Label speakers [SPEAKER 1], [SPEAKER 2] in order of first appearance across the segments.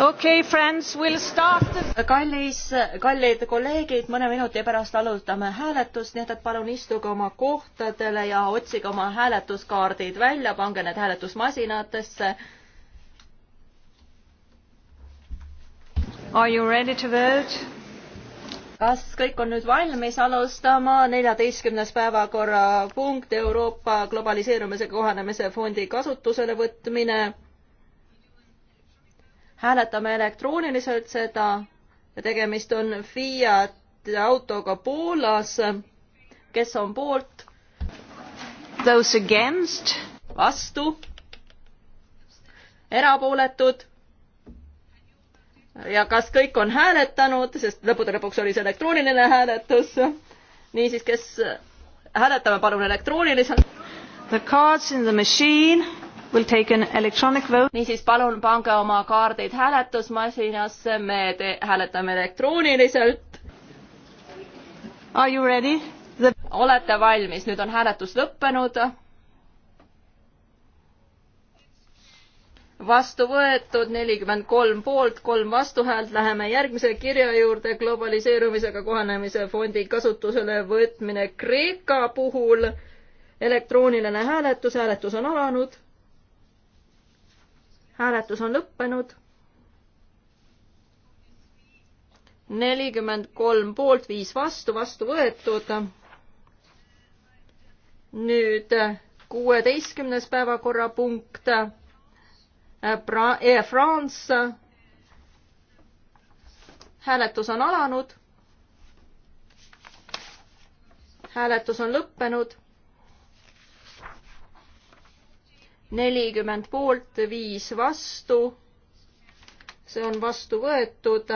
[SPEAKER 1] Okay, friends, we'll the... kallis kallid kolleegid mõne minuti pärast alustame hääletust nii et palun istuge oma kohtadele ja otsige oma hääletuskaardid välja pange need hääletusmasinatesse are you ready to vote kas kõik on nüüd valmis alustama neljateistkümnes päevakorrapunkt euroopa globaliseerumisega kohanemise fondi kasutusele võtmine hääletame elektrooniliselt seda ja tegemist on Fiat autoga Poolas. kes on poolt? Those against? vastu? erapooletud? ja kas kõik on hääletanud, sest lõppude lõpuks oli see elektrooniline hääletus. niisiis, kes hääletame palun elektrooniliselt. The cards in the machine niisiis palun pange oma kaardid hääletusmasinasse, me te, hääletame elektrooniliselt. The... olete valmis, nüüd on hääletus lõppenud. vastu võetud nelikümmend kolm poolt, kolm vastuhäält, läheme järgmise kirja juurde, globaliseerumisega kohanemise fondi kasutusele võtmine Kreeka puhul. elektrooniline hääletus, hääletus on alanud hääletus on lõppenud. nelikümmend kolm poolt, viis vastu, vastu võetud. nüüd kuueteistkümnes päevakorrapunkt. Air France. hääletus on alanud. hääletus on lõppenud nelikümmend poolt, viis vastu. see on vastu võetud.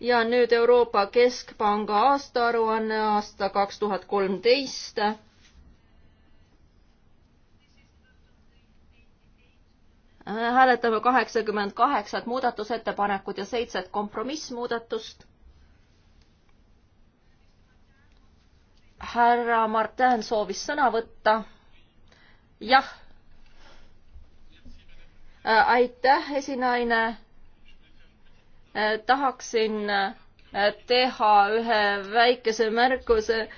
[SPEAKER 1] ja nüüd Euroopa Keskpanga aastaaruanne aasta kaks tuhat kolmteist. hääletame kaheksakümmend kaheksat muudatusettepanekut ja seitset kompromissmuudatust härra Martin soovis sõna võtta jah. Äh, aitäh, esinaine. Äh, tahaksin äh, teha ühe väikese märkuse.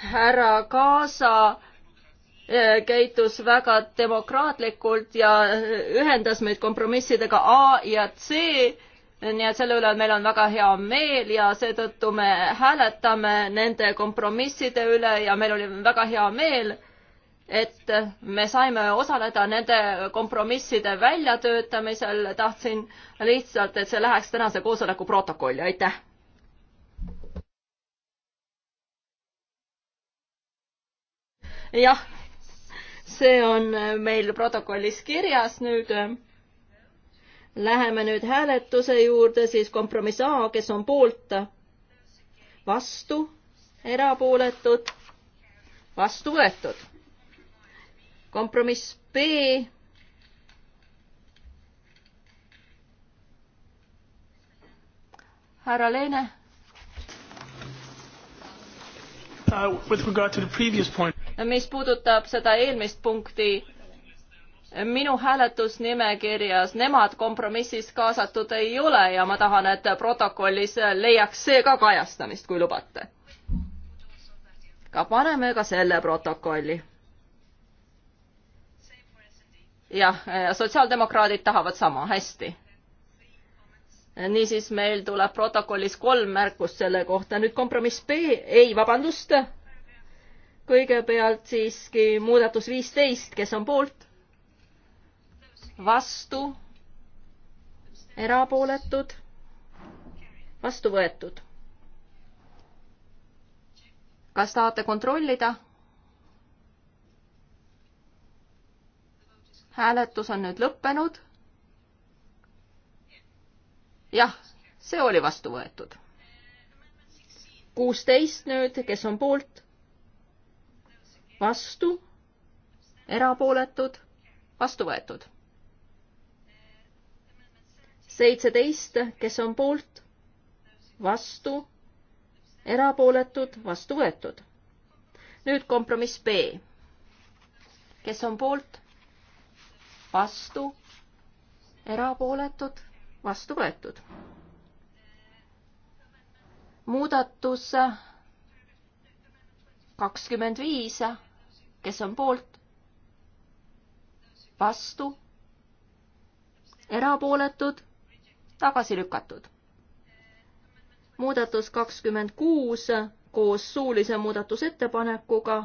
[SPEAKER 1] härra Kaasa käitus väga demokraatlikult ja ühendas meid kompromissidega A ja C nii et selle üle meil on väga hea meel ja seetõttu me hääletame nende kompromisside üle ja meil oli väga hea meel et me saime osaleda nende kompromisside väljatöötamisel, tahtsin lihtsalt, et see läheks tänase koosoleku protokolli, aitäh. jah, see on meil protokollis kirjas nüüd. Läheme nüüd hääletuse juurde, siis kompromiss A, kes on poolt, vastu, erapooletud, vastu võetud kompromiss B. härra Leene.
[SPEAKER 2] Uh,
[SPEAKER 1] mis puudutab seda eelmist punkti, minu hääletusnimekirjas nemad kompromissis kaasatud ei ole ja ma tahan, et protokollis leiaks see ka kajastamist, kui lubate. ka paneme ka selle protokolli jah, eh, sotsiaaldemokraadid tahavad sama, hästi. niisiis, meil tuleb protokollis kolm märkust selle kohta, nüüd kompromiss B, ei, vabandust. kõigepealt siiski muudatus viisteist, kes on poolt? vastu? erapooletud? vastu võetud? kas tahate kontrollida? hääletus on nüüd lõppenud. jah, see oli vastu võetud. kuusteist nüüd, kes on poolt? vastu? erapooletud? vastu võetud. seitseteist, kes on poolt? vastu? erapooletud? vastu võetud. nüüd kompromiss B. kes on poolt? vastu, erapooletud, vastu võetud. muudatus kakskümmend viis, kes on poolt, vastu, erapooletud, tagasi lükatud. muudatus kakskümmend kuus koos suulise muudatusettepanekuga.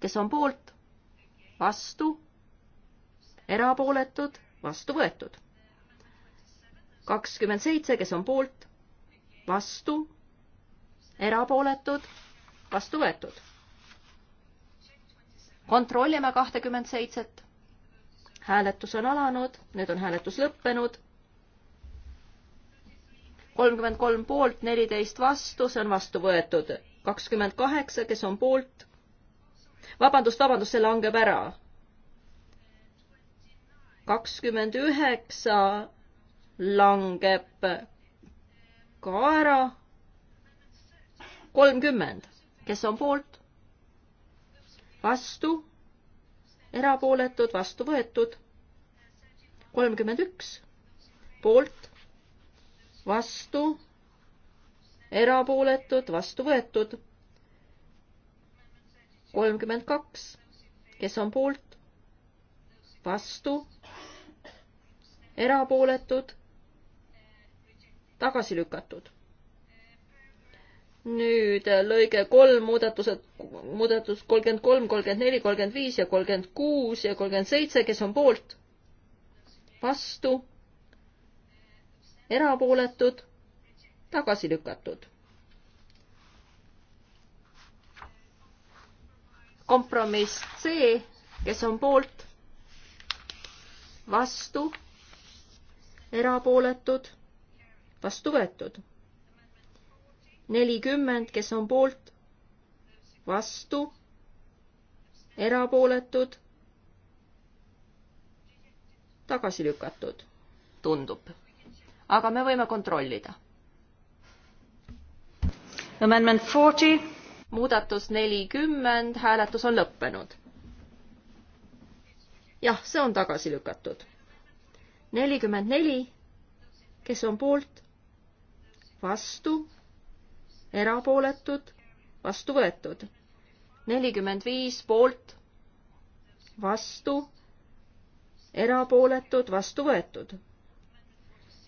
[SPEAKER 1] kes on poolt? vastu, erapooletud, vastu võetud. kakskümmend seitse, kes on poolt, vastu, erapooletud, vastu võetud. kontrollime kahtekümmend seitset. hääletus on alanud, nüüd on hääletus lõppenud. kolmkümmend kolm poolt, neliteist vastu, see on vastu võetud. kakskümmend kaheksa, kes on poolt vabandust, vabandust, see langeb ära. kakskümmend üheksa langeb ka ära. kolmkümmend, kes on poolt? vastu, erapooletud, vastu võetud. kolmkümmend üks, poolt, vastu, erapooletud, vastu võetud kolmkümmend kaks, kes on poolt, vastu, erapooletud, tagasi lükatud. nüüd äh, lõige kolm muudatused, muudatus kolmkümmend kolm, kolmkümmend neli, kolmkümmend viis ja kolmkümmend kuus ja kolmkümmend seitse, kes on poolt, vastu, erapooletud, tagasi lükatud kompromiss C, kes on poolt, vastu, erapooletud, vastu võetud. nelikümmend, kes on poolt, vastu, erapooletud, tagasi lükatud, tundub. aga me võime kontrollida. Amendment forty muudatus nelikümmend, hääletus on lõppenud. jah, see on tagasi lükatud. nelikümmend neli, kes on poolt, vastu, erapooletud, vastu võetud. nelikümmend viis poolt, vastu, erapooletud, vastu võetud.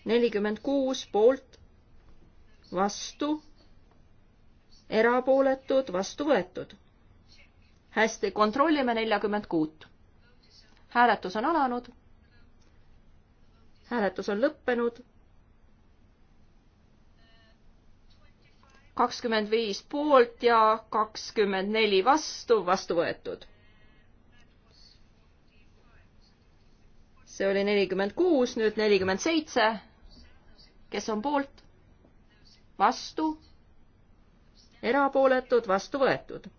[SPEAKER 1] nelikümmend kuus poolt, vastu erapooletud, vastu võetud. hästi, kontrollime neljakümmend kuut. hääletus on alanud. hääletus on lõppenud. kakskümmend viis poolt ja kakskümmend neli vastu, vastu võetud. see oli nelikümmend kuus, nüüd nelikümmend seitse. kes on poolt? vastu erapooletud, vastu võetud.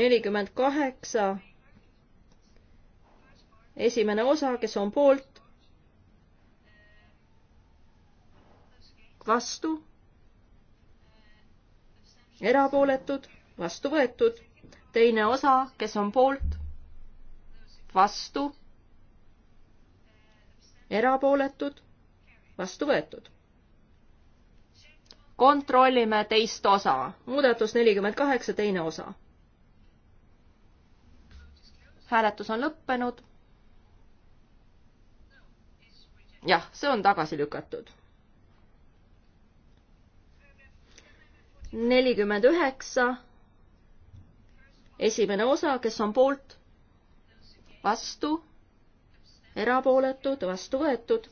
[SPEAKER 1] nelikümmend kaheksa, esimene osa, kes on poolt, vastu, erapooletud, vastu võetud, teine osa, kes on poolt, vastu, erapooletud, vastu võetud kontrollime teist osa, muudatus nelikümmend kaheksa, teine osa. hääletus on lõppenud. jah, see on tagasi lükatud. nelikümmend üheksa, esimene osa, kes on poolt, vastu, erapooletud, vastu võetud,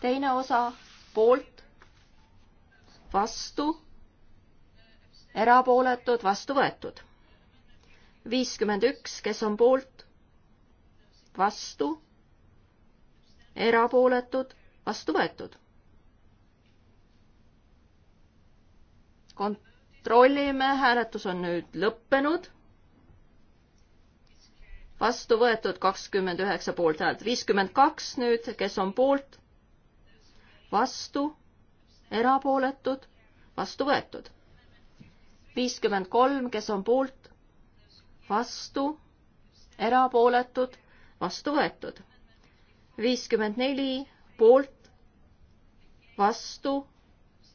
[SPEAKER 1] teine osa, poolt, vastu, erapooletud, vastu võetud. viiskümmend üks, kes on poolt, vastu, erapooletud, vastu võetud. kontrollime, hääletus on nüüd lõppenud vastu võetud kakskümmend üheksa poolthäält, viiskümmend kaks nüüd, kes on poolt, vastu, erapooletud, vastu võetud. viiskümmend kolm, kes on poolt, vastu, erapooletud, vastu võetud. viiskümmend neli, poolt, vastu,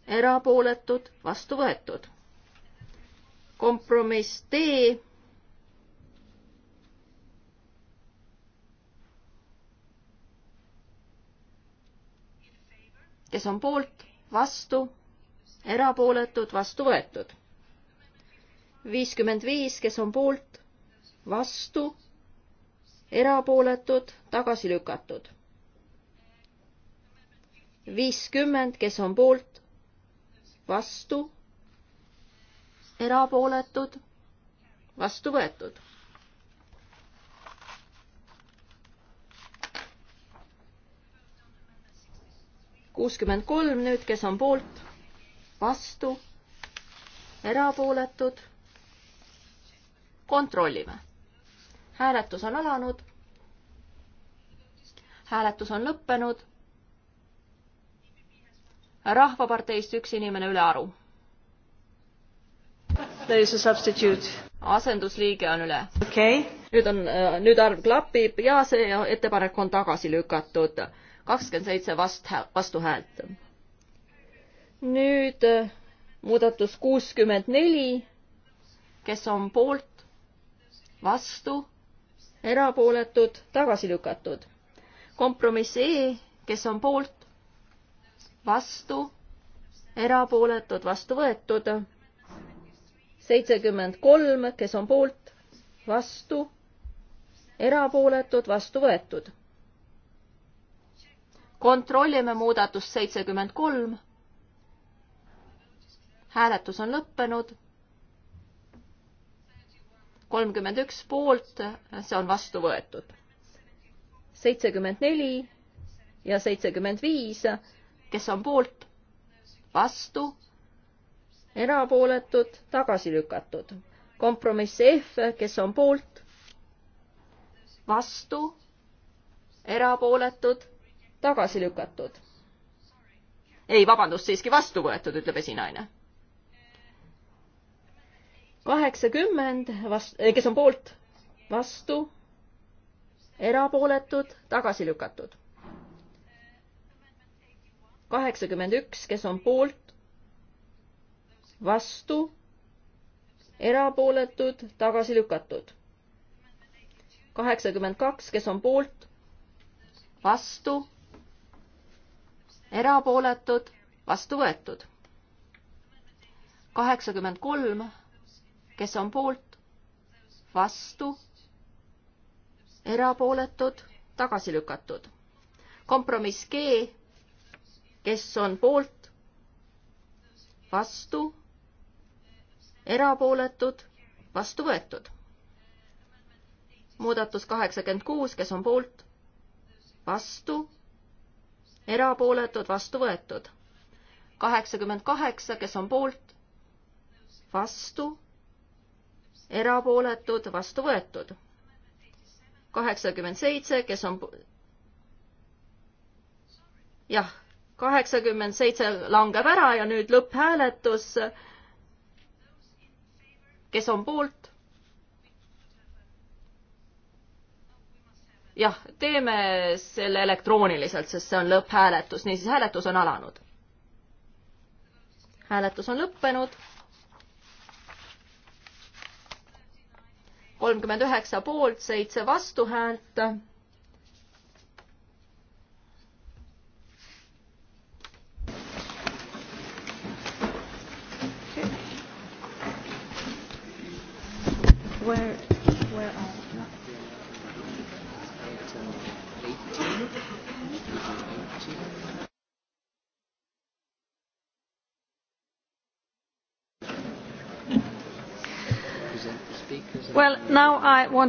[SPEAKER 1] erapooletud, vastu võetud. kompromiss D kes on poolt, vastu, erapooletud, vastu võetud. viiskümmend viis, kes on poolt, vastu, erapooletud, tagasi lükatud. viiskümmend, kes on poolt, vastu, erapooletud, vastu võetud kuuskümmend kolm nüüd, kes on poolt, vastu, erapooletud. kontrollime. hääletus on alanud. hääletus on lõppenud. rahvaparteist üks inimene ülearu. There is a substitute. asendusliige on üle. okei okay.. nüüd on, äh, nüüd arv klapib ja see ettepanek on tagasi lükatud kakskümmend seitse vast-, vastuhäält. nüüd äh, muudatus kuuskümmend neli, kes on poolt, vastu, erapooletud, tagasi lükatud. kompromiss E, kes on poolt, vastu, erapooletud, vastu võetud. seitsekümmend kolm, kes on poolt, vastu, erapooletud, vastu võetud kontrollime muudatust seitsekümmend kolm. hääletus on lõppenud. kolmkümmend üks poolt, see on vastu võetud. seitsekümmend neli ja seitsekümmend viis, kes on poolt, vastu, erapooletud, tagasi lükatud. kompromiss F, kes on poolt, vastu, erapooletud, tagasi lükatud. ei, vabandust, siiski vastu võetud, ütleb esinaine. kaheksakümmend vast-, kes on poolt, vastu, erapooletud, tagasi lükatud. kaheksakümmend üks, kes on poolt, vastu, erapooletud, tagasi lükatud. kaheksakümmend kaks, kes on poolt, vastu erapooletud, vastu võetud. kaheksakümmend kolm, kes on poolt, vastu, erapooletud, tagasi lükatud. kompromiss G, kes on poolt, vastu, erapooletud, vastu võetud. muudatus kaheksakümmend kuus, kes on poolt, vastu erapooletud, vastu võetud. kaheksakümmend kaheksa, kes on poolt, vastu, erapooletud, vastu võetud. kaheksakümmend seitse, kes on jah, kaheksakümmend seitse langeb ära ja nüüd lõpphääletus. kes on poolt? jah, teeme selle elektrooniliselt, sest see on lõpphääletus, niisiis hääletus on alanud. hääletus on lõppenud. kolmkümmend üheksa poolt, seitse vastuhäält. Where Well,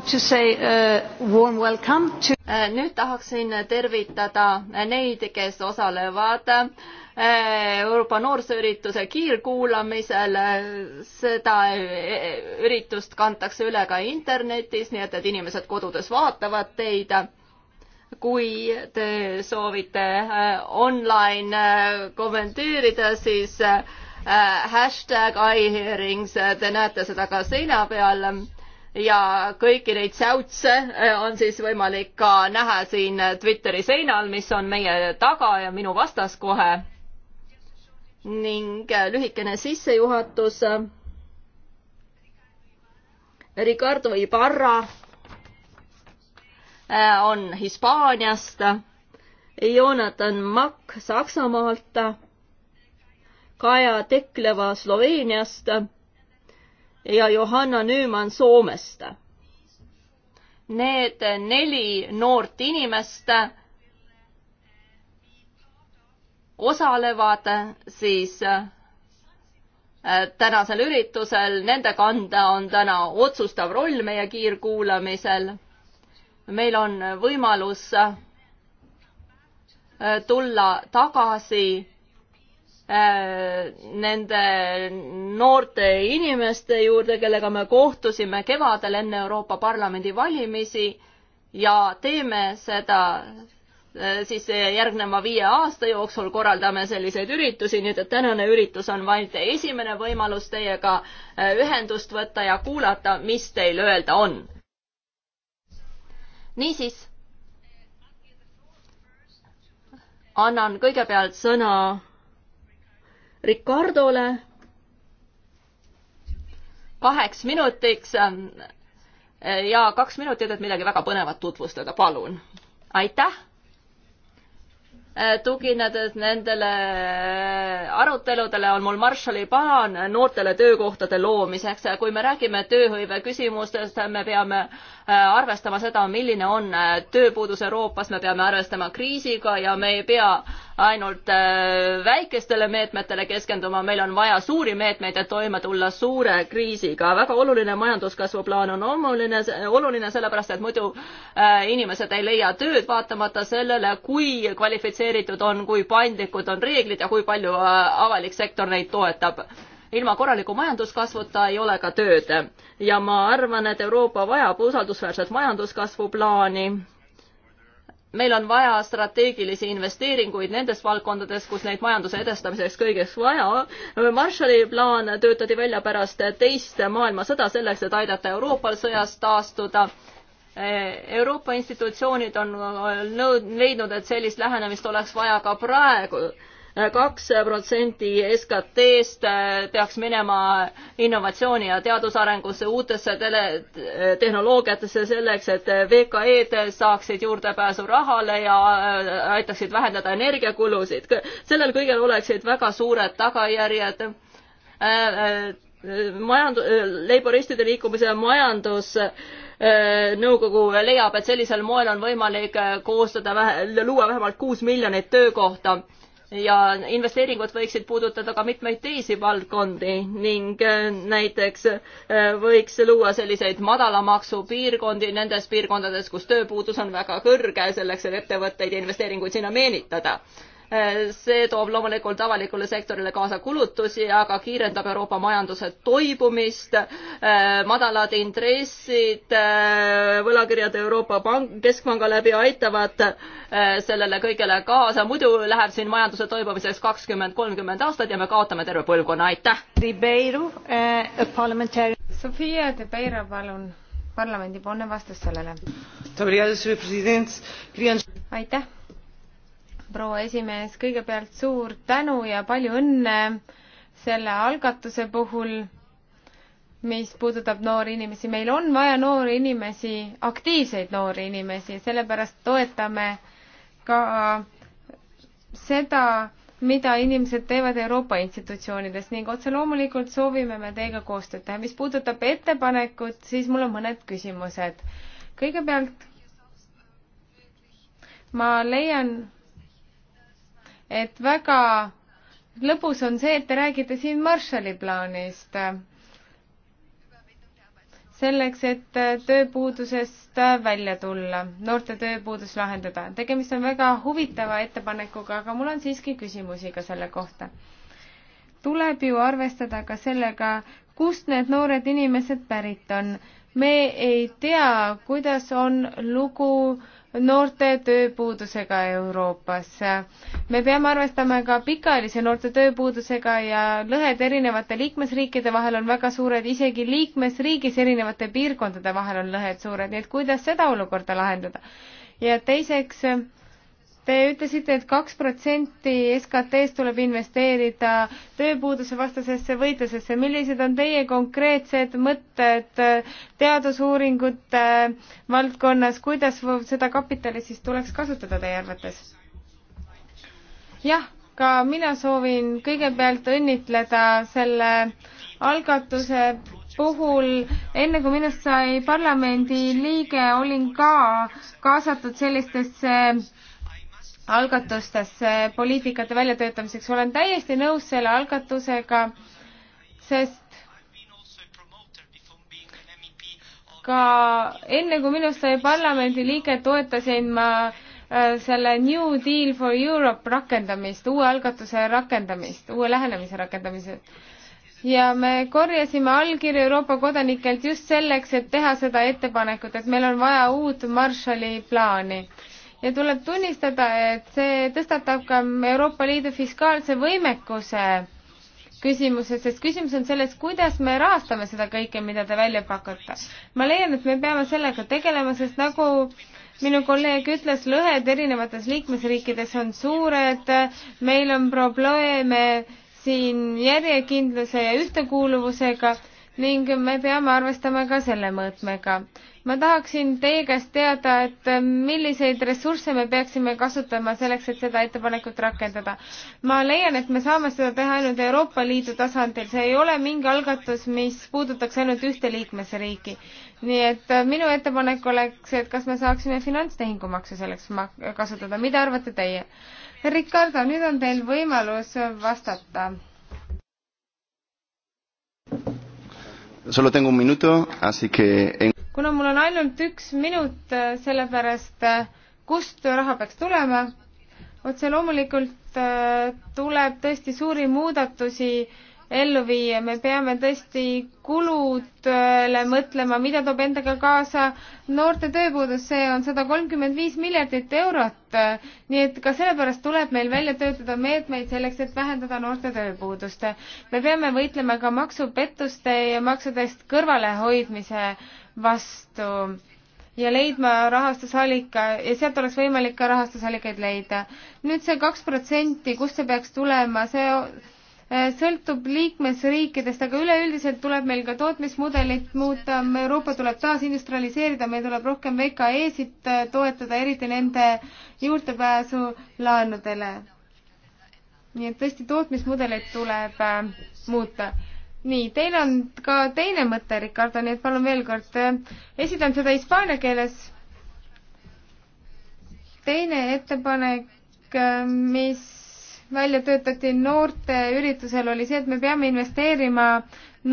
[SPEAKER 1] say, uh, to... Äh, nüüd tahaksin tervitada neid, kes osalevad äh, Euroopa noorsooürituse kiirkuulamisel. seda äh, üritust kantakse üle ka internetis, nii et, et inimesed kodudes vaatavad teid kui te soovite online kommenteerida, siis hashtag iHearings, te näete seda ka seina peal ja kõiki neid säutse äh, on siis võimalik ka näha siin Twitteri seinal, mis on meie taga ja minu vastas kohe. ning äh, lühikene sissejuhatus. Ricardo Ibarra äh, on Hispaaniast, Jonathan Mack Saksamaalt, Kaja Tekleva Sloveeniast ja Johanna Nüüman Soomest. Need neli noort inimest osalevad siis äh, tänasel üritusel, nende kanda on täna otsustav roll meie kiirkuulamisel. meil on võimalus äh, tulla tagasi Äh, nende noorte inimeste juurde, kellega me kohtusime kevadel enne Euroopa Parlamendi valimisi ja teeme seda äh, siis järgneva viie aasta jooksul korraldame selliseid üritusi, nii et tänane üritus on vaid esimene võimalus teiega äh, ühendust võtta ja kuulata, mis teil öelda on. niisiis, annan kõigepealt sõna Ricardole kaheks minutiks ähm, äh, ja kaks minutit, et midagi väga põnevat tutvustada, palun. aitäh! Äh, tuginedes nendele äh, aruteludele, on mul Marshalli plaan noortele töökohtade loomiseks. kui me räägime tööhõive küsimustest, me peame arvestama seda, milline on tööpuudus Euroopas, me peame arvestama kriisiga ja me ei pea ainult äh, väikestele meetmetele keskenduma, meil on vaja suuri meetmeid, et toime tulla suure kriisiga. väga oluline majanduskasvu plaan on oluline, oluline sellepärast, et muidu äh, inimesed ei leia tööd, vaatamata sellele, kui kvalifitseeritud on, kui paindlikud on reeglid ja kui palju äh, avalik sektor neid toetab ilma korraliku majanduskasvuta ei ole ka tööd ja ma arvan, et Euroopa vajab usaldusväärset majanduskasvu plaani meil on vaja strateegilisi investeeringuid nendes valdkondades, kus neid majanduse edestamiseks kõigeks vaja. Marshalli plaan töötati välja pärast teist maailmasõda selleks, et aidata Euroopal sõjast taastuda. Euroopa institutsioonid on nõud-, leidnud, et sellist lähenemist oleks vaja ka praegu kaks protsenti SKT-st äh, peaks minema innovatsiooni ja teadusarengusse, uutesse tele, tehnoloogiatesse selleks, et VKE-d saaksid juurdepääsu rahale ja äh, aitaksid vähendada energiakulusid. sellel kõigel oleksid väga suured tagajärjed äh, majand-, leiboristide liikumise majandus nõukogu leiab, et sellisel moel on võimalik koostada, luua vähemalt kuus miljonit töökohta ja investeeringud võiksid puudutada ka mitmeid teisi valdkondi ning äh, näiteks äh, võiks luua selliseid madala maksu piirkondi nendes piirkondades, kus tööpuudus on väga kõrge, selleks et ettevõtteid ja investeeringuid sinna meelitada see toob loomulikult avalikule sektorile kaasa kulutusi, aga kiirendab Euroopa majanduse toibumist, äh, madalad intressid, äh, võlakirjad Euroopa Pank, Keskpanga läbi aitavad äh, sellele kõigele kaasa, muidu läheb siin majanduse toibumiseks kakskümmend, kolmkümmend aastat ja me kaotame terve põlvkonna, aitäh!
[SPEAKER 3] Sofia de Beira, palun, parlamendipoolne vastus sellele. aitäh! proua esimees, kõigepealt suur tänu ja palju õnne selle algatuse puhul, mis puudutab noori inimesi. meil on vaja noori inimesi, aktiivseid noori inimesi, sellepärast toetame ka seda, mida inimesed teevad Euroopa institutsioonides ning otse loomulikult soovime me teiega koostööd teha. mis puudutab ettepanekut, siis mul on mõned küsimused. kõigepealt ma leian, et väga lõbus on see, et te räägite siin Marshalli plaanist. selleks, et tööpuudusest välja tulla, noorte tööpuudus lahendada. tegemist on väga huvitava ettepanekuga, aga mul on siiski küsimusi ka selle kohta. tuleb ju arvestada ka sellega, kust need noored inimesed pärit on. me ei tea, kuidas on lugu äh, noorte tööpuudusega Euroopas. me peame arvestama ka pikaajalise noorte tööpuudusega ja lõhed erinevate liikmesriikide vahel on väga suured, isegi liikmesriigis erinevate piirkondade vahel on lõhed suured, nii et kuidas seda olukorda lahendada? ja teiseks äh, Te ütlesite et, et kaks protsenti SKT-st tuleb investeerida tööpuuduse vastasesse võitlusesse. millised on teie konkreetsed mõtted teadusuuringute valdkonnas, kuidas seda kapitali siis tuleks kasutada teie arvates? jah, ka mina soovin kõigepealt õnnitleda selle algatuse puhul, enne kui minust sai parlamendi liige, olin ka kaasatud sellistesse algatustesse poliitikate väljatöötamiseks. olen täiesti nõus selle algatusega, sest ka enne, kui minust sai parlamendiliige, toetasin ma äh, selle New Deal for Europe rakendamist, uue algatuse rakendamist, uue lähenemise rakendamised. ja me korjasime allkirju Euroopa kodanikelt just selleks, et teha seda ettepanekut, et meil on vaja uut Marshalli plaani ja tuleb tunnistada, et see tõstatab ka Euroopa Liidu fiskaalse võimekuse küsimuse, sest küsimus on selles, kuidas me rahastame seda kõike, mida te välja pakute. ma leian, et me peame sellega tegelema, sest nagu minu kolleeg ütles, lõhed erinevates liikmesriikides on suured, meil on probleeme siin järjekindluse ja ühtekuuluvusega ning me peame arvestama ka selle mõõtmega. ma tahaksin teie käest teada, et milliseid ressursse me peaksime kasutama selleks, et seda ettepanekut rakendada. ma leian, et me saame seda teha ainult Euroopa Liidu tasandil, see ei ole mingi algatus, mis puudutaks ainult ühte liikmesriiki. nii et minu ettepanek oleks, et kas me saaksime finantstehingumaksu selleks kasutada, mida arvate teie? Ricardo, nüüd on teil võimalus vastata
[SPEAKER 4] solo tengo un minuto, así que en...
[SPEAKER 3] kuna mul on ainult üks minut, äh, sellepärast äh, kust raha peaks tulema? otse loomulikult äh, tuleb tõesti suuri muudatusi äh, ellu viia, me peame tõesti kuludele mõtlema, mida toob endaga kaasa noorte tööpuudus, see on sada kolmkümmend viis miljardit eurot. nii et ka sellepärast tuleb meil välja töötada meetmeid selleks, et vähendada noorte tööpuudust. me peame võitlema ka maksupettuste ja maksudest kõrvalehoidmise vastu ja leidma rahastusallika ja sealt oleks võimalik ka rahastusallikaid leida. nüüd see kaks protsenti, kust see peaks tulema, see Eh, sõltub liikmesriikidest, aga üleüldiselt tuleb meil ka tootmismudelit muuta, Euroopa tuleb taasindustrialiseerida, meil tuleb rohkem VKE-sid eh, toetada, eriti nende juurdepääsu laenudele. nii et tõesti, tootmismudelit tuleb eh, muuta. nii, teil on ka teine mõte, Ricardo, nii et palun veel kord, esitan seda hispaania keeles. teine ettepanek, mis välja töötati noorteüritusel, oli see, et me peame investeerima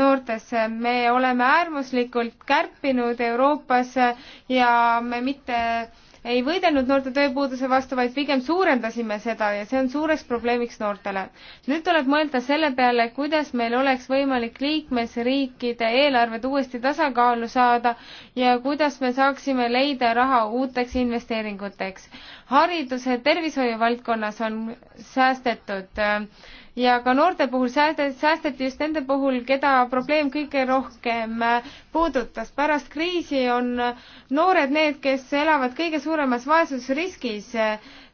[SPEAKER 3] noortesse. me oleme äärmuslikult kärpinud Euroopas ja me mitte ei võidelnud noorte tööpuuduse vastu, vaid pigem suurendasime seda ja see on suureks probleemiks noortele. nüüd tuleb mõelda selle peale, kuidas meil oleks võimalik liikmesriikide eelarved uuesti tasakaalu saada ja kuidas me saaksime leida raha uuteks investeeringuteks. hariduse, tervishoiu valdkonnas on säästetud äh, ja ka noorte puhul säästeti just nende puhul, keda probleem kõige rohkem puudutas. pärast kriisi on noored need, kes elavad kõige suuremas vaesusriskis.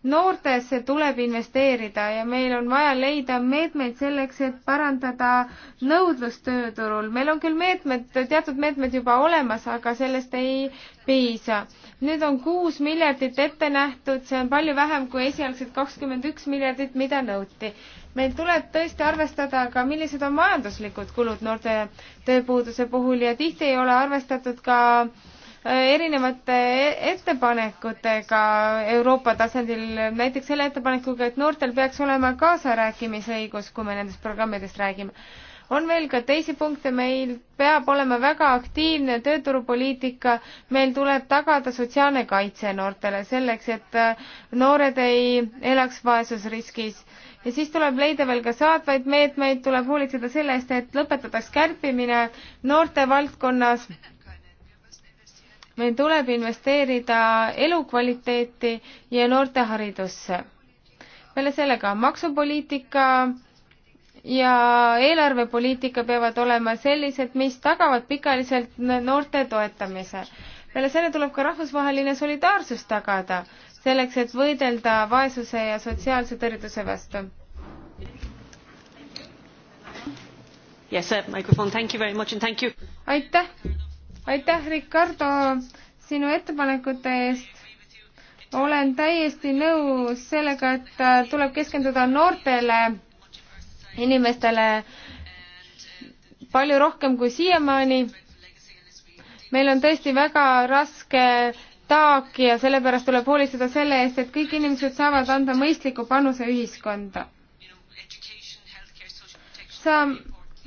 [SPEAKER 3] noortesse tuleb investeerida ja meil on vaja leida meetmeid selleks, et parandada nõudlust tööturul. meil on küll meetmed, teatud meetmed juba olemas, aga sellest ei piisa. nüüd on kuus miljardit ette nähtud, see on palju vähem kui esialgsed kakskümmend üks miljardit, mida nõuti meil tuleb tõesti arvestada ka, millised on majanduslikud kulud noorte tööpuuduse puhul ja tihti ei ole arvestatud ka äh, erinevate e-, ettepanekutega Euroopa tasandil, näiteks selle ettepanekuga, et noortel peaks olema kaasarääkimisõigus, kui me nendest programmidest räägime on veel ka teisi punkte, meil peab olema väga aktiivne tööturupoliitika, meil tuleb tagada sotsiaalne kaitse noortele selleks, et äh, noored ei elaks vaesusriskis. ja siis tuleb leida veel ka saatvaid meetmeid, tuleb hoolitseda selle eest, et lõpetataks kärpimine noorte valdkonnas. meil tuleb investeerida elukvaliteeti ja noorte haridusse. peale sellega maksupoliitika ja eelarvepoliitika peavad olema sellised, mis tagavad pikaajaliselt noorte toetamise. peale selle tuleb ka rahvusvaheline solidaarsus tagada, selleks et võidelda vaesuse ja sotsiaalse tõrjutuse vastu.
[SPEAKER 4] Yes, microphone, thank you very much and thank you.
[SPEAKER 3] aitäh, aitäh, Ricardo, sinu ettepanekute eest olen täiesti nõus sellega, et tuleb keskenduda noortele inimestele palju rohkem kui siiamaani. meil on tõesti väga raske taak ja sellepärast tuleb hoolitseda selle eest, et kõik inimesed saavad anda mõistliku panuse ühiskonda. sa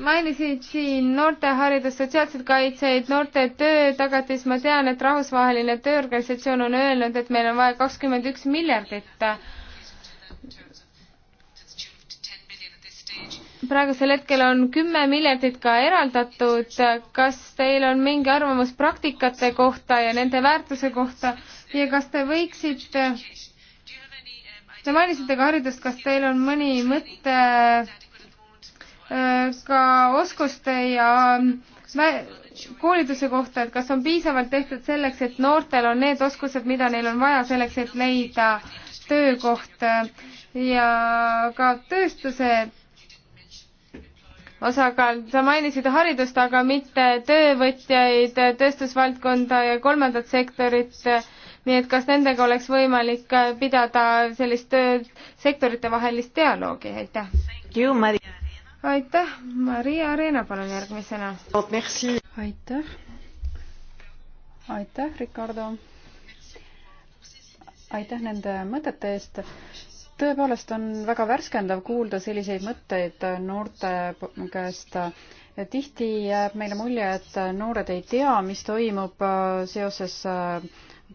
[SPEAKER 3] mainisid siin noorte haridust, sotsiaalset kaitseid, noorte töötagatist, ma tean, et rahvusvaheline tööorganisatsioon on öelnud, et meil on vaja kakskümmend üks miljardit praegusel hetkel on kümme miljardit ka eraldatud, kas teil on mingi arvamus praktikate kohta ja nende väärtuse kohta ja kas te võiksite, te mainisite ka haridust, kas teil on mõni mõte äh, ka oskuste ja koolituse kohta, et kas on piisavalt tehtud selleks, et noortel on need oskused, mida neil on vaja selleks, et leida töökoht ja ka tööstused osakaal, sa mainisid haridust, aga mitte töövõtjaid, tööstusvaldkonda ja kolmandat sektorit, nii et kas nendega oleks võimalik pidada sellist sektoritevahelist dialoogi, aitäh! aitäh, Maria Arena, palun järgmisena! Oh, aitäh! aitäh, Ricardo!
[SPEAKER 5] aitäh nende mõtete eest! tõepoolest on väga värskendav kuulda selliseid mõtteid noorte käest. tihti jääb meile mulje, et noored ei tea, mis toimub seoses äh,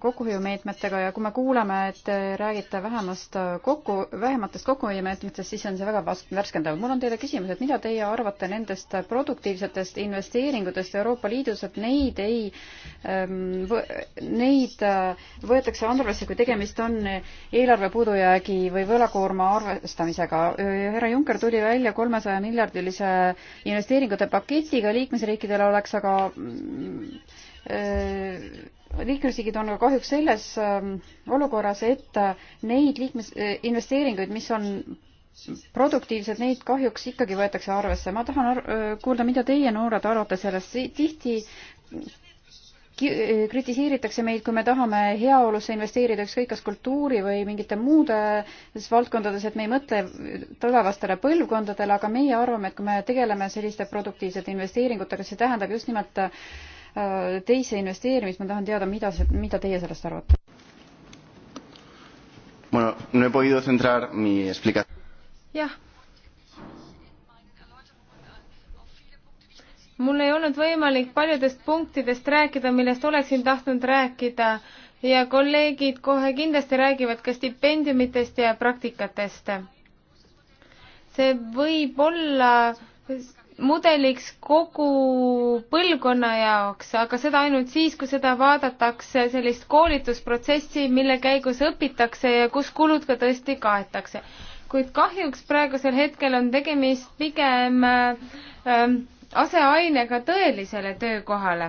[SPEAKER 5] kokkuhoiumeetmetega ja kui me kuuleme, et te räägite vähemast kokku, vähematest kokkuhoiumeetmetest, siis on see väga värskendav. mul on teile küsimus, et mida teie arvate nendest produktiivsetest investeeringutest Euroopa Liidus, et neid ei, ähm, neid äh, võetakse arvesse, kui tegemist on eelarve puudujäägi või võlakoorma arvestamisega. härra Juncker tuli välja kolmesaja miljardilise investeeringute paketiga, liikmesriikidel oleks aga mm, äh, liikmesriigid on ka kahjuks selles ähm, olukorras, et äh, neid liikmes, äh, investeeringuid, mis on produktiivsed, neid kahjuks ikkagi võetakse arvesse. ma tahan ar äh, kuulda, mida teie, noored, arvate sellest. tihti kritiseeritakse meid, kui me tahame heaolusse investeerida, ükskõik kas kultuuri või mingite muudes valdkondades, et me ei mõtle tulevastele põlvkondadele, aga meie arvame, et kui me tegeleme selliste produktiivsete investeeringutega, see tähendab just nimelt äh, Äh, teise investeerimist, ma tahan teada, mida, mida teie sellest arvate?
[SPEAKER 3] jah. mul ei olnud võimalik paljudest punktidest rääkida, millest oleksin tahtnud rääkida ja kolleegid kohe kindlasti räägivad ka stipendiumitest ja praktikatest. see võib olla mudeliks kogu põlvkonna jaoks, aga seda ainult siis, kui seda vaadatakse sellist koolitusprotsessi, mille käigus õpitakse ja kus kulud ka tõesti kaetakse. kuid kahjuks praegusel hetkel on tegemist pigem ähm, aseainega tõelisele töökohale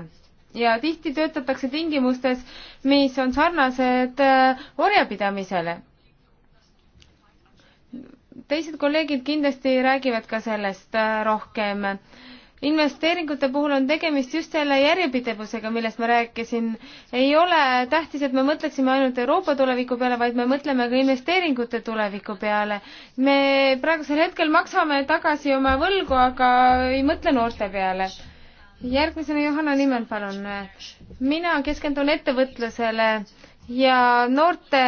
[SPEAKER 3] ja tihti töötatakse tingimustes, mis on sarnased äh, orjapidamisele teised kolleegid kindlasti räägivad ka sellest äh, rohkem. investeeringute puhul on tegemist just selle järjepidevusega, millest ma rääkisin. ei ole tähtis, et me mõtleksime ainult Euroopa tuleviku peale, vaid me mõtleme ka investeeringute tuleviku peale. me praegusel hetkel maksame tagasi oma võlgu, aga ei mõtle noorte peale järgmisena Johanna Nimel, palun. mina keskendun ettevõtlusele ja noorte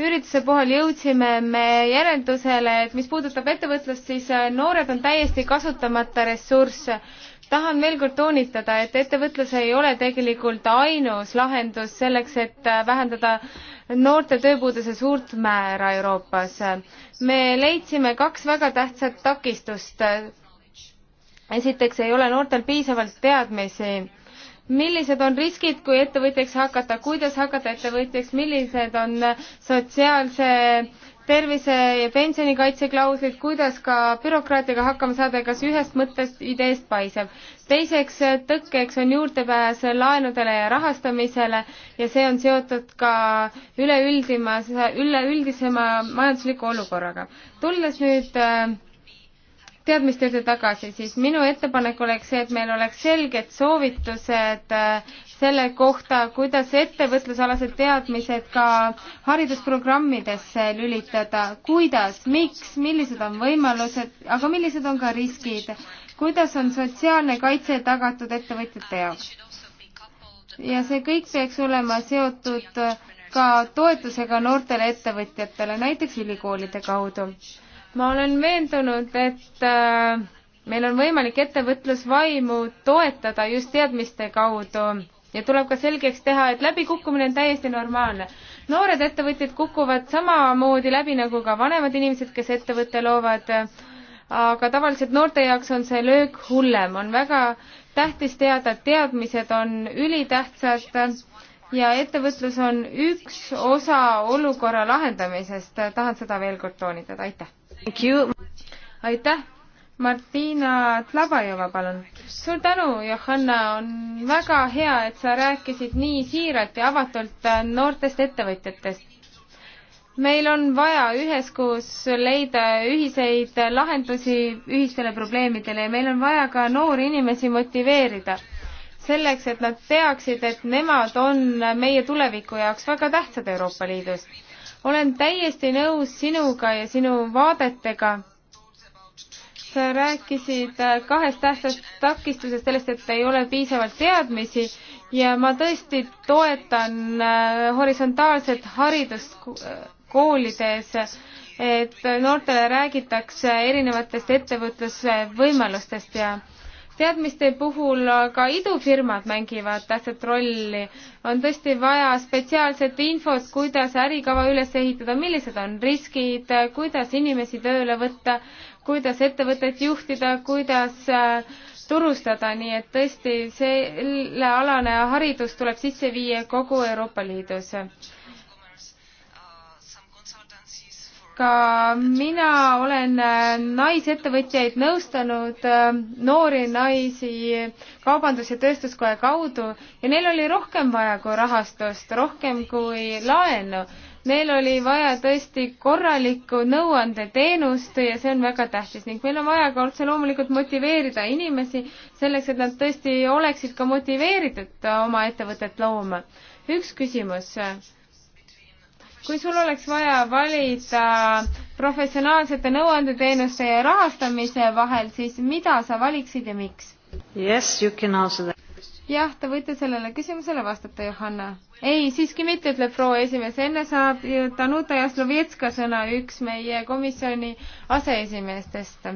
[SPEAKER 3] ürituse puhul jõudsime me järeldusele, et mis puudutab ettevõtlust, siis äh, noored on täiesti kasutamata ressurss. tahan veel kord toonitada, et ettevõtlus ei ole tegelikult ainus lahendus selleks, et äh, vähendada noorte tööpuuduse suurt määra Euroopas. me leidsime kaks väga tähtsat takistust. esiteks ei ole noortel piisavalt teadmisi millised on riskid, kui ettevõtjaks hakata, kuidas hakata ettevõtjaks, millised on sotsiaalse tervise ja pensionikaitse klauslid, kuidas ka bürokraatiaga hakkama saada ja kas ühest mõttest ideest paisab. teiseks tõkkeks on juurdepääs laenudele ja rahastamisele ja see on seotud ka üleüldima, üleüldisema majandusliku olukorraga. tulles nüüd äh, teadmiste juurde tagasi, siis minu ettepanek oleks see, et meil oleks selged soovitused äh, selle kohta, kuidas ettevõtlusalased teadmised ka haridusprogrammidesse lülitada, kuidas, miks, millised on võimalused, aga millised on ka riskid, kuidas on sotsiaalne kaitse tagatud ettevõtjate jaoks. ja see kõik peaks olema seotud ka toetusega noortele ettevõtjatele, näiteks ülikoolide kaudu ma olen veendunud, et äh, meil on võimalik ettevõtlusvaimu toetada just teadmiste kaudu ja tuleb ka selgeks teha, et läbikukkumine on täiesti normaalne. noored ettevõtjad kukuvad samamoodi läbi nagu ka vanemad inimesed, kes ettevõtte loovad, aga tavaliselt noorte jaoks on see löök hullem, on väga tähtis teada, et teadmised on ülitähtsad ja ettevõtlus on üks osa olukorra lahendamisest, tahan seda veel kord toonitada, aitäh! aitäh. Martina Tlabajova, palun. suur tänu, Johanna, on väga hea, et sa rääkisid nii siiralt ja avatult noortest ettevõtjatest meil on vaja üheskoos leida ühiseid lahendusi ühistele probleemidele ja meil on vaja ka noori inimesi motiveerida selleks, et nad teaksid, et nemad on meie tuleviku jaoks väga tähtsad Euroopa Liidus olen täiesti nõus sinuga ja sinu vaadetega. sa rääkisid äh, kahest tähtsast takistusest, sellest, et ei ole piisavalt teadmisi ja ma tõesti toetan äh, horisontaalset haridust koolides, et noortele räägitakse erinevatest ettevõtluse võimalustest ja teadmiste puhul ka idufirmad mängivad tähtsat rolli. on tõesti vaja spetsiaalset infot, kuidas ärikava üles ehitada, millised on riskid, kuidas inimesi tööle võtta, kuidas ettevõtet juhtida, kuidas äh, turustada, nii et tõesti sellealane haridus tuleb sisse viia kogu Euroopa Liidus ka mina olen äh, naisettevõtjaid nõustanud, äh, noori naisi Kaubandus- ja Tööstuskoja kaudu ja neil oli rohkem vaja kui rahastust, rohkem kui laenu. Neil oli vaja tõesti korralikku nõuandeteenust ja see on väga tähtis ning meil on vaja ka otse loomulikult motiveerida inimesi selleks, et nad tõesti oleksid ka motiveeritud oma ettevõtet looma. üks küsimus kui sul oleks vaja valida professionaalsete nõuandeteenuste ja rahastamise vahel, siis mida sa valiksid ja miks? jah, te võite sellele küsimusele vastata, Johanna. ei, siiski mitte, ütleb proua esimees, enne saab Danuta Jaslovetska sõna, üks meie komisjoni aseesimeestest.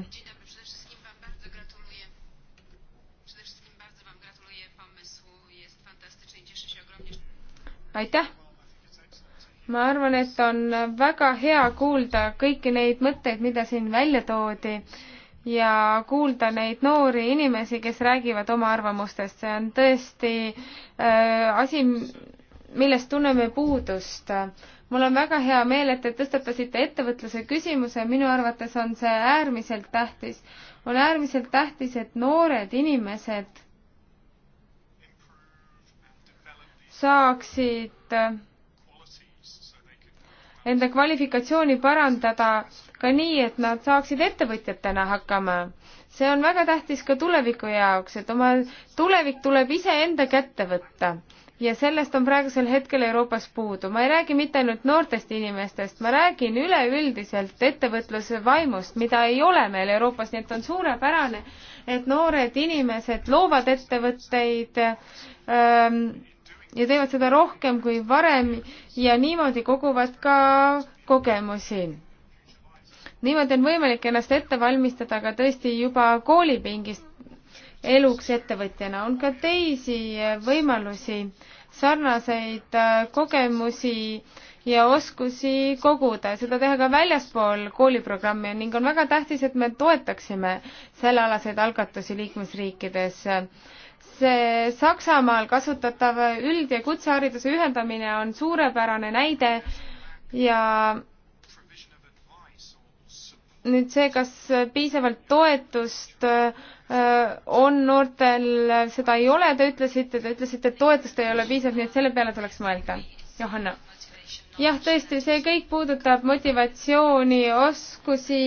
[SPEAKER 3] aitäh ma arvan, et on väga hea kuulda kõiki neid mõtteid, mida siin välja toodi ja kuulda neid noori inimesi, kes räägivad oma arvamustest, see on tõesti äh, asi, millest tunneme puudust. mul on väga hea meel, et te tõstatasite ettevõtluse küsimuse, minu arvates on see äärmiselt tähtis. on äärmiselt tähtis, et noored inimesed saaksid äh, enda kvalifikatsiooni parandada ka nii, et nad saaksid ettevõtjatena hakkama. see on väga tähtis ka tuleviku jaoks, et oma tulevik tuleb iseenda kätte võtta ja sellest on praegusel hetkel Euroopas puudu. ma ei räägi mitte ainult noortest inimestest, ma räägin üleüldiselt ettevõtluse vaimust, mida ei ole meil Euroopas, nii et on suurepärane, et noored inimesed loovad ettevõtteid ähm,, ja teevad seda rohkem kui varem ja niimoodi koguvad ka kogemusi. niimoodi on võimalik ennast ette valmistada ka tõesti juba koolipingist eluks ettevõtjana. on ka teisi võimalusi, sarnaseid äh, kogemusi ja oskusi koguda, seda teha ka väljaspool kooliprogrammi ning on väga tähtis, et me toetaksime sellealaseid algatusi liikmesriikides see Saksamaal kasutatav üld- ja kutsehariduse ühendamine on suurepärane näide ja nüüd see, kas piisavalt toetust äh, on noortel, seda ei ole, te ütlesite, te ütlesite, et toetust ei ole piisavalt, nii et selle peale tuleks mõelda. Johanna. jah, tõesti, see kõik puudutab motivatsiooni, oskusi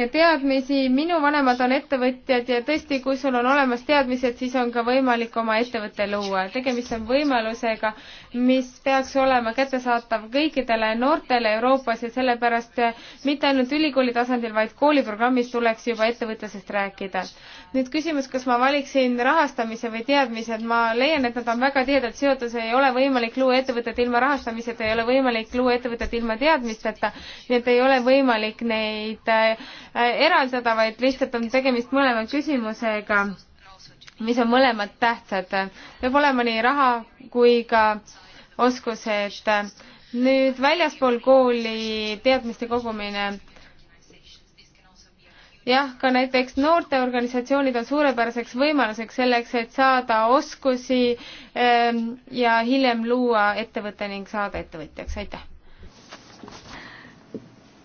[SPEAKER 3] ja teadmisi, minu vanemad on ettevõtjad ja tõesti, kui sul on olemas teadmised, siis on ka võimalik oma ettevõte luua. tegemist on võimalusega, mis peaks olema kättesaatav kõikidele noortele Euroopas ja sellepärast mitte ainult ülikooli tasandil, vaid kooliprogrammis tuleks juba ettevõtlusest rääkida nüüd küsimus, kas ma valiksin rahastamise või teadmised, ma leian, et nad on väga tihedalt seotud, ei ole võimalik luua ettevõtet ilma rahastamiseta, ei ole võimalik luua ettevõtet ilma teadmisteta, nii et ei ole võimalik neid äh, eraldada, vaid lihtsalt on tegemist mõlema küsimusega, mis on mõlemad tähtsad. peab olema nii raha kui ka oskused. nüüd väljaspool kooli teadmiste kogumine jah, ka näiteks noorteorganisatsioonid on suurepäraseks võimaluseks selleks, et saada oskusi ähm, ja hiljem luua ettevõte ning saada ettevõtjaks, aitäh!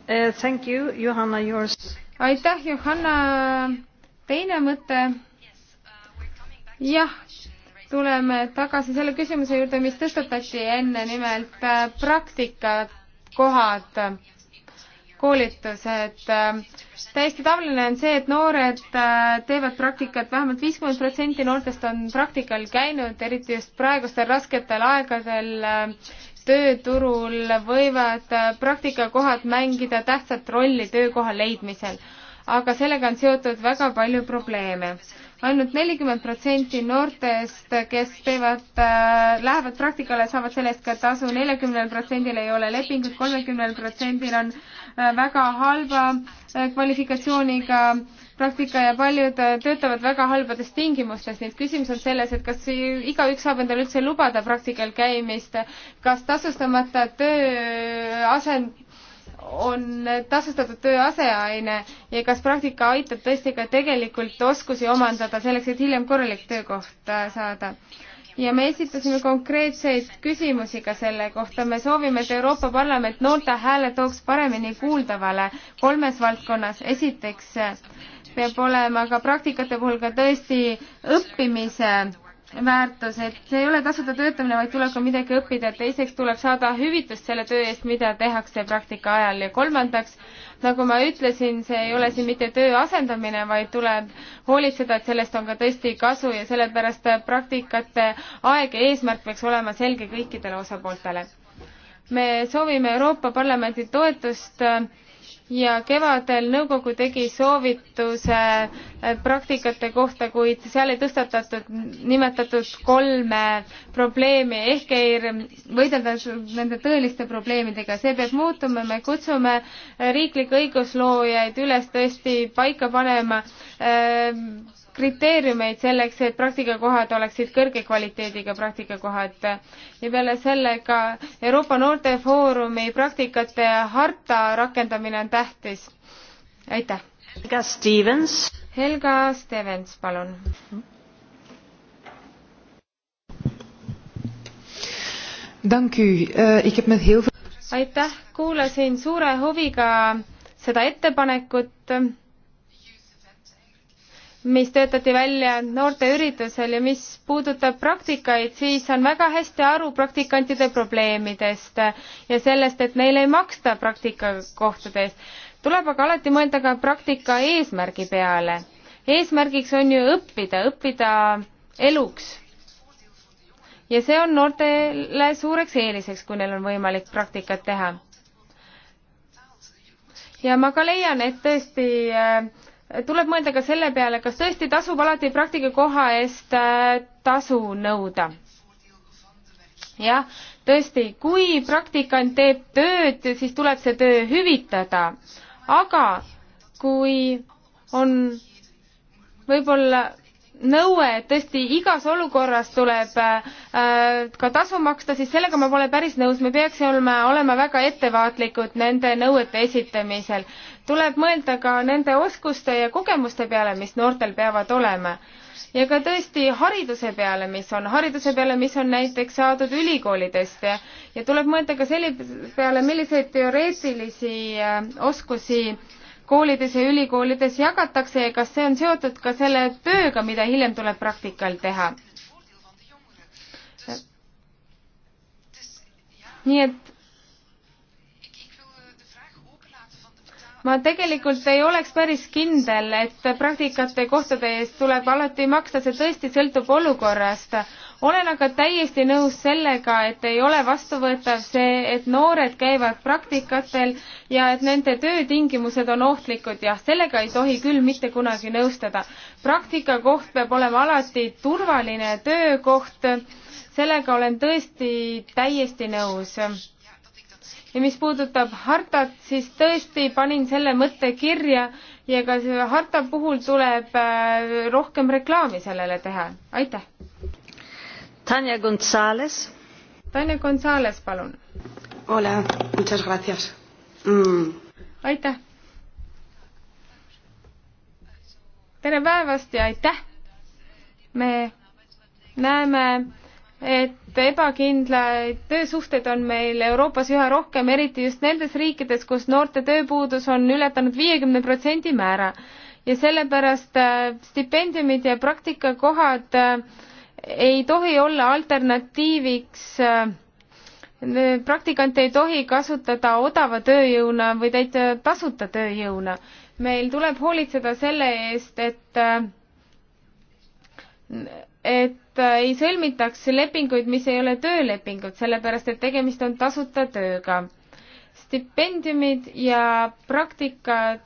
[SPEAKER 4] Uh, thank you, Johanna, yours.
[SPEAKER 3] aitäh, Johanna, teine mõte? jah, tuleme tagasi selle küsimuse juurde, mis tõstatati enne, nimelt äh, praktikakohad koolitused. täiesti tavaline on see, et noored äh, teevad praktikat, vähemalt viiskümmend protsenti noortest on praktikal käinud, eriti just praegustel rasketel aegadel äh, tööturul võivad äh, praktikakohad mängida tähtsat rolli töökoha leidmisel, aga sellega on seotud väga palju probleeme ainult nelikümmend protsenti noortest, kes teevad äh,, lähevad praktikale, saavad selle eest ka tasu, neljakümnel protsendil ei ole lepingut, kolmekümnel protsendil on äh, Äh, väga halva äh, kvalifikatsiooniga praktika ja paljud äh, töötavad väga halbades tingimustes, nii et küsimus on selles, et kas igaüks saab endale üldse lubada praktikal käimist, kas tasustamata töö asend on tasustatud töö aseaine ja kas praktika aitab tõesti ka tegelikult oskusi omandada selleks, et hiljem korralik töökoht saada ja me esitasime konkreetseid küsimusi ka selle kohta. me soovime, et Euroopa Parlament noorte hääle tooks paremini kuuldavale kolmes valdkonnas. esiteks peab olema ka praktikate puhul ka tõesti õppimise väärtus, et see ei ole tasuta töötamine, vaid tuleb ka midagi õppida. teiseks tuleb saada hüvitust selle töö eest, mida tehakse praktika ajal ja kolmandaks nagu ma ütlesin, see ei ole siin mitte töö asendamine, vaid tuleb hoolitseda, et sellest on ka tõesti kasu ja sellepärast praktikate aeg ja eesmärk peaks olema selge kõikidele osapooltele. me soovime Euroopa Parlamendi toetust äh, ja kevadel nõukogu tegi soovituse äh, praktikate kohta, kuid seal ei tõstatatud nimetatud kolme probleemi ehk ei võidelda nende tõeliste probleemidega, see peab muutuma, me kutsume äh, riiklikke õigusloojaid üles tõesti paika panema äh, kriteeriumeid selleks, et praktikakohad oleksid kõrge kvaliteediga praktikakohad. ja peale selle ka Euroopa Noortefoorumi praktikate harta rakendamine on tähtis. aitäh.
[SPEAKER 4] Helga Stevens.
[SPEAKER 3] Helga Stevens, palun.
[SPEAKER 5] Eh,
[SPEAKER 3] aitäh, kuulasin suure huviga seda ettepanekut mis töötati välja noorteüritusel ja mis puudutab praktikaid, siis on väga hästi aru praktikantide probleemidest ja sellest, et neile ei maksta praktikakohtade eest. tuleb aga alati mõelda ka praktika eesmärgi peale. eesmärgiks on ju õppida, õppida eluks. ja see on noortele suureks eeliseks, kui neil on võimalik praktikat teha. ja ma ka leian, et tõesti äh, tuleb mõelda ka selle peale, kas tõesti tasub alati praktikakoha eest äh, tasu nõuda. jah, tõesti, kui praktikant teeb tööd, siis tuleb see töö hüvitada, aga kui on võib-olla nõue, et tõesti igas olukorras tuleb äh, ka tasu maksta, siis sellega ma pole päris nõus, me peaksime olema, olema väga ettevaatlikud nende nõuete esitamisel tuleb mõelda ka nende oskuste ja kogemuste peale, mis noortel peavad olema. ja ka tõesti hariduse peale, mis on, hariduse peale, mis on näiteks saadud ülikoolidest ja, ja tuleb mõelda ka selle peale, milliseid teoreetilisi äh, oskusi koolides ja ülikoolides jagatakse ja kas see on seotud ka selle tööga, mida hiljem tuleb praktikal teha. nii et ma tegelikult ei oleks päris kindel, et praktikate kohtade eest tuleb alati maksta, see tõesti sõltub olukorrast. olen aga täiesti nõus sellega, et ei ole vastuvõetav see, et noored käivad praktikatel ja et nende töötingimused on ohtlikud, jah, sellega ei tohi küll mitte kunagi nõustada. praktikakoht peab olema alati turvaline töökoht, sellega olen tõesti täiesti nõus ja mis puudutab hartat, siis tõesti panin selle mõtte kirja ja ka selle harta puhul tuleb äh, rohkem reklaami sellele teha. aitäh.
[SPEAKER 4] Tanja Gonzalez. Tanja Gonzalez, palun. Hola, muchas gracias mm.. aitäh.
[SPEAKER 3] tere päevast ja aitäh. me näeme et ebakindlaid töösuhteid on meil Euroopas üha rohkem, eriti just nendes riikides, kus noorte tööpuudus on ületanud viiekümne protsendi määra ja sellepärast äh, stipendiumid ja praktikakohad äh, ei tohi olla alternatiiviks äh, praktikant ei tohi kasutada odava tööjõuna või täitsa tasuta tööjõuna. meil tuleb hoolitseda selle eest, et et ei sõlmitaks lepinguid, mis ei ole töölepingud, sellepärast et tegemist on tasuta tööga. stipendiumid ja praktikad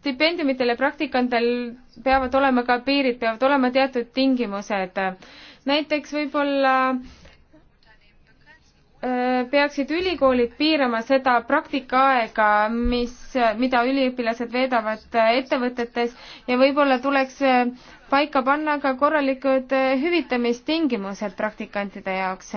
[SPEAKER 3] stipendiumitel ja praktikantel peavad olema ka piirid, peavad olema teatud tingimused. näiteks võib-olla äh, peaksid ülikoolid piirama seda praktikaaega, mis, mida üliõpilased veedavad äh, ettevõtetes ja võib-olla tuleks äh, paika panna ka korralikud eh, hüvitamistingimused praktikantide jaoks.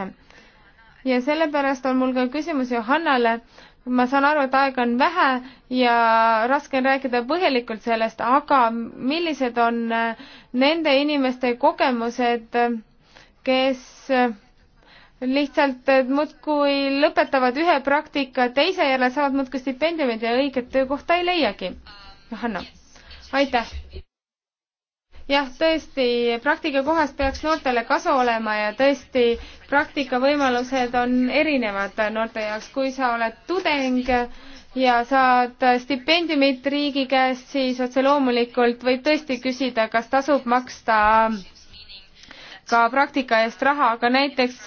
[SPEAKER 3] ja sellepärast on mul ka küsimus Johannale, ma saan aru, et aega on vähe ja raske on rääkida põhjalikult sellest, aga millised on eh, nende inimeste kogemused, kes eh, lihtsalt muudkui lõpetavad ühe praktika teise järele, saavad muudkui stipendiumid ja õiget töökohta ei leiagi. Hanno, aitäh! jah, tõesti, praktika kohast peaks noortele kasu olema ja tõesti, praktikavõimalused on erinevad noorte jaoks. kui sa oled tudeng ja saad stipendiumit riigi käest, siis otse loomulikult võib tõesti küsida, kas tasub maksta ka praktika eest raha, aga näiteks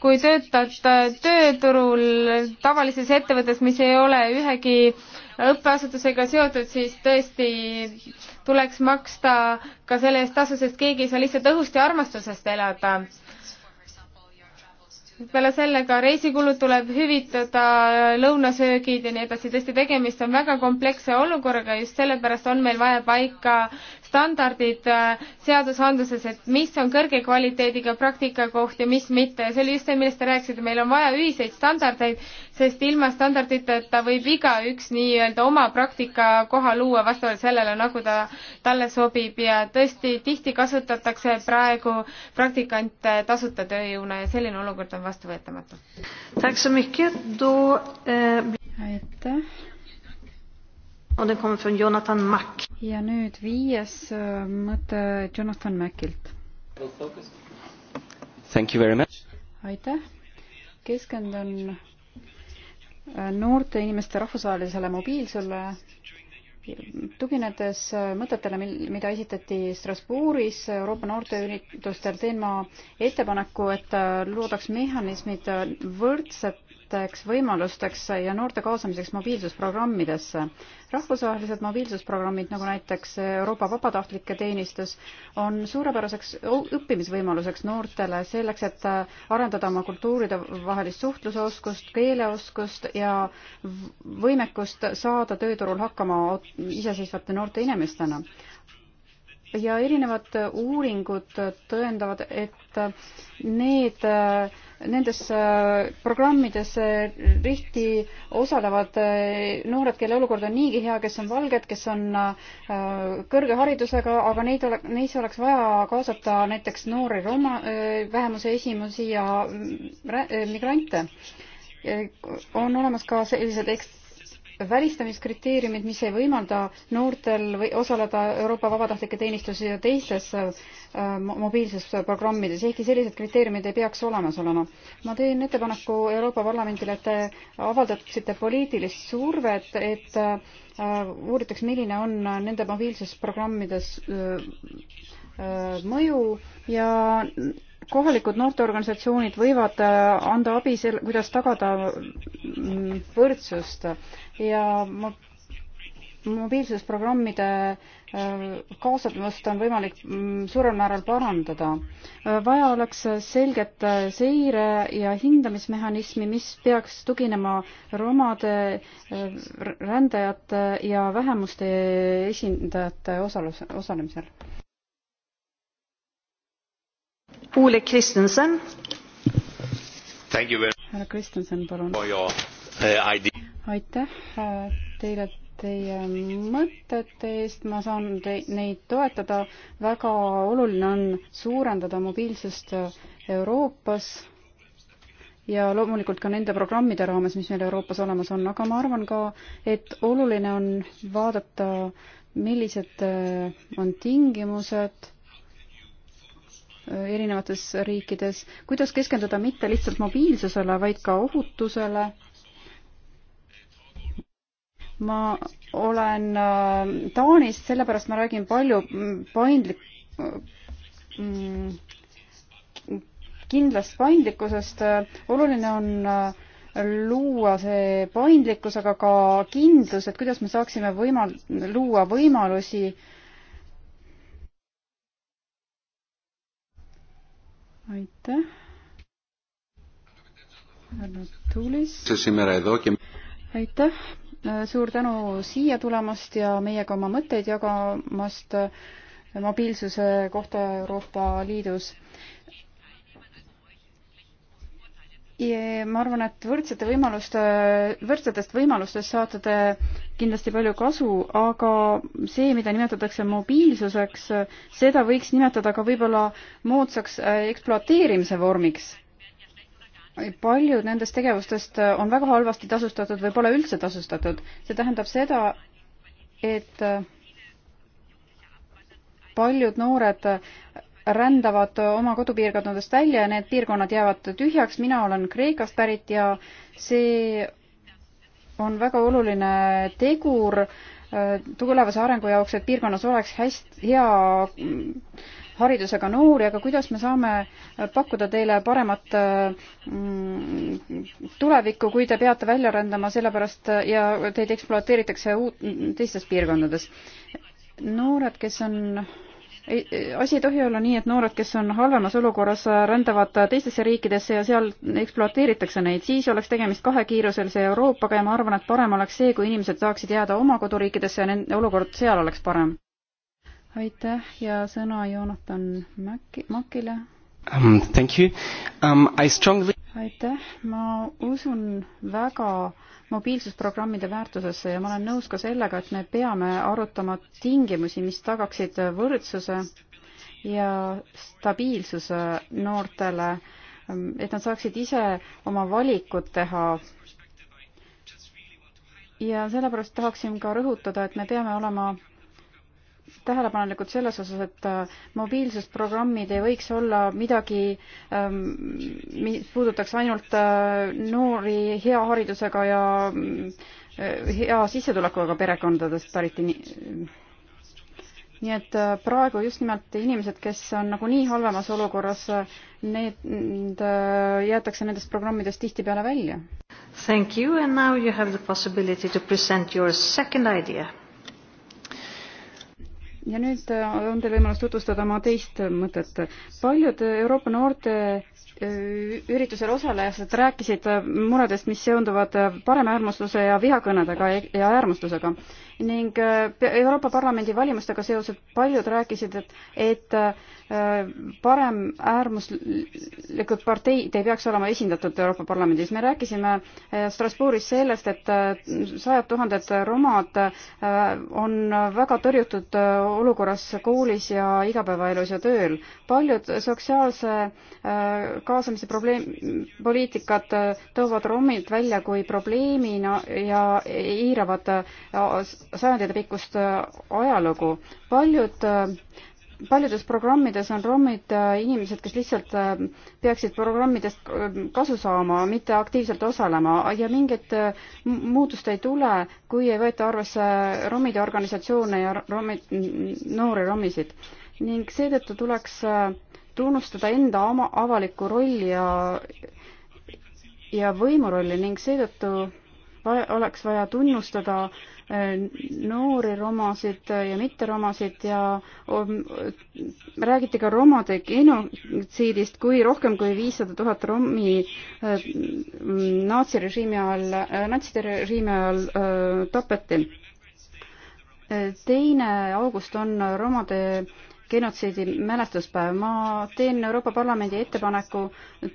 [SPEAKER 3] kui töötad tööturul tavalises ettevõttes, mis ei ole ühegi äh, õppeasutusega seotud, siis tõesti tuleks maksta ka selle eest tasu, sest keegi ei saa lihtsalt õhust ja armastusest elada. peale selle ka reisikulud tuleb hüvitada, lõunasöögid ja nii edasi, tõesti tegemist on väga kompleksse olukorraga, just sellepärast on meil vaja paika standardid äh, seadusandluses, et mis on kõrge kvaliteediga praktikakoht ja mis mitte ja see oli just see, millest te rääkisite, meil on vaja ühiseid standardeid, sest ilma standarditeta võib igaüks nii-öelda oma praktikakoha luua vastavalt sellele, nagu ta talle sobib ja tõesti tihti kasutatakse praegu praktikante tasuta tööjõuna ja selline olukord on vastuvõetamatu.
[SPEAKER 4] Eh, aitäh ja
[SPEAKER 5] nüüd viies äh, mõte Jonathan Mackilt. aitäh, keskendun äh, noorte inimeste rahvusvahelisele mobiilsusele tuginedes äh, mõtetele, mil, mida esitati Strasbourgis Euroopa noorteüritustel, teen ma ettepaneku, et loodaks mehhanismid võrdset uuteks võimalusteks ja noorte kaasamiseks mobiilsusprogrammidesse. rahvusvahelised mobiilsusprogrammid, nagu näiteks Euroopa Vabatahtlike Teenistus, on suurepäraseks õppimisvõimaluseks noortele selleks, et arendada oma kultuuride vahelist suhtluseoskust, keeleoskust ja võimekust saada tööturul hakkama iseseisvate noorte inimestena ja erinevad uuringud tõendavad, et need nendes äh, programmides tihti äh, osalevad äh, noored, kelle olukord on niigi hea, kes on valged, kes on kõrge haridusega, aga neid ole, neis oleks vaja kaasata näiteks noori roma, vähemuse esimusi ja mm, migrante. on olemas ka sellised ekst-, välistamiskriteeriumid, mis ei võimalda noortel või osaleda Euroopa vabatahtlike teenistus ja teistes äh, mobiilses programmides, ehkki sellised kriteeriumid ei peaks olemas olema. ma teen ettepaneku Euroopa Parlamendile, et te avaldaksite poliitilist survet, et äh, uuritaks, milline on nende mobiilsusprogrammides äh, mõju ja kohalikud noorteorganisatsioonid võivad äh, anda abi sel-, kuidas tagada mm, võrdsust ja ma mobiilsusprogrammide äh, kaasamust on võimalik mm, suurel määral parandada. Äh, vaja oleks selget seire- ja hindamismehhanismi, mis peaks tuginema romade, rändajate ja vähemuste esindajate osalus, osalemisel. Ole Kristjanson. härra Kristjanson, palun.
[SPEAKER 2] Uh,
[SPEAKER 5] aitäh äh, teile teie mõtete eest, ma saan te, neid toetada. väga oluline on suurendada mobiilsust äh, Euroopas ja loomulikult ka nende programmide raames, mis meil Euroopas olemas on, aga ma arvan ka, et oluline on vaadata, millised äh, on tingimused erinevates riikides, kuidas keskenduda mitte lihtsalt mobiilsusele, vaid ka ohutusele. ma olen äh, Taanist, sellepärast ma räägin palju mm, paindlik-, mm, kindlast paindlikkusest, oluline on äh, luua see paindlikkus, aga ka kindlus, et kuidas me saaksime võimal-, luua võimalusi äh, aitäh. härra Tuulis. aitäh, suur tänu siia tulemast ja meiega oma mõtteid jagamast mobiilsuse kohta Euroopa Liidus ja ma arvan, et võrdsete võimaluste, võrdsetest võimalustest saate te kindlasti palju kasu, aga see, mida nimetatakse mobiilsuseks, seda võiks nimetada ka võib-olla moodsaks äh, ekspluateerimise vormiks. paljud nendest tegevustest on väga halvasti tasustatud või pole üldse tasustatud. see tähendab seda, et äh, paljud noored rändavad oma kodupiirkondadest välja ja need piirkonnad jäävad tühjaks. mina olen Kreekast pärit ja see on väga oluline tegur äh, tulevase arengu jaoks, et piirkonnas oleks hästi hea mm, haridusega noori, aga kuidas me saame pakkuda teile paremat mm, tulevikku, kui te peate välja rändama sellepärast äh, ja teid ekspluateeritakse uut, teistes piirkondades? noored, kes on asi ei tohi olla nii, et noored, kes on halvemas olukorras, rändavad teistesse riikidesse ja seal ekspluateeritakse neid, siis oleks tegemist kahekiiruselise Euroopaga ja ma arvan, et parem oleks see, kui inimesed saaksid jääda oma koduriikidesse ja nende olukord seal oleks parem. aitäh ja sõna Joonatan Mäki, Makile
[SPEAKER 3] um,. Thank you um,. I strongly
[SPEAKER 5] aitäh, ma usun väga äh, mobiilsusprogrammide väärtusesse ja ma olen nõus ka sellega, et me peame arutama tingimusi, mis tagaksid võrdsuse ja stabiilsuse noortele, et nad saaksid ise oma valikud teha. ja sellepärast tahaksin ka rõhutada, et me peame olema tähelepanelikud selles osas, et äh, mobiilsusprogrammid ei võiks olla midagi, ähm, mis puudutaks ainult äh, noori hea haridusega ja äh, hea sissetulekuga perekondadest pärit nii et praegu just nimelt inimesed, kes on nagunii halvemas olukorras, need jäetakse nendest programmidest tihtipeale välja.
[SPEAKER 4] Thank you and now you have the possibility to present your second idea
[SPEAKER 5] ja nüüd äh, on teil võimalus tutvustada oma teist mõtet. paljud Euroopa noorte äh, üritusel osalejad rääkisid äh, muredest, mis seonduvad paremäärmusluse ja vihakõnedega ja äärmuslusega ning äh, Euroopa Parlamendi valimistega seoses paljud rääkisid, et, et äh, paremäärmuslikud parteid ei peaks olema esindatud Euroopa Parlamendis. me rääkisime äh, Strasbourgis sellest, et sajad tuhanded romad on väga tõrjutud olukorras koolis ja igapäevaelus ja tööl. paljud sotsiaalse kaasamise probleem, poliitikad toovad romid välja kui probleemina ja eiravad sajandite pikkust äh, ajalugu. paljud, äh, paljudes programmides on rommid äh, inimesed, kes lihtsalt peaksid programmidest kasu saama, mitte aktiivselt osalema ja mingit muutust ei tule, kui ei võeta arvesse rommide organisatsioone ja rommid, noori rommisid. ning seetõttu tuleks tunnustada enda oma avalikku rolli ja ja võimurolli ning seetõttu oleks vaja tunnustada äh, noori romasid ja mitteromasid ja räägiti ka romade genotsiidist, kui rohkem kui viissada tuhat romi äh, naatsirežiimi ajal, äh, natside režiimi ajal tapeti. teine august on romade genotsiidi mälestuspäev. ma teen Euroopa Parlamendi ettepaneku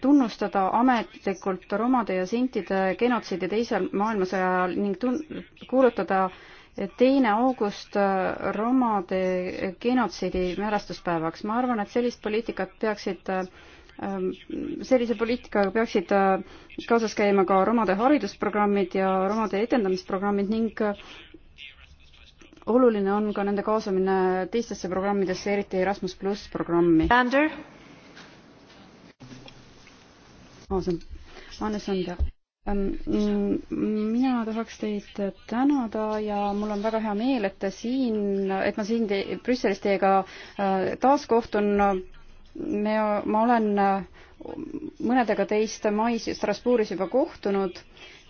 [SPEAKER 5] tunnustada ametlikult romade ja sintide genotsiidi teisel maailmasõja ajal ning tun-, kuulutada teine august romade genotsiidi mälestuspäevaks. ma arvan, et sellist poliitikat peaksid ähm, sellise poliitikaga peaksid äh, kaasas käima ka romade haridusprogrammid ja romade edendamisprogrammid ning äh, oluline on ka nende kaasamine teistesse programmidesse, eriti Erasmus pluss programmi. Awesome. Anne Sander. Mina tahaks teid tänada ja mul on väga hea meel, et te siin, et ma siin te, Brüsselis teiega äh, taas kohtun. me, ma olen äh, mõnedega teist mais Strasbourgis juba kohtunud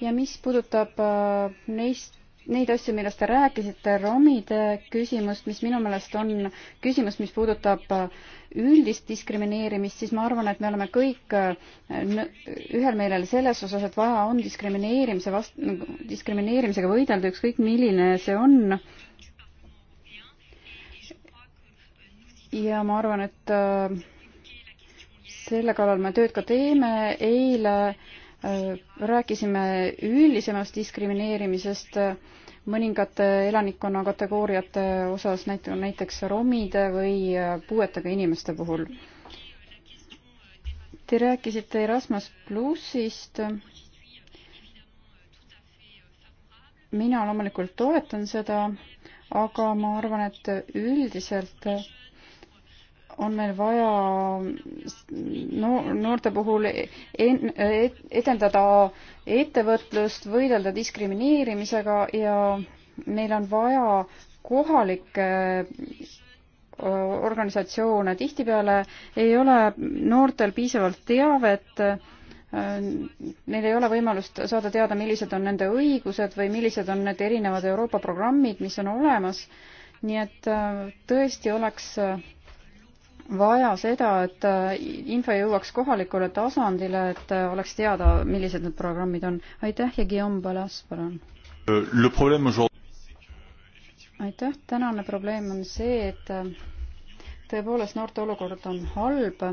[SPEAKER 5] ja mis puudutab äh, neist neid asju, millest te rääkisite, romide küsimust, mis minu meelest on küsimus, mis puudutab äh, üldist diskrimineerimist, siis ma arvan, et me oleme kõik äh, ühel meelel selles osas, et vaja on diskrimineerimise vast-, nagu, diskrimineerimisega võidelda, ükskõik milline see on. ja ma arvan, et äh, selle kallal me tööd ka teeme, eile äh, Äh, rääkisime üldisemast diskrimineerimisest äh, mõningate elanikkonna kategooriate osas, näiteks romide või äh, puuetega inimeste puhul. Te rääkisite Erasmus plussist. mina loomulikult toetan seda, aga ma arvan, et üldiselt on meil vaja noorte puhul edendada ettevõtlust, võidelda diskrimineerimisega ja meil on vaja kohalikke organisatsioone. tihtipeale ei ole noortel piisavalt teavet neil ei ole võimalust saada teada, millised on nende õigused või millised on need erinevad Euroopa programmid, mis on olemas. nii et tõesti oleks vaja seda, et äh, info jõuaks kohalikule tasandile, et äh, oleks teada, millised need programmid on. aitäh ja Guillaume Balas, palun.
[SPEAKER 4] Euh,
[SPEAKER 5] aitäh, tänane probleem on see, et äh, tõepoolest noorte olukord on halb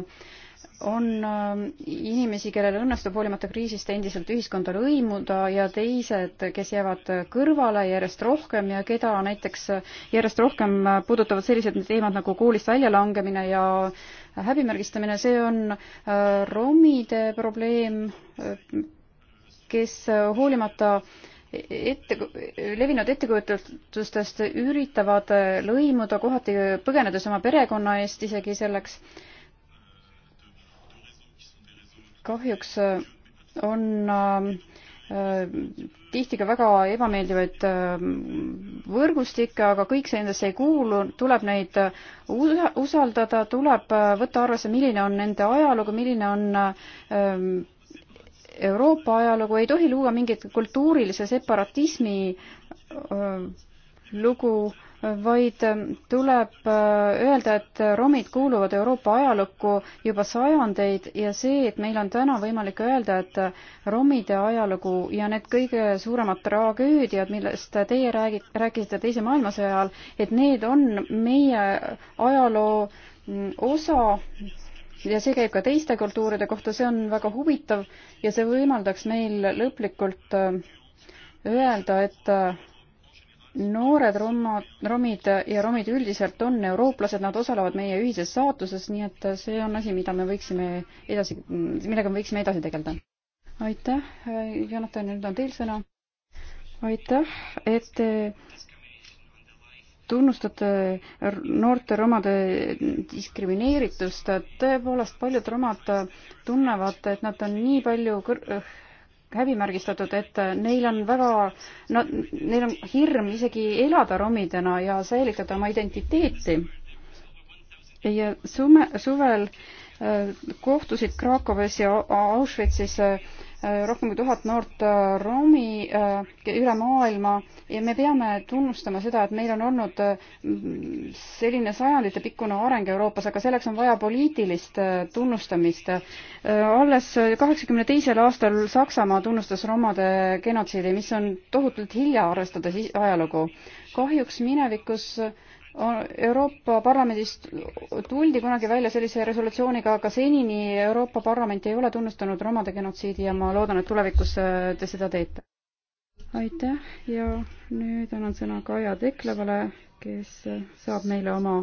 [SPEAKER 5] on äh, inimesi, kellel õnnestub hoolimata kriisist endiselt ühiskonda lõimuda ja teised, kes jäävad kõrvale järjest rohkem ja keda näiteks järjest rohkem puudutavad sellised teemad nagu koolist väljalangemine ja häbimärgistamine, see on äh, romide probleem, kes hoolimata ette, levinud ettekujutustest üritavad lõimuda, kohati põgenedes oma perekonna eest isegi selleks kahjuks äh, on äh, tihti ka väga ebameeldivaid äh, võrgustikke, aga kõik see endasse ei kuulu, tuleb neid usaldada, tuleb võtta arvesse, milline on nende ajalugu, milline on Euroopa ajalugu, ei tohi luua mingit kultuurilise separatismi lugu vaid ähm, tuleb äh, öelda, et romid kuuluvad Euroopa ajalukku juba sajandeid ja see, et meil on täna võimalik öelda, et äh, romide ajalugu ja need kõige suuremad tragöödiad, millest teie räägid, rääkisite Teise maailmasõja ajal, et need on meie ajaloo mm, osa ja see käib ka teiste kultuuride kohta, see on väga huvitav ja see võimaldaks meil lõplikult äh, öelda, et noored romad, romid ja romid üldiselt on eurooplased, nad osalevad meie ühises saatuses, nii et see on asi, mida me võiksime edasi, millega me võiksime edasi tegeleda. aitäh, Jonathan, nüüd on teil sõna. aitäh, et te tunnustate noorte romade diskrimineeritust, et tõepoolest paljud romad tunnevad, et nad on nii palju kõr-, häbimärgistatud, et neil on väga, no neil on hirm isegi elada romidena ja säilitada oma identiteeti. ja sume, suvel äh, kohtusid Krakowis ja Auschwitzis äh, rohkem kui tuhat noort äh, romi äh, üle maailma ja me peame tunnustama seda, et meil on olnud äh, selline sajanditepikkune areng Euroopas, aga selleks on vaja poliitilist tunnustamist. alles kaheksakümne teisel aastal Saksamaa tunnustas romade genotsiidi, mis on tohutult hilja, arvestades ajalugu. kahjuks minevikus Euroopa Parlamendist tuldi kunagi välja sellise resolutsiooniga, aga senini Euroopa Parlament ei ole tunnustanud romade genotsiidi ja ma loodan, et tulevikus äh, te seda teete. aitäh ja nüüd annan sõna Kaja Teklevale, kes saab meile oma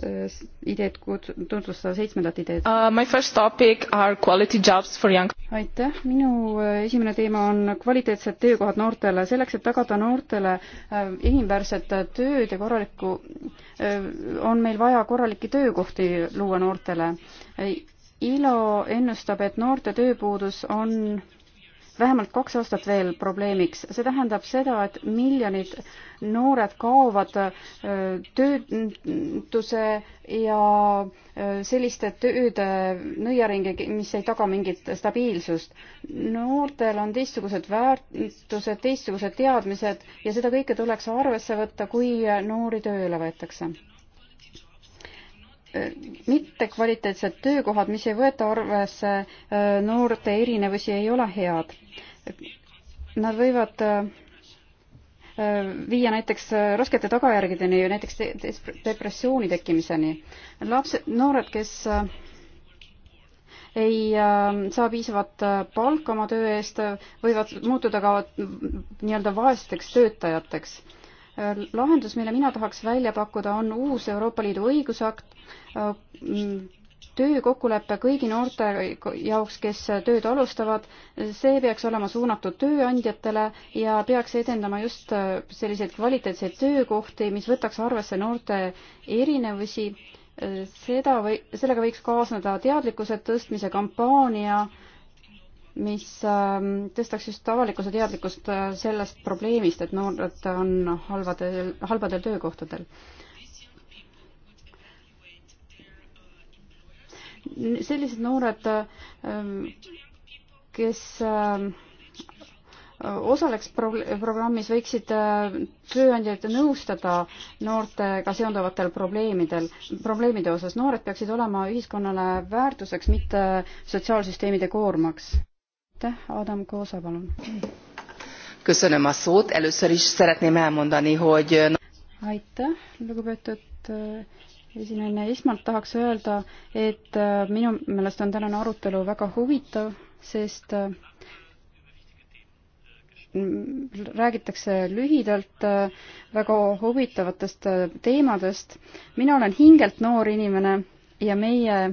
[SPEAKER 5] Äh, ideed tutvustada, seitsmendat ideed
[SPEAKER 3] uh,? My first topic are quality jobs for young
[SPEAKER 5] aitäh, minu äh, esimene teema on kvaliteetsed töökohad noortele. selleks, et tagada noortele äh, inimväärset tööd ja korralikku, on meil vaja korralikke töökohti luua noortele. ILO ennustab, et noorte tööpuudus on vähemalt kaks aastat veel probleemiks. see tähendab seda, et miljonid noored kaovad äh, töötuse ja äh, selliste tööde nõiaringi, mis ei taga mingit stabiilsust. noortel on teistsugused väärtused, teistsugused teadmised ja seda kõike tuleks arvesse võtta, kui noori tööle võetakse mittekvaliteetsed töökohad, mis ei võeta arvesse äh, noorte erinevusi, ei ole head. Nad võivad äh, viia näiteks äh, raskete tagajärgedeni, näiteks depressiooni tekkimiseni. lapsed, noored, kes ei saa piisavat palka oma töö eest, võivad muutuda ka mm, nii-öelda vaesteks töötajateks lahendus, mille mina tahaks välja pakkuda, on uus Euroopa Liidu õigusakt, äh, mm, töökokkulepe kõigi noorte jaoks, kes tööd alustavad, see peaks olema suunatud tööandjatele ja peaks edendama just äh, selliseid kvaliteetseid töökohti, mis võtaks arvesse noorte erinevusi. Äh, seda või, sellega võiks kaasneda teadlikkuse tõstmise kampaania äh, mis ähm, tõstaks just avalikkuse teadlikkust äh, sellest probleemist, et noored on halvadel, halbadel töökohtadel. sellised noored, ähm, kes ähm, osaleks pro programmis, võiksid äh, tööandjaid nõustada noortega seonduvatel probleemidel, probleemide osas. noored peaksid olema ühiskonnale väärtuseks, mitte sotsiaalsüsteemide koormaks aitäh, Adam Koosa, palun.
[SPEAKER 3] köszönöm a szót, először is szeretném elmondani, hogy
[SPEAKER 5] aitäh, lugupeetud esinejana, esmalt tahaks öelda, et minu meelest on tänane arutelu väga huvitav, sest räägitakse lühidalt väga huvitavatest teemadest. mina olen hingelt noor inimene ja meie,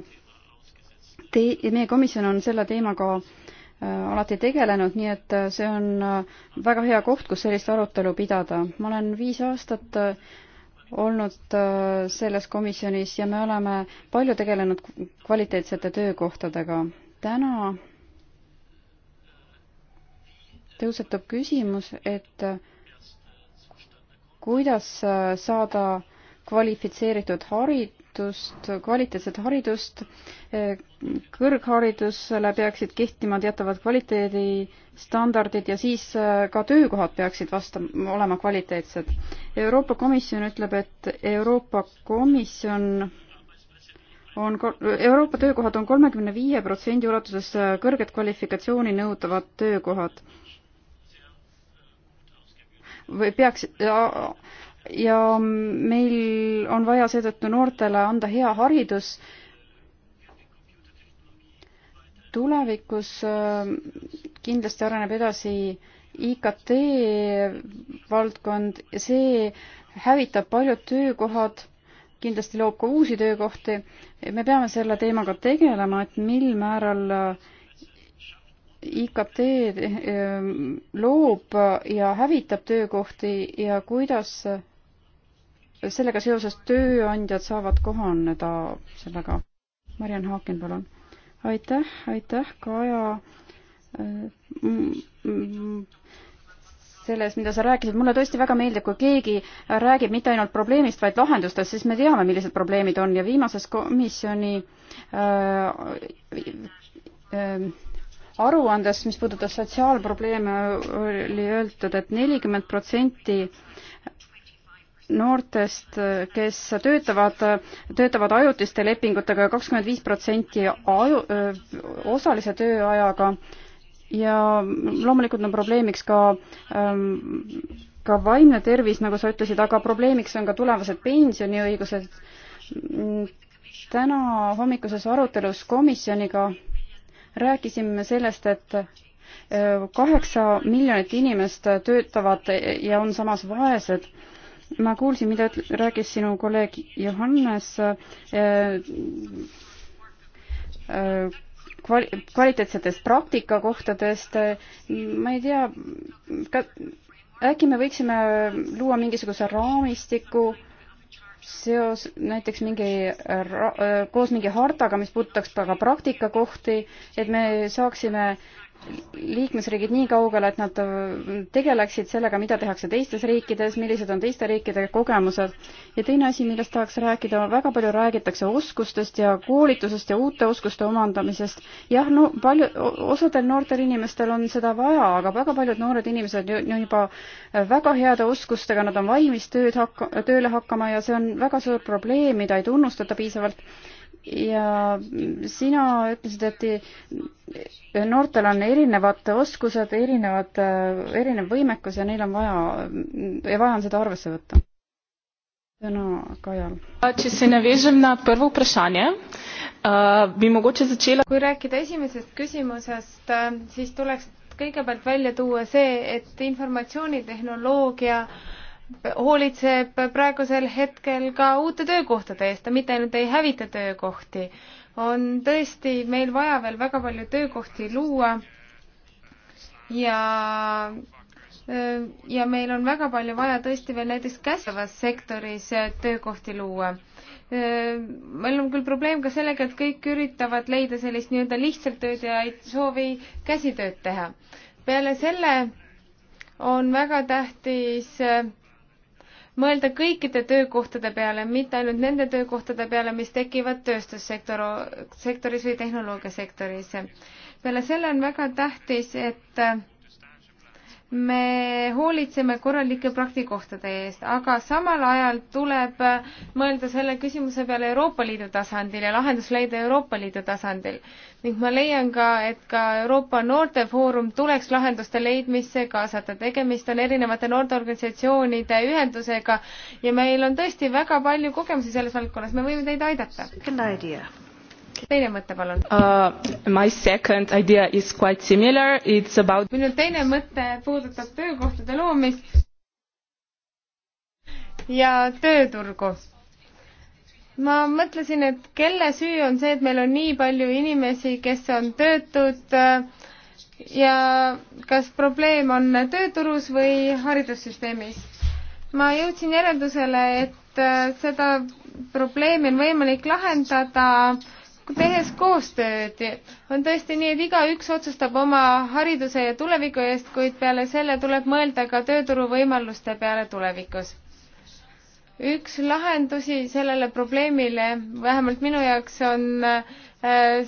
[SPEAKER 5] meie komisjon on selle teemaga äh, Äh, alati tegelenud, nii et äh, see on äh, väga hea koht, kus sellist arutelu pidada. ma olen viis aastat olnud selles komisjonis ja me oleme palju tegelenud kvaliteetsete töökohtadega. täna tõusetub küsimus, et kuidas saada kvalifitseeritud harid-, haridust, kvaliteetset haridust. kõrgharidusele peaksid kehtima teatavad kvaliteedistandardid ja siis äh, ka töökohad peaksid vastama, olema kvaliteetsed. Euroopa Komisjon ütleb, et Euroopa Komisjon on, Euroopa töökohad on kolmekümne viie protsendi ulatuses äh, kõrget kvalifikatsiooni nõutavad töökohad. või peaks, äh, ja meil on vaja seetõttu noortele anda hea haridus. tulevikus äh, kindlasti areneb edasi IKT valdkond, see hävitab paljud töökohad, kindlasti loob ka uusi töökohti. me peame selle teemaga tegelema, et mil määral äh, IKT äh, loob ja hävitab töökohti ja kuidas sellega seoses tööandjad saavad kohaneda sellega. Mariann Haaken, palun. aitäh, aitäh, Kaja äh, mm, mm, selles, mida sa rääkisid, mulle tõesti väga meeldib, kui keegi räägib mitte ainult probleemist, vaid lahendustest, siis me teame, millised probleemid on ja viimases komisjoni äh, äh, aruandes, mis puudutas sotsiaalprobleeme, oli öeldud et, et nelikümmend protsenti noortest, kes töötavad, töötavad ajutiste lepingutega ja kakskümmend viis protsenti aju-, osalise tööajaga ja loomulikult on probleemiks ka ähm, ka vaimne tervis, nagu sa ütlesid, aga probleemiks on ka tulevased pensioniõigused. täna hommikuses arutelus komisjoniga rääkisime sellest, et äh, kaheksa miljonit inimest töötavad ja on samas vaesed ma kuulsin, mida rääkis sinu kolleeg Johannes äh, äh, kvali-, kvaliteetsetest praktikakohtadest, ma ei tea, ka äkki me võiksime luua mingisuguse raamistiku seos näiteks mingi ra-, äh, koos mingi hartaga, mis puudutaks ka praktikakohti, et me saaksime liikmesriigid nii kaugele, et nad äh, tegeleksid sellega, mida tehakse teistes riikides, millised on teiste riikide kogemused. ja teine asi, millest tahaks rääkida, väga palju räägitakse oskustest ja koolitusest ja uute oskuste omandamisest. jah, no palju, osadel noortel inimestel on seda vaja, aga väga paljud noored inimesed on juba äh, väga heade oskustega, nad on valmis tööd hakka, tööle hakkama ja see on väga suur probleem, mida ei tunnustata piisavalt ja sina ütlesid, et noortel on erinevad oskused, erinevad, erinev võimekus ja neil on vaja ja vaja on seda arvesse võtta. sõna Kajal.
[SPEAKER 3] kui rääkida esimesest küsimusest, siis tuleks kõigepealt välja tuua see, et informatsioonitehnoloogia äh, hoolitseb praegusel hetkel ka uute töökohtade eest, ta mitte ainult ei hävita töökohti, on tõesti meil vaja veel väga palju töökohti luua ja ja meil on väga palju vaja tõesti veel näiteks käsivas sektoris töökohti luua. meil on küll probleem ka sellega, et kõik üritavad leida sellist nii-öelda lihtsalt tööd ja ei soovi käsitööd teha. peale selle on väga tähtis äh, mõelda kõikide töökohtade peale, mitte ainult nende töökohtade peale, mis tekivad tööstussektor, sektoris või tehnoloogiasektoris. peale selle on väga tähtis, et me hoolitseme korralike praktikohtade eest, aga samal ajal tuleb mõelda selle küsimuse peale Euroopa Liidu tasandil ja lahendus leida Euroopa Liidu tasandil. ning ma leian ka, et ka Euroopa Noortefoorum tuleks lahenduste leidmisse kaasata, tegemist on erinevate noorteorganisatsioonide ühendusega ja meil on tõesti väga palju kogemusi selles valdkonnas, me võime teid aidata teine mõte, palun uh,. My second idea is quite similar, it's about minu teine mõte puudutab töökohtade loomist ja tööturgu. ma mõtlesin, et kelle süü on see, et meil on nii palju inimesi, kes on töötud äh, ja kas probleem on tööturus või haridussüsteemis? ma jõudsin järeldusele, et äh, seda probleemi on võimalik lahendada äh, tehes koostööd. on tõesti nii, et igaüks otsustab oma hariduse ja tuleviku eest, kuid peale selle tuleb mõelda ka tööturuvõimaluste peale tulevikus. üks lahendusi sellele probleemile, vähemalt minu jaoks, on äh,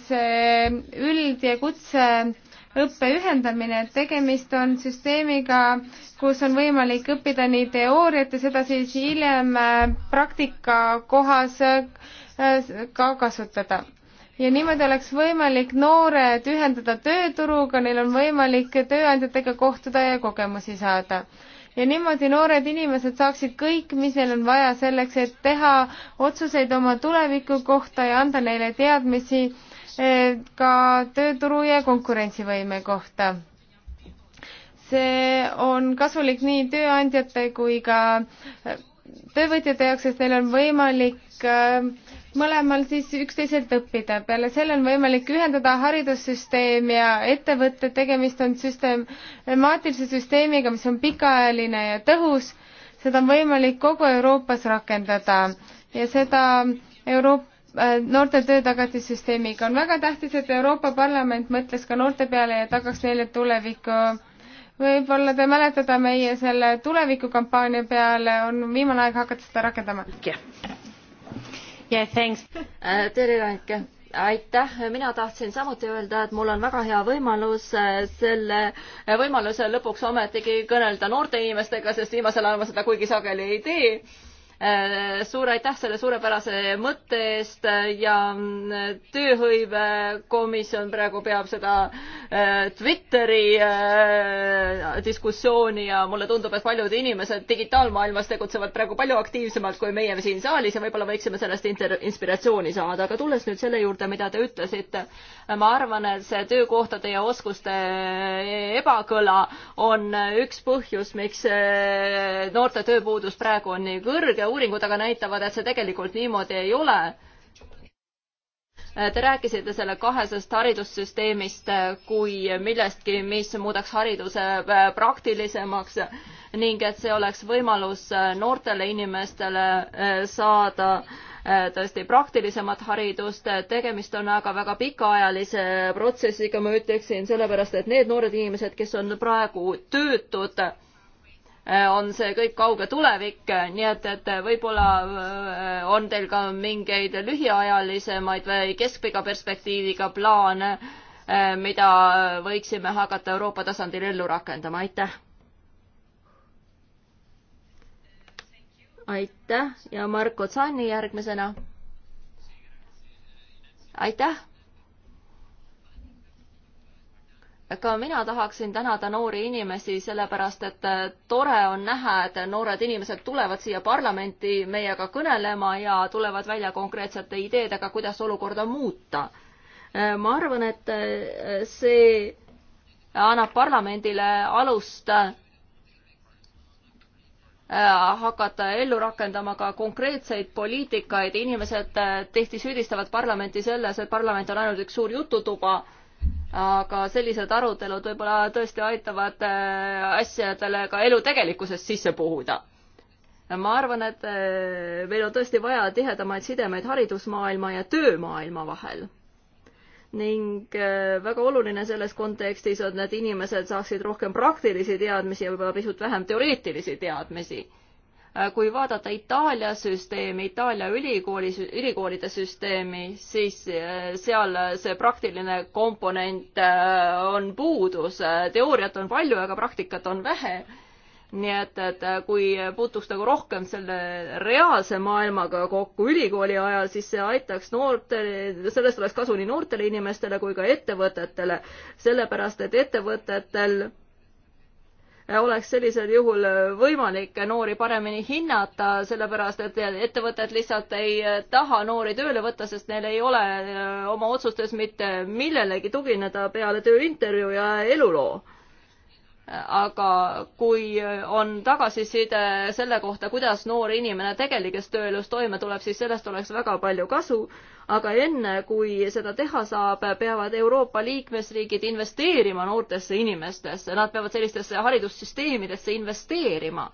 [SPEAKER 3] see üld- ja kutseõppe ühendamine, et tegemist on süsteemiga, kus on võimalik õppida nii teooriat ja seda siis hiljem äh, praktika kohas äh, ka kasutada ja niimoodi oleks võimalik noored ühendada tööturuga, neil on võimalik tööandjatega kohtuda ja kogemusi saada. ja niimoodi noored inimesed saaksid kõik, mis neil on vaja selleks, et teha otsuseid oma tuleviku kohta ja anda neile teadmisi eh, ka tööturu ja konkurentsivõime kohta. see on kasulik nii tööandjate kui ka eh, töövõtjate jaoks, sest neil on võimalik äh, mõlemal siis üksteiselt õppida. peale selle on võimalik ühendada haridussüsteem ja ettevõtted, tegemist on süstemaatilise süsteemiga, mis on pikaajaline ja tõhus. seda on võimalik kogu Euroopas rakendada ja seda Euroopa äh, noorte töötagatissüsteemiga on väga tähtis, et Euroopa Parlament mõtles ka noorte peale ja tagaks neile tuleviku võib-olla te mäletate meie selle tulevikukampaania peale on viimane aeg hakata seda rakendama
[SPEAKER 1] yeah,. Äh, tere, Anke aitäh, mina tahtsin samuti öelda, et mul on väga hea võimalus äh, selle äh, võimaluse lõpuks ometigi kõnelda noorte inimestega, sest viimasel ajal ma seda kuigi sageli ei tee Äh, suur aitäh selle suurepärase mõtte eest äh, ja äh, tööhõivekomisjon praegu peab seda Twitteri diskussiooni ja mulle tundub, et paljud inimesed digitaalmaailmas tegutsevad praegu palju aktiivsemalt kui meie siin saalis ja võib-olla võiksime sellest inspiratsiooni saada, aga tulles nüüd selle juurde, mida te ütlesite, ma arvan, et see töökohtade ja oskuste e, ebakõla on üks põhjus, miks noorte tööpuudus praegu on nii kõrge uuringud aga näitavad, et see tegelikult niimoodi ei ole. Te rääkisite selle kahesest haridussüsteemist kui millestki, mis muudaks hariduse praktilisemaks ning et see oleks võimalus noortele inimestele saada tõesti praktilisemat haridust. tegemist on aga väga pikaajalise protsessiga, ma ütleksin, sellepärast et need noored inimesed, kes on praegu töötud, Äh, on see kõik kauge tulevik, nii et, et võib-olla äh, on teil ka mingeid lühiajalisemaid või keskpika perspektiiviga plaane, äh, mida võiksime hakata Euroopa tasandil ellu rakendama, aitäh! aitäh ja Marko Tsanni järgmisena. aitäh! ka mina tahaksin tänada noori inimesi, sellepärast et äh, tore on näha, et noored inimesed tulevad siia parlamenti meiega kõnelema ja tulevad välja konkreetsete ideedega, kuidas olukorda muuta. Äh, ma arvan, et äh, see annab parlamendile alust hakata ellu rakendama ka konkreetseid poliitikaid. inimesed tihti süüdistavad parlamenti selles, et parlament on ainult üks suur jututuba aga sellised arutelud võib-olla tõesti aitavad äh, asjadele ka elu tegelikkusest sisse puhuda. ma arvan, et äh, meil on tõesti vaja tihedamaid sidemeid haridusmaailma ja töömaailma vahel. ning äh, väga oluline selles kontekstis on, et inimesed saaksid rohkem praktilisi teadmisi ja võib-olla pisut vähem teoreetilisi teadmisi Äh, kui vaadata Itaalia süsteemi, Itaalia ülikooli, ülikoolide süsteemi, siis äh, seal see praktiline komponent äh, on puudus, teooriat on palju, aga praktikat on vähe. nii et, et kui puutuks nagu rohkem selle reaalse maailmaga kokku ülikooli ajal, siis see aitaks noortele, sellest oleks kasu nii noortele inimestele kui ka ettevõtetele, sellepärast et ettevõtetel oleks sellisel juhul võimalik noori paremini hinnata, sellepärast et ettevõtted lihtsalt ei taha noori tööle võtta, sest neil ei ole eh, oma otsustes mitte millelegi tugineda peale tööintervjuu ja eluloo aga kui on tagasiside selle kohta, kuidas noor inimene tegelikes tööelus toime tuleb, siis sellest oleks väga palju kasu. aga enne, kui seda teha saab, peavad Euroopa liikmesriigid investeerima noortesse inimestesse, nad peavad sellistesse haridussüsteemidesse investeerima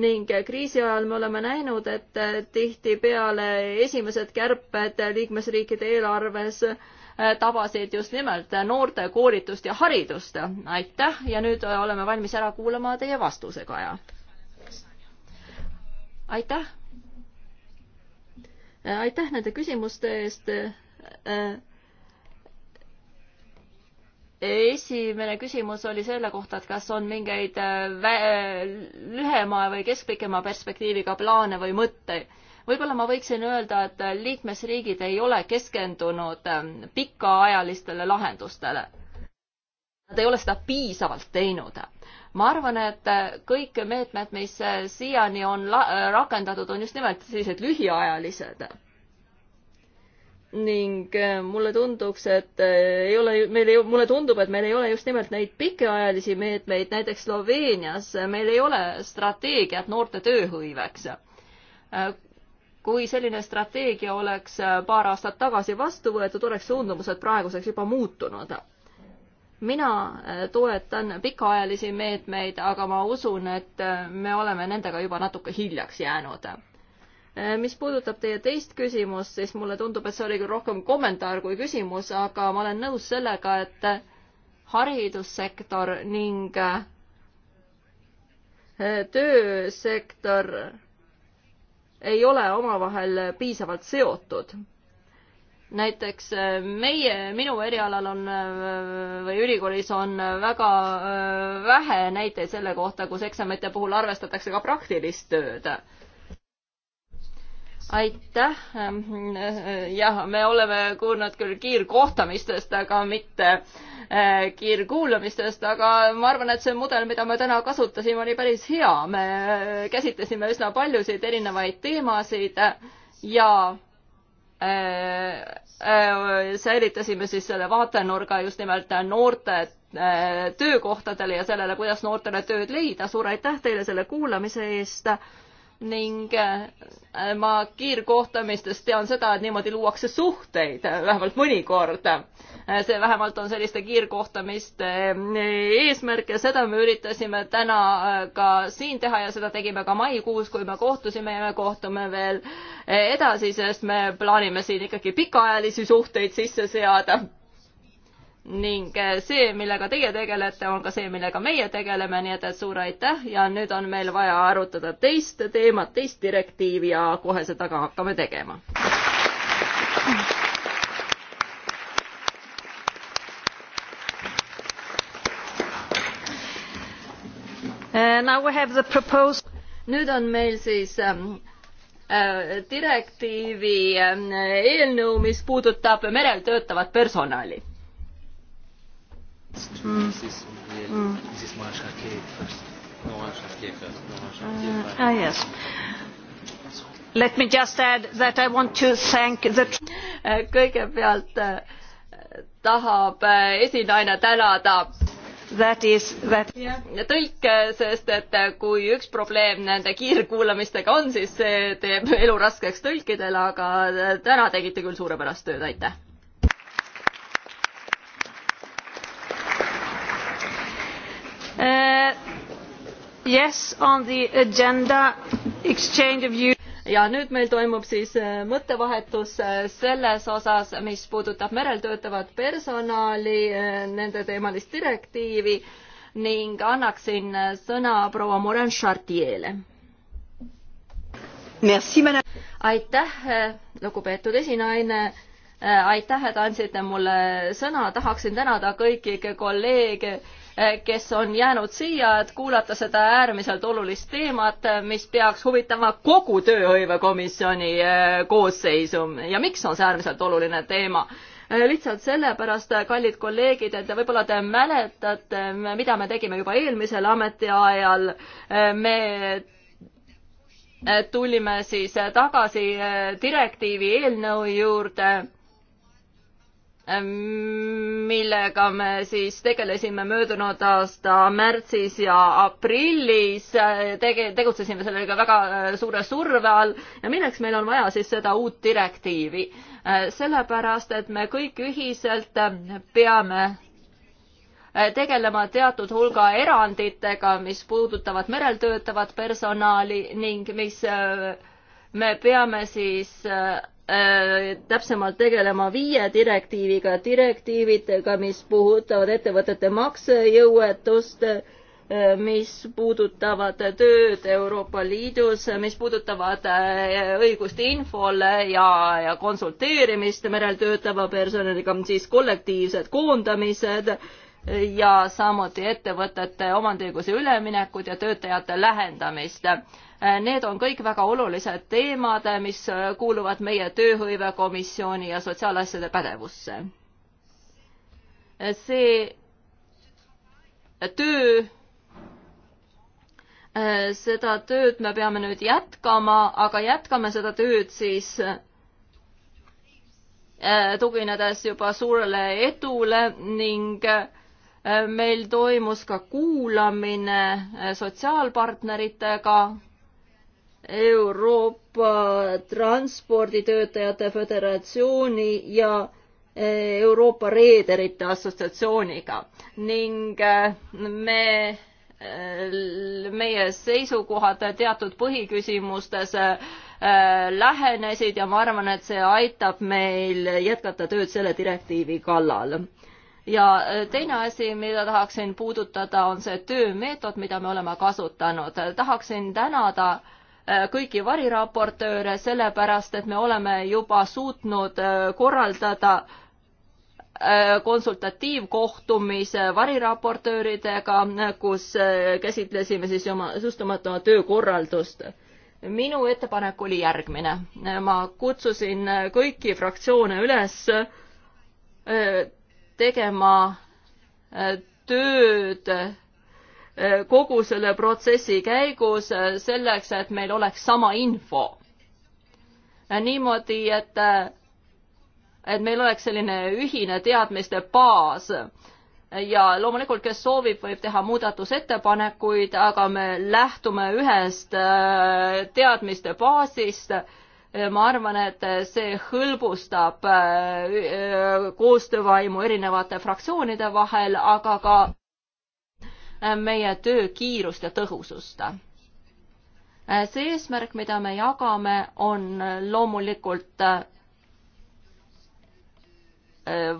[SPEAKER 1] ning kriisi ajal me oleme näinud, et tihtipeale esimesed kärped liikmesriikide eelarves äh, Äh, tabasid just nimelt noorte koolitust ja haridust. aitäh ja nüüd äh, oleme valmis ära kuulama teie vastuse, Kaja. aitäh. Äh, aitäh nende küsimuste eest. esimene küsimus oli selle kohta, et kas on mingeid lühema või keskpikema perspektiiviga plaane või mõtteid võib-olla ma võiksin öelda, et liikmesriigid ei ole keskendunud ähm, pikaajalistele lahendustele. Nad ei ole seda piisavalt teinud. ma arvan, et äh, kõik meetmed, mis äh, siiani on äh, rakendatud, on just nimelt sellised lühiajalised ning mulle tunduks, et ei ole, meil ei, mulle tundub, et meil ei ole just nimelt neid pikaajalisi meetmeid, näiteks Sloveenias meil ei ole strateegiat noorte tööhõiveks kui selline strateegia oleks äh, paar aastat tagasi vastu võetud, oleks suundumused praeguseks juba muutunud. mina äh, toetan pikaajalisi meetmeid, aga ma usun, et äh, me oleme nendega juba natuke hiljaks jäänud. mis puudutab teie teist küsimust, siis mulle tundub, et see oli küll rohkem kommentaar kui küsimus, aga ma olen nõus sellega, et haridussektor ning töösektor ei ole omavahel piisavalt seotud. näiteks äh, meie, minu erialal on äh, või ülikoolis on äh, väga vähe näiteid selle kohta, kus eksamite puhul arvestatakse ka praktilist tööd aitäh. jah, me oleme kuulnud küll kiirkohtamistest, aga mitte äh, kiirkuulamistest, aga ma arvan, et see mudel, mida me täna kasutasime, oli päris hea. me äh, käsitlesime üsna paljusid erinevaid teemasid ja äh, säilitasime siis selle vaatenurga just nimelt noorte töökohtadele ja sellele, kuidas noortele tööd leida. suur aitäh teile selle kuulamise eest ning äh, ma kiirkohtumistest tean seda, et niimoodi luuakse suhteid, äh, vähemalt mõnikord. Äh, see vähemalt on selliste kiirkohtumiste eesmärk ja seda me üritasime täna ka siin teha ja seda tegime ka maikuus, kui me kohtusime ja me kohtume veel edasi, sest me plaanime siin ikkagi pikaajalisi suhteid sisse seada ning äh, see, millega teie tegelete, on ka see, millega meie tegeleme, nii et, et suur aitäh ja nüüd on meil vaja arutada teist teemat, teist direktiivi ja kohe seda ka hakkame tegema. Uh, nüüd on meil siis ähm, äh, direktiivi ähm, eelnõu, mis puudutab merel töötavat personali
[SPEAKER 4] Mm. This, really, mm.
[SPEAKER 2] this is Moran Chartier first. Moran Chartier first. Moran uh,
[SPEAKER 4] Chartier first. Uh, ah, yes. Let me just add that I want to thank the
[SPEAKER 1] uh, kõigepealt uh, tahab esinaine tänada that is that tõlke, sest et kui üks probleem nende kiirkuulamistega on, siis see teeb elu raskeks tõlkidele, aga täna tegite küll suurepärast tööd, aitäh! Uh, yes, on the agenda exchange of views ja nüüd meil toimub siis äh, mõttevahetus äh, selles osas, mis puudutab merel töötavat personali, äh, nende teemalist direktiivi ning annaksin sõna proua Morin Chartier'le. aitäh, lugupeetud esinaine, aitäh, et andsite mulle sõna, tahaksin tänada kõiki kolleege Eh, kes on jäänud siia, et kuulata seda äärmiselt olulist teemat, eh, mis peaks huvitama kogu tööhõivekomisjoni eh, koosseisu ja miks on see äärmiselt oluline teema? lihtsalt sellepärast, kallid kolleegid, et võib-olla te mäletate, mida me tegime juba eelmisel ametiajal. me tulime siis tagasi direktiivi eelnõu juurde millega me siis tegelesime möödunud aasta märtsis ja aprillis, tege-, tegutsesime sellega väga äh, suure surve all ja milleks meil on vaja siis seda uut direktiivi? Äh, sellepärast, et me kõik ühiselt äh, peame tegelema teatud hulga eranditega, mis puudutavad merel töötavat personali ning mis me peame siis Äh, täpsemalt tegelema viie direktiiviga, direktiividega, mis puudutavad ettevõtete maksejõuetust, äh, mis puudutavad tööd Euroopa Liidus, mis puudutavad äh, õigust infole ja, ja konsulteerimist merel töötava personaliga, siis kollektiivsed koondamised ja samuti ettevõtete omandiõiguse üleminekut ja töötajate lähendamist Äh, need on kõik väga olulised teemad, äh, mis äh, kuuluvad meie tööhõivekomisjoni ja sotsiaalasjade pädevusse. see töö seda tööd me peame nüüd jätkama, aga jätkame seda tööd siis tuginedes juba suurele edule ning meil toimus ka kuulamine sotsiaalpartneritega Euroopa Transporditöötajate Föderatsiooni ja eh, Euroopa Reederite Assotsiatsiooniga ning eh, me eh, meie seisukohad teatud põhiküsimustes lähenesid ja ma arvan, et see aitab meil jätkata tööd selle direktiivi kallal. ja teine asi, mida tahaksin puudutada, on see töömeetod, mida me oleme kasutanud. tahaksin tänada äh, Äh, kõiki variraportööre, sellepärast et me oleme juba suutnud äh, korraldada äh, konsultatiivkohtumise variraportööridega, kus käsitlesime siis oma, just oma töökorraldust. minu ettepanek oli järgmine. ma kutsusin kõiki fraktsioone üles tegema tööd kogu selle protsessi käigus selleks, et meil oleks sama info. niimoodi, et, et meil oleks selline ühine teadmiste baas ja loomulikult, kes soovib, võib teha muudatusettepanekuid, aga me lähtume ühest äh, teadmiste baasist. ma arvan, et see hõlbustab äh, koostöövaimu erinevate fraktsioonide vahel, aga ka meie töö kiirust ja tõhusust. see eesmärk, mida me jagame, on loomulikult äh,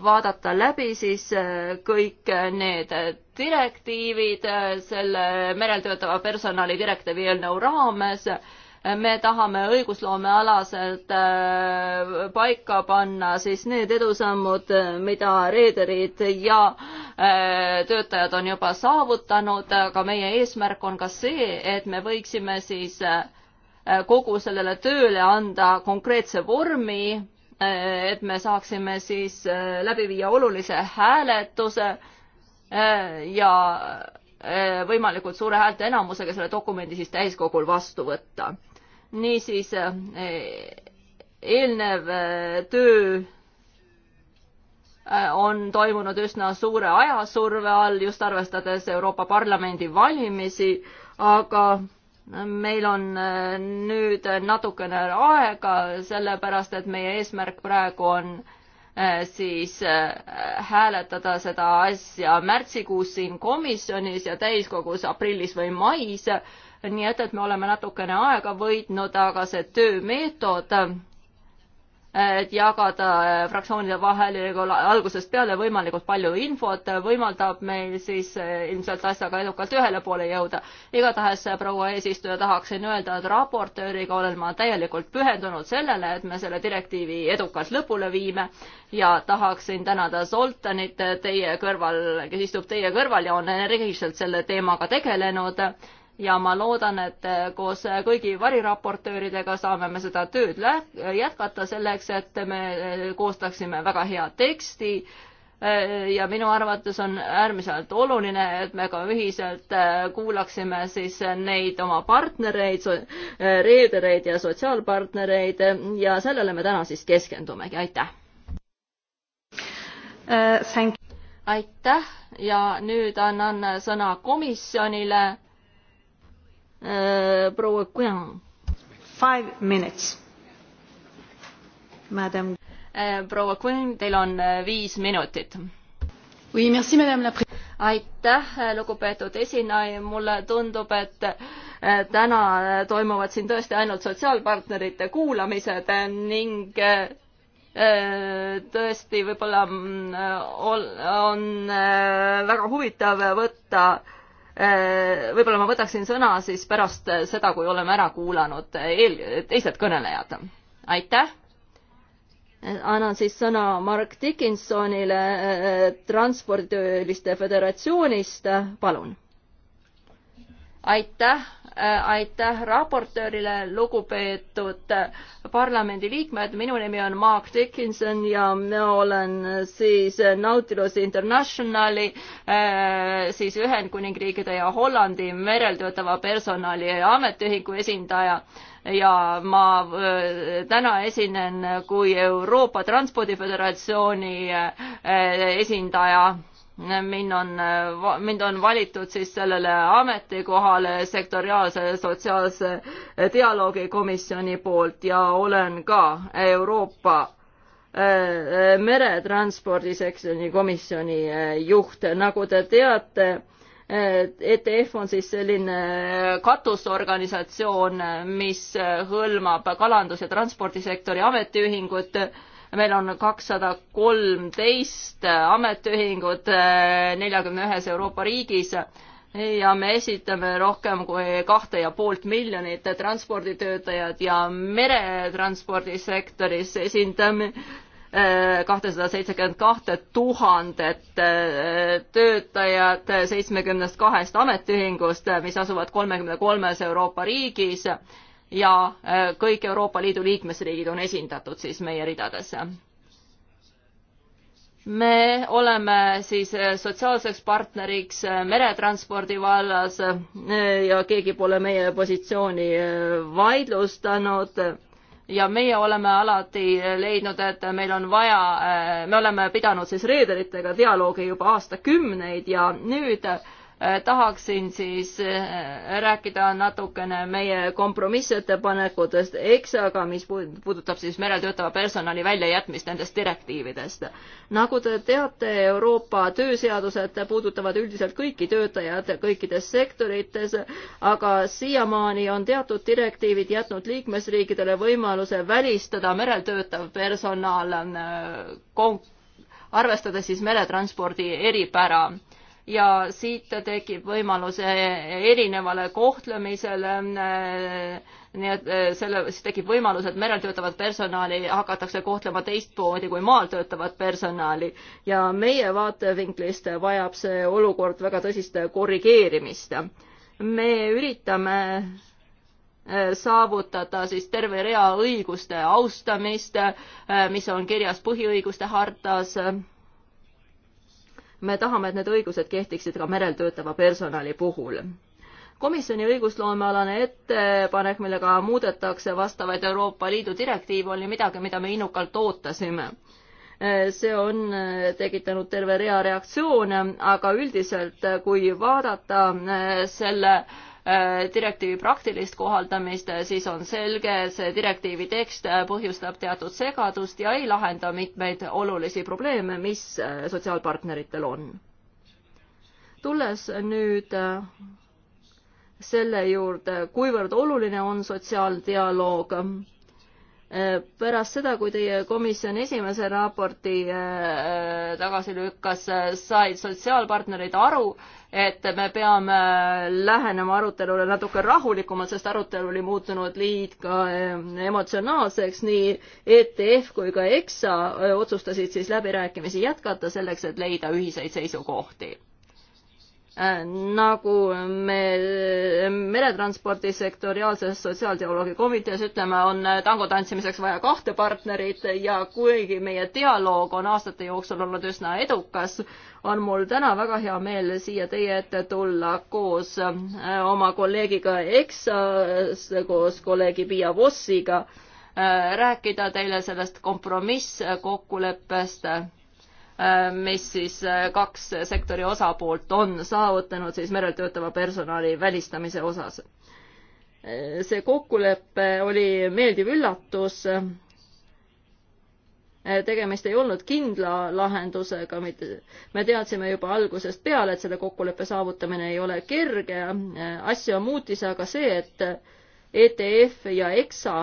[SPEAKER 1] vaadata läbi siis äh, kõik need direktiivid äh, selle merel töötava personali direktiivi eelnõu raames me tahame õigusloomealaselt äh, paika panna siis need edusammud, mida reederid ja äh, töötajad on juba saavutanud, aga meie eesmärk on ka see, et me võiksime siis äh, kogu sellele tööle anda konkreetse vormi, et me saaksime siis läbi viia olulise hääletuse ja võimalikult suure häälteenamusega selle dokumendi siis täiskogul vastu võtta niisiis eh, eelnev eh, töö eh, on toimunud üsna suure ajasurve all, just arvestades Euroopa Parlamendi valimisi, aga meil on nüüd natukene aega, sellepärast et meie eesmärk praegu on siis hääletada seda asja märtsikuus siin komisjonis ja täiskogus aprillis või mais nii et, et me oleme natukene aega võitnud, aga see töömeetod, et jagada äh, fraktsioonide vahel algusest peale võimalikult palju infot, võimaldab meil siis äh, ilmselt asjaga edukalt ühele poole jõuda. igatahes, äh, proua eesistuja, tahaksin öelda, et raportööriga olen ma täielikult pühendunud sellele, et me selle direktiivi edukalt lõpule viime ja tahaksin tänada Zoltanit teie kõrval, kes istub teie kõrval ja on energiliselt selle teemaga tegelenud ja ma loodan, et eh, koos eh, kõigi variraportööridega saame me seda tööd eh, jätkata selleks, et me koostaksime väga hea teksti ja minu arvates on äärmiselt oluline, et me ka ühiselt kuulaksime siis neid oma partnereid, reedereid ja sotsiaalpartnereid ja sellele me täna siis keskendumegi, aitäh uh,! aitäh ja nüüd annan sõna komisjonile Eh, proua Kujan. Five minutes. Madam. Eh, proua Kujan, teil on eh, viis minutit. Oui, merci, madame la pre-. aitäh, lugupeetud esinaine, mulle tundub, et täna toimuvad siin tõesti ainult sotsiaalpartnerite kuulamised ning tõesti võib-olla mm, on, on väga huvitav võtta Äh, võib-olla ma võtaksin sõna siis pärast seda, kui oleme ära kuulanud eel, teised kõnelejad. aitäh! annan siis sõna Mark Dickinsonile äh, Transporditööliste Föderatsioonist, palun aitäh, äh, aitäh raportöörile, lugupeetud äh, parlamendiliikmed, minu nimi on Mark Dickinson ja ma olen äh, siis Nautilus Internationali, siis Ühendkuningriikide ja Hollandi merel töötava personali ja ametiühingu esindaja ja ma täna esinen kui Euroopa Transpordiföderatsiooni esindaja mind on, mind on valitud siis sellele ametikohale sektoriaalse sotsiaalse dialoogi komisjoni poolt ja olen ka Euroopa äh, äh, meretranspordi sektsiooni komisjoni äh, juht, nagu te teate, ETF on siis selline katusorganisatsioon, mis hõlmab kalandus- ja transpordisektori ametiühingut meil on kakssada kolmteist ametiühingut äh, neljakümne ühes Euroopa riigis ja me esitame rohkem kui kahte ja poolt miljonit transporditöötajat ja meretranspordisektoris esindame äh, kahtesada seitsekümmend kahte tuhandet äh, töötajat seitsmekümnest kahest ametiühingust, mis asuvad kolmekümne kolmes Euroopa riigis ja äh, kõik Euroopa Liidu liikmesriigid on esindatud siis meie ridades. me oleme siis äh, sotsiaalseks partneriks äh, meretranspordi vallas ja keegi pole meie positsiooni vaidlustanud ja meie oleme alati leidnud, et meil on vaja, me oleme pidanud siis reederitega dialoogi juba aastakümneid ja nüüd äh, Äh, tahaksin siis äh, rääkida natukene meie kompromissettepanekutest EXA-ga, mis puudutab siis merel töötava personali väljajätmist nendest direktiividest. nagu te teate, Euroopa tööseadused puudutavad üldiselt kõiki töötajaid kõikides sektorites, aga siiamaani on teatud direktiivid jätnud liikmesriikidele võimaluse välistada merel töötav personal äh, kon-, arvestades siis meretranspordi eripära ja siit tekib võimalus eh, erinevale kohtlemisele. Eh, nii et eh, selle, siis tekib võimalus, et merel töötavat personali hakatakse kohtlema teistmoodi kui maal töötavat personali ja meie vaatevinklist vajab see olukord väga tõsist korrigeerimist. me üritame saavutada siis terve rea õiguste austamist, mis on kirjas põhiõiguste hartas me tahame, et need õigused kehtiksid ka merel töötava personali puhul. komisjoni õigusloomealane ettepanek, millega muudetakse vastavaid Euroopa Liidu direktiive, oli midagi, mida me innukalt ootasime. see on tekitanud terve rea reaktsioone, aga üldiselt, kui vaadata selle Äh, direktiivi praktilist kohaldamist, äh, siis on selge, see direktiivi tekst äh, põhjustab teatud segadust ja ei lahenda mitmeid olulisi probleeme, mis sotsiaalpartneritel on. tulles nüüd selle juurde, kuivõrd oluline on sotsiaaldialoog Äh, pärast seda, kui teie komisjoni esimese raporti äh, äh, tagasi lükkas, said sotsiaalpartnerid aru, et me peame lähenema arutelule natuke rahulikumalt, sest arutelu oli muutunud liiga emotsionaalseks, nii ETF kui ka EXA otsustasid siis läbirääkimisi jätkata selleks, et leida ühiseid seisukohti Äh, nagu me äh, meretranspordi sektoriaalses sotsiaaldialoogi komitees ütleme, on äh, tango tantsimiseks vaja kahte partnerit ja kuigi meie dialoog on aastate jooksul olnud üsna edukas, on mul täna väga hea meel siia teie ette tulla koos oma kolleegiga EXA-s, koos kolleegi Piia Vossiga, rääkida teile sellest kompromisskokkuleppest Äh, mis siis äh, kaks sektori osapoolt on saavutanud siis merel töötava personali välistamise osas. Äh, see kokkulepe oli meeldiv üllatus. tegemist ei olnud kindla lahendusega, mitte, me teadsime juba algusest peale, et selle kokkuleppe saavutamine ei ole kerge. asja muutis aga see, et ETF ja EXA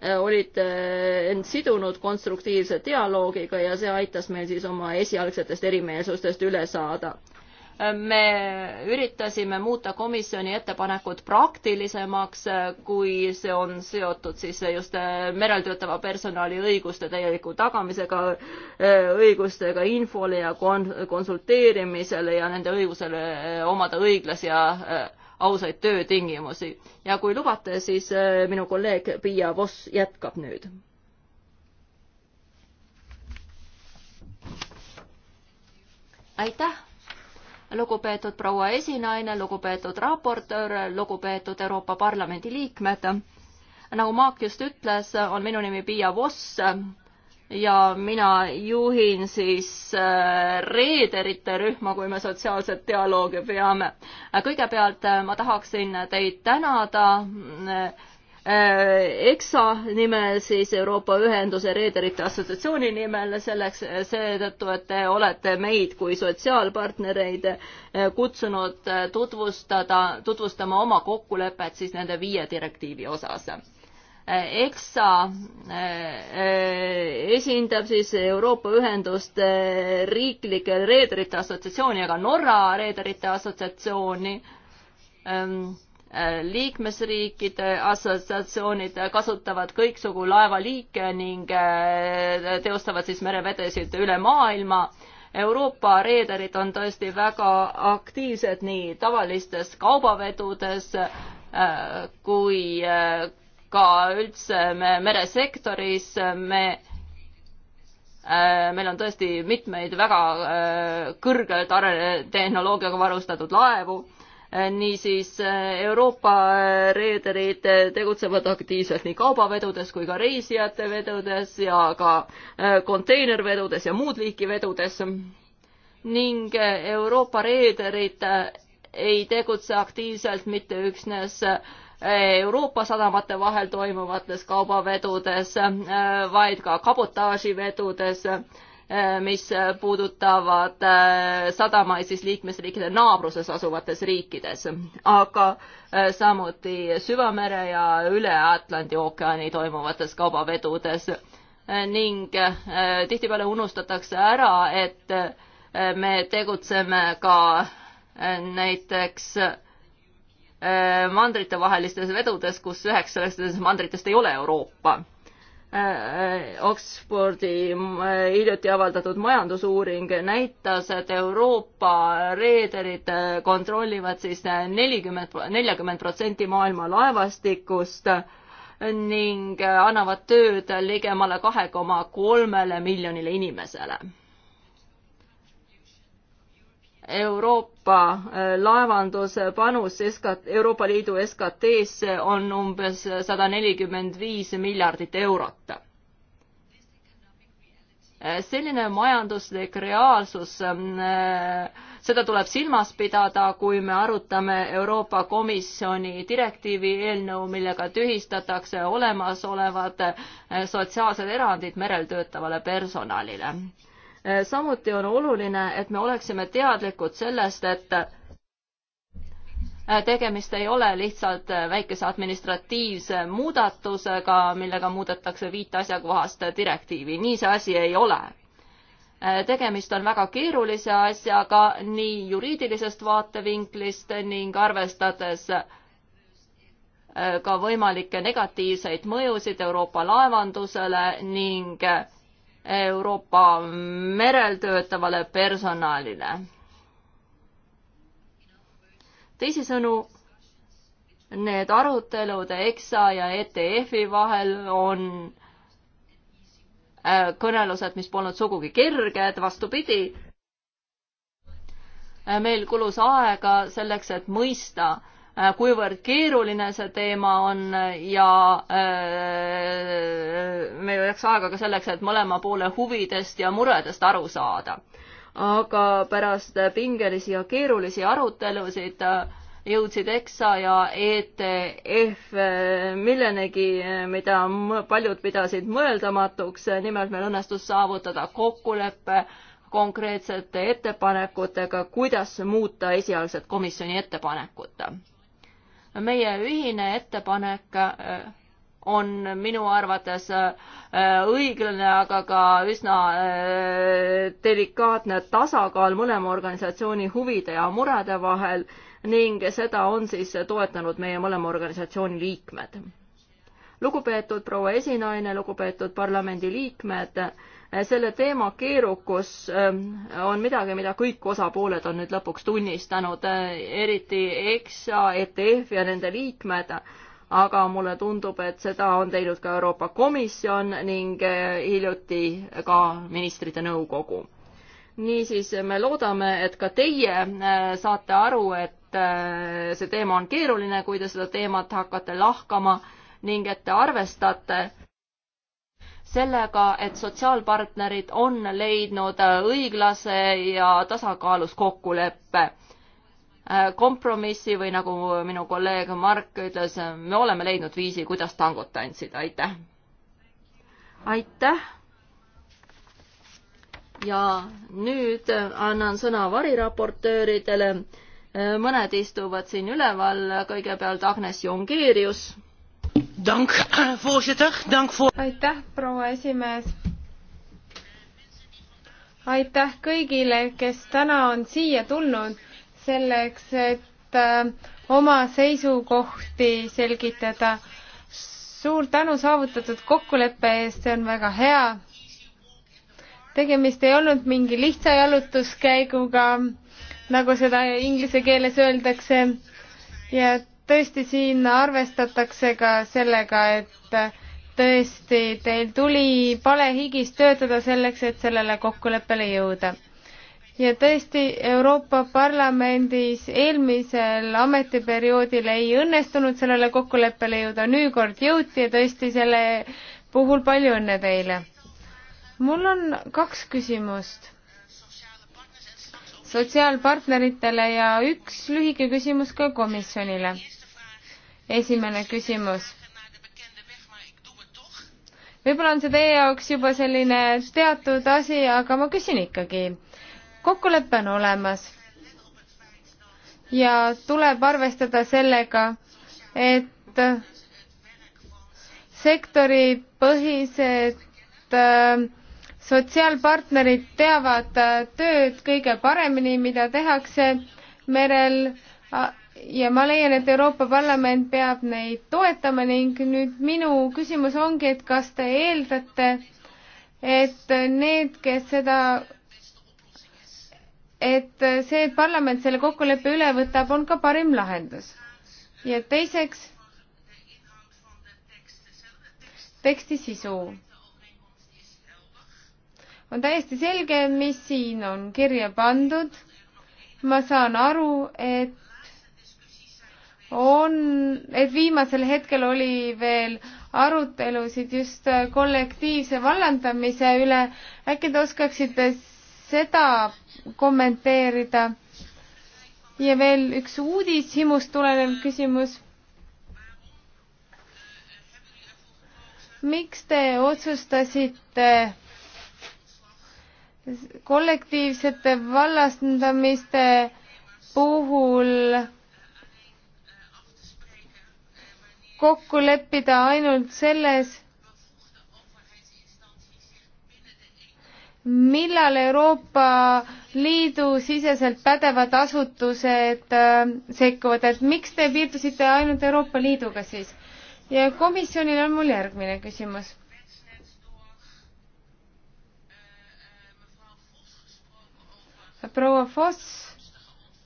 [SPEAKER 1] Äh, olid äh, end sidunud konstruktiivse dialoogiga ja see aitas meil siis oma esialgsetest erimeelsustest üle saada. Äh, me üritasime muuta komisjoni ettepanekut praktilisemaks, kui see on seotud siis just merel töötava personali õiguste täieliku tagamisega, õigustega infole ja kon-, konsulteerimisele ja nende õigusele omada õiglasi ja ausaid töötingimusi. ja kui lubate, siis äh, minu kolleeg Piia Voss jätkab nüüd. aitäh, lugupeetud proua esinaine, lugupeetud raportöör, lugupeetud Euroopa Parlamendi liikmed. nagu Maak just ütles, on minu nimi Piia Voss ja mina juhin siis äh, reederite rühma, kui me sotsiaalset dialoogi peame. Äh, kõigepealt äh, ma tahaksin teid tänada EXA nimel, siis Euroopa Ühenduse Reederite Assotsiatsiooni nimel selleks, seetõttu, et te olete meid kui sotsiaalpartnereid kutsunud tutvustada, tutvustama oma kokkulepet siis nende viie direktiivi osas EXA eh, esindab siis Euroopa Ühenduste Riiklike Reederite Assotsiatsiooni ja ka Norra Reederite Assotsiatsiooni ehm, liikmesriikide assotsiatsioonid kasutavad kõiksugu laevaliike ning eh, teostavad siis merevedesid üle maailma. Euroopa reederid on tõesti väga aktiivsed nii tavalistes kaubavedudes eh, kui ka üldse me meresektoris, me äh, meil on tõesti mitmeid väga äh, kõrgelt tehnoloogiaga varustatud laevu, äh, niisiis Euroopa reederid tegutsevad aktiivselt nii kaubavedudes kui ka reisijate vedudes ja ka konteinervedudes ja muud liiki vedudes ning Euroopa reederid ei tegutse aktiivselt mitte üksnes äh, Euroopa sadamate vahel toimuvates kaubavedudes, äh, vaid ka kabotaaživedudes, äh, mis puudutavad äh, sadamaid siis liikmesriikide naabruses asuvates riikides, aga samuti süvamere ja üle Atlandi ookeani toimuvates kaubavedudes ning tihtipeale unustatakse ära, et me tegutseme ka näiteks Äh, mandritevahelistes vedudes, kus üheks sellest mandritest ei ole Euroopa. Äh, äh, Oxfordi hiljuti avaldatud majandusuuring näitas, et Euroopa reederid kontrollivad siis nelikümmend, neljakümmend protsenti maailma laevastikust ning annavad tööd ligemale kahe koma kolmele miljonile inimesele Euroopa äh, laevanduse äh, panus SKT, Euroopa Liidu SKT-sse on umbes sada nelikümmend viis miljardit eurot äh, selline majanduslik reaalsus, ähm, seda tuleb silmas pidada, kui me arutame Euroopa Komisjoni direktiivi eelnõu, millega tühistatakse olemasolevad sotsiaalsed erandid merel töötavale personalile. Eh, samuti on oluline, et me oleksime teadlikud sellest, et eh, tegemist ei ole lihtsalt eh, väikese administratiivse muudatusega, millega muudetakse viite asjakohast direktiivi, nii see asi ei ole tegemist on väga keerulise asjaga nii juriidilisest vaatevinklist ning arvestades ka võimalikke negatiivseid mõjusid Euroopa laevandusele ning Euroopa merel töötavale personalile. teisisõnu, need arutelud EXA ja ETF-i vahel on äh, kõnelused, mis polnud sugugi kerged, vastupidi, äh, meil kulus aega selleks, et mõista, Äh, kuivõrd keeruline see teema on äh, ja äh, meil oleks aega ka selleks, et mõlema poole huvidest ja muredest aru saada. aga pärast pingelisi ja keerulisi arutelusid jõudsid EXA ja ETF millenegi, mida paljud pidasid mõeldamatuks, nimelt meil õnnestus saavutada kokkulepe konkreetsete ettepanekutega, kuidas muuta esialgset komisjoni ettepanekut meie ühine ettepanek äh, on minu arvates äh, õiglane, aga ka üsna äh, delikaatne tasakaal mõlema organisatsiooni huvide ja murede vahel ning seda on siis toetanud meie mõlema organisatsiooni liikmed. lugupeetud proua esinaine, lugupeetud parlamendiliikmed, Eh, selle teema keerukus eh, on midagi, mida kõik osapooled on nüüd lõpuks tunnistanud, eh, eriti EXA, ETF ja nende liikmed, aga mulle tundub, et seda on teinud ka Euroopa Komisjon ning hiljuti ka ministrite nõukogu. niisiis, me loodame, et ka teie saate aru, et see teema on keeruline, kui te seda teemat hakkate lahkama ning et te arvestate sellega, et sotsiaalpartnerid on leidnud äh, õiglase ja tasakaalus kokkuleppe äh, kompromissi või nagu minu kolleeg Mark ütles, äh, me oleme leidnud viisi, kuidas tangot tantsida, aitäh. aitäh. ja nüüd annan sõna variraportööridele. mõned istuvad siin üleval, kõigepealt Agnes Jongeerius Eh, aitäh, proua esimees. aitäh
[SPEAKER 3] kõigile, kes täna on siia tulnud selleks, et eh, oma seisukohti selgitada. suur tänu saavutatud kokkuleppe eest, see on väga hea. tegemist ei olnud mingi lihtsa jalutuskäiguga, nagu seda inglise keeles öeldakse ja tõesti siin arvestatakse ka sellega, et tõesti, teil tuli palehigis töötada selleks, et sellele kokkuleppele jõuda. ja tõesti, Euroopa Parlamendis eelmisel ametiperioodil ei õnnestunud sellele kokkuleppele jõuda, nüüdkord jõuti ja tõesti selle puhul palju õnne teile. mul on kaks küsimust sotsiaalpartneritele ja üks lühike küsimus ka komisjonile esimene küsimus. võib-olla on see teie jaoks juba selline teatud asi, aga ma küsin ikkagi. kokkulepe on olemas ja tuleb arvestada sellega, et sektoripõhised äh, sotsiaalpartnerid teavad äh, tööd kõige paremini, mida tehakse merel ja ma leian, et Euroopa Parlament peab neid toetama ning nüüd minu küsimus ongi, et kas te eeldate, et need, kes seda, et see, et parlament selle kokkuleppe üle võtab, on ka parim lahendus. ja teiseks, teksti sisu. on täiesti selge, mis siin on kirja pandud. ma saan aru, et on, et viimasel hetkel oli veel arutelusid just kollektiivse vallandamise üle. äkki te oskaksite seda kommenteerida? ja veel üks uudishimust tulenev küsimus. miks te otsustasite kollektiivsete vallandamiste puhul kokku leppida ainult selles, millal Euroopa Liidu siseselt pädevad asutused äh, sekkuvad, et miks te piirdusite ainult Euroopa Liiduga siis? ja komisjonil on mul järgmine küsimus. proua Foss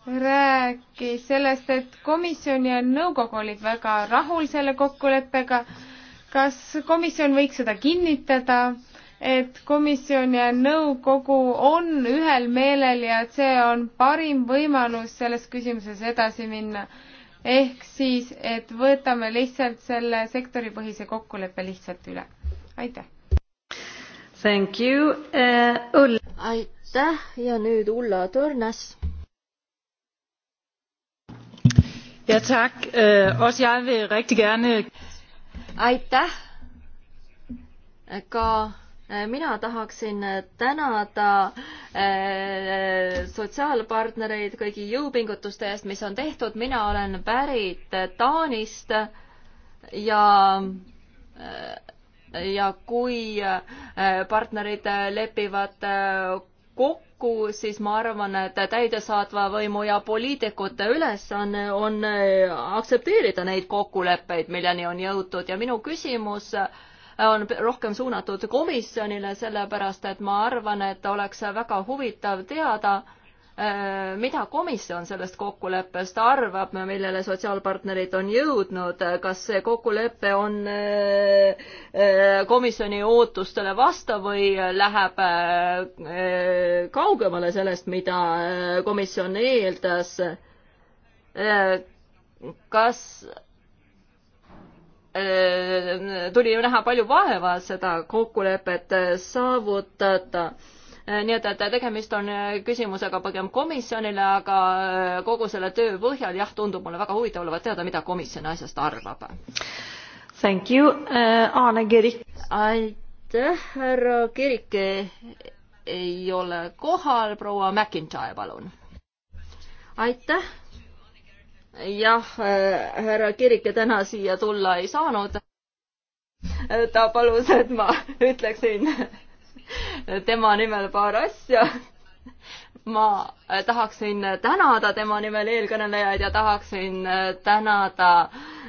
[SPEAKER 3] rääkis sellest, et komisjon ja nõukogu olid väga rahul selle kokkuleppega. kas komisjon võiks seda kinnitada, et komisjon ja nõukogu on ühel meelel ja et see on parim võimalus selles küsimuses edasi minna? ehk siis, et võtame lihtsalt selle sektoripõhise kokkuleppe lihtsalt üle.
[SPEAKER 4] aitäh! Thank you uh,, Ulla. aitäh ja
[SPEAKER 1] nüüd Ulla Tornas Øh, aitäh! ka äh, mina tahaksin äh, tänada äh, sotsiaalpartnereid kõigi jõupingutuste eest, mis on tehtud. mina olen pärit Taanist ja ja kui partnerid lepivad kokku, kokku, siis ma arvan, et täidesaatva võimu ja poliitikute ülesanne on, on äh, aktsepteerida neid kokkuleppeid, milleni on jõutud ja minu küsimus äh, on rohkem suunatud komisjonile, sellepärast et ma arvan, et oleks väga huvitav teada, Äh, mida komisjon sellest kokkuleppest arvab, millele sotsiaalpartnerid on jõudnud, kas see kokkulepe on äh, äh, komisjoni ootustele vastav või läheb kaugemale sellest, mida komisjon eeldas? kas tuli ju näha palju vaeva seda kokkulepet saavutada? Äh, nii et, et tegemist on äh, küsimusega pigem komisjonile, aga äh, kogu selle töö põhjal jah, tundub mulle väga huvitav olevat teada, mida komisjon asjast arvab. Thank you uh,, Aane Kirik. aitäh, härra Kirik ei ole kohal, proua McIntyre, palun. aitäh. jah, härra Kirik täna siia tulla ei saanud. ta palus, et ma ütleksin tema nimel paar asja. ma tahaksin tänada tema nimel eelkõnelejaid ja tahaksin tänada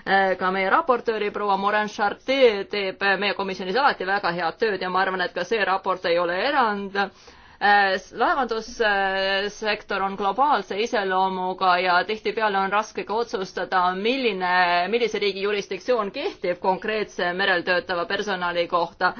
[SPEAKER 1] eh, ka meie raportööri proua Morin Chartier teeb meie komisjonis alati väga head tööd ja ma arvan, et ka see raport ei ole erand eh, laevandussektor on globaalse iseloomuga ja tihtipeale on raske ka otsustada, milline, millise riigi jurisdiktsioon kehtib konkreetse merel töötava personali kohta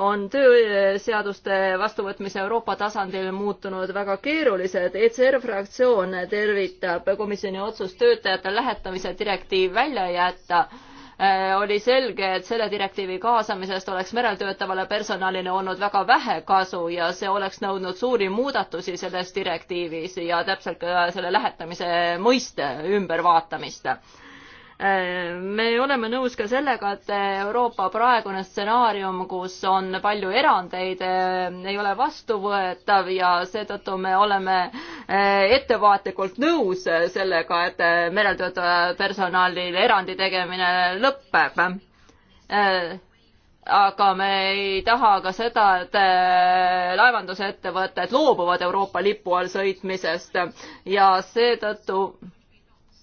[SPEAKER 1] on tööseaduste vastuvõtmise Euroopa tasandil muutunud väga keerulised. ECR fraktsioon tervitab komisjoni otsust töötajate lähetamise direktiiv välja jätta äh, oli selge, et selle direktiivi kaasamisest oleks merel töötavale personalile olnud väga vähe kasu ja see oleks nõudnud suuri muudatusi selles direktiivis ja täpselt ka selle lähetamise mõiste ümbervaatamist me oleme nõus ka sellega, et Euroopa praegune stsenaarium, kus on palju erandeid, ei ole vastuvõetav ja seetõttu me oleme eh, ettevaatlikult nõus sellega, et meretöötaja personalile erandi tegemine lõpeb. Eh, aga me ei taha ka seda, et eh, laevandusettevõtted loobuvad Euroopa lipu all sõitmisest ja seetõttu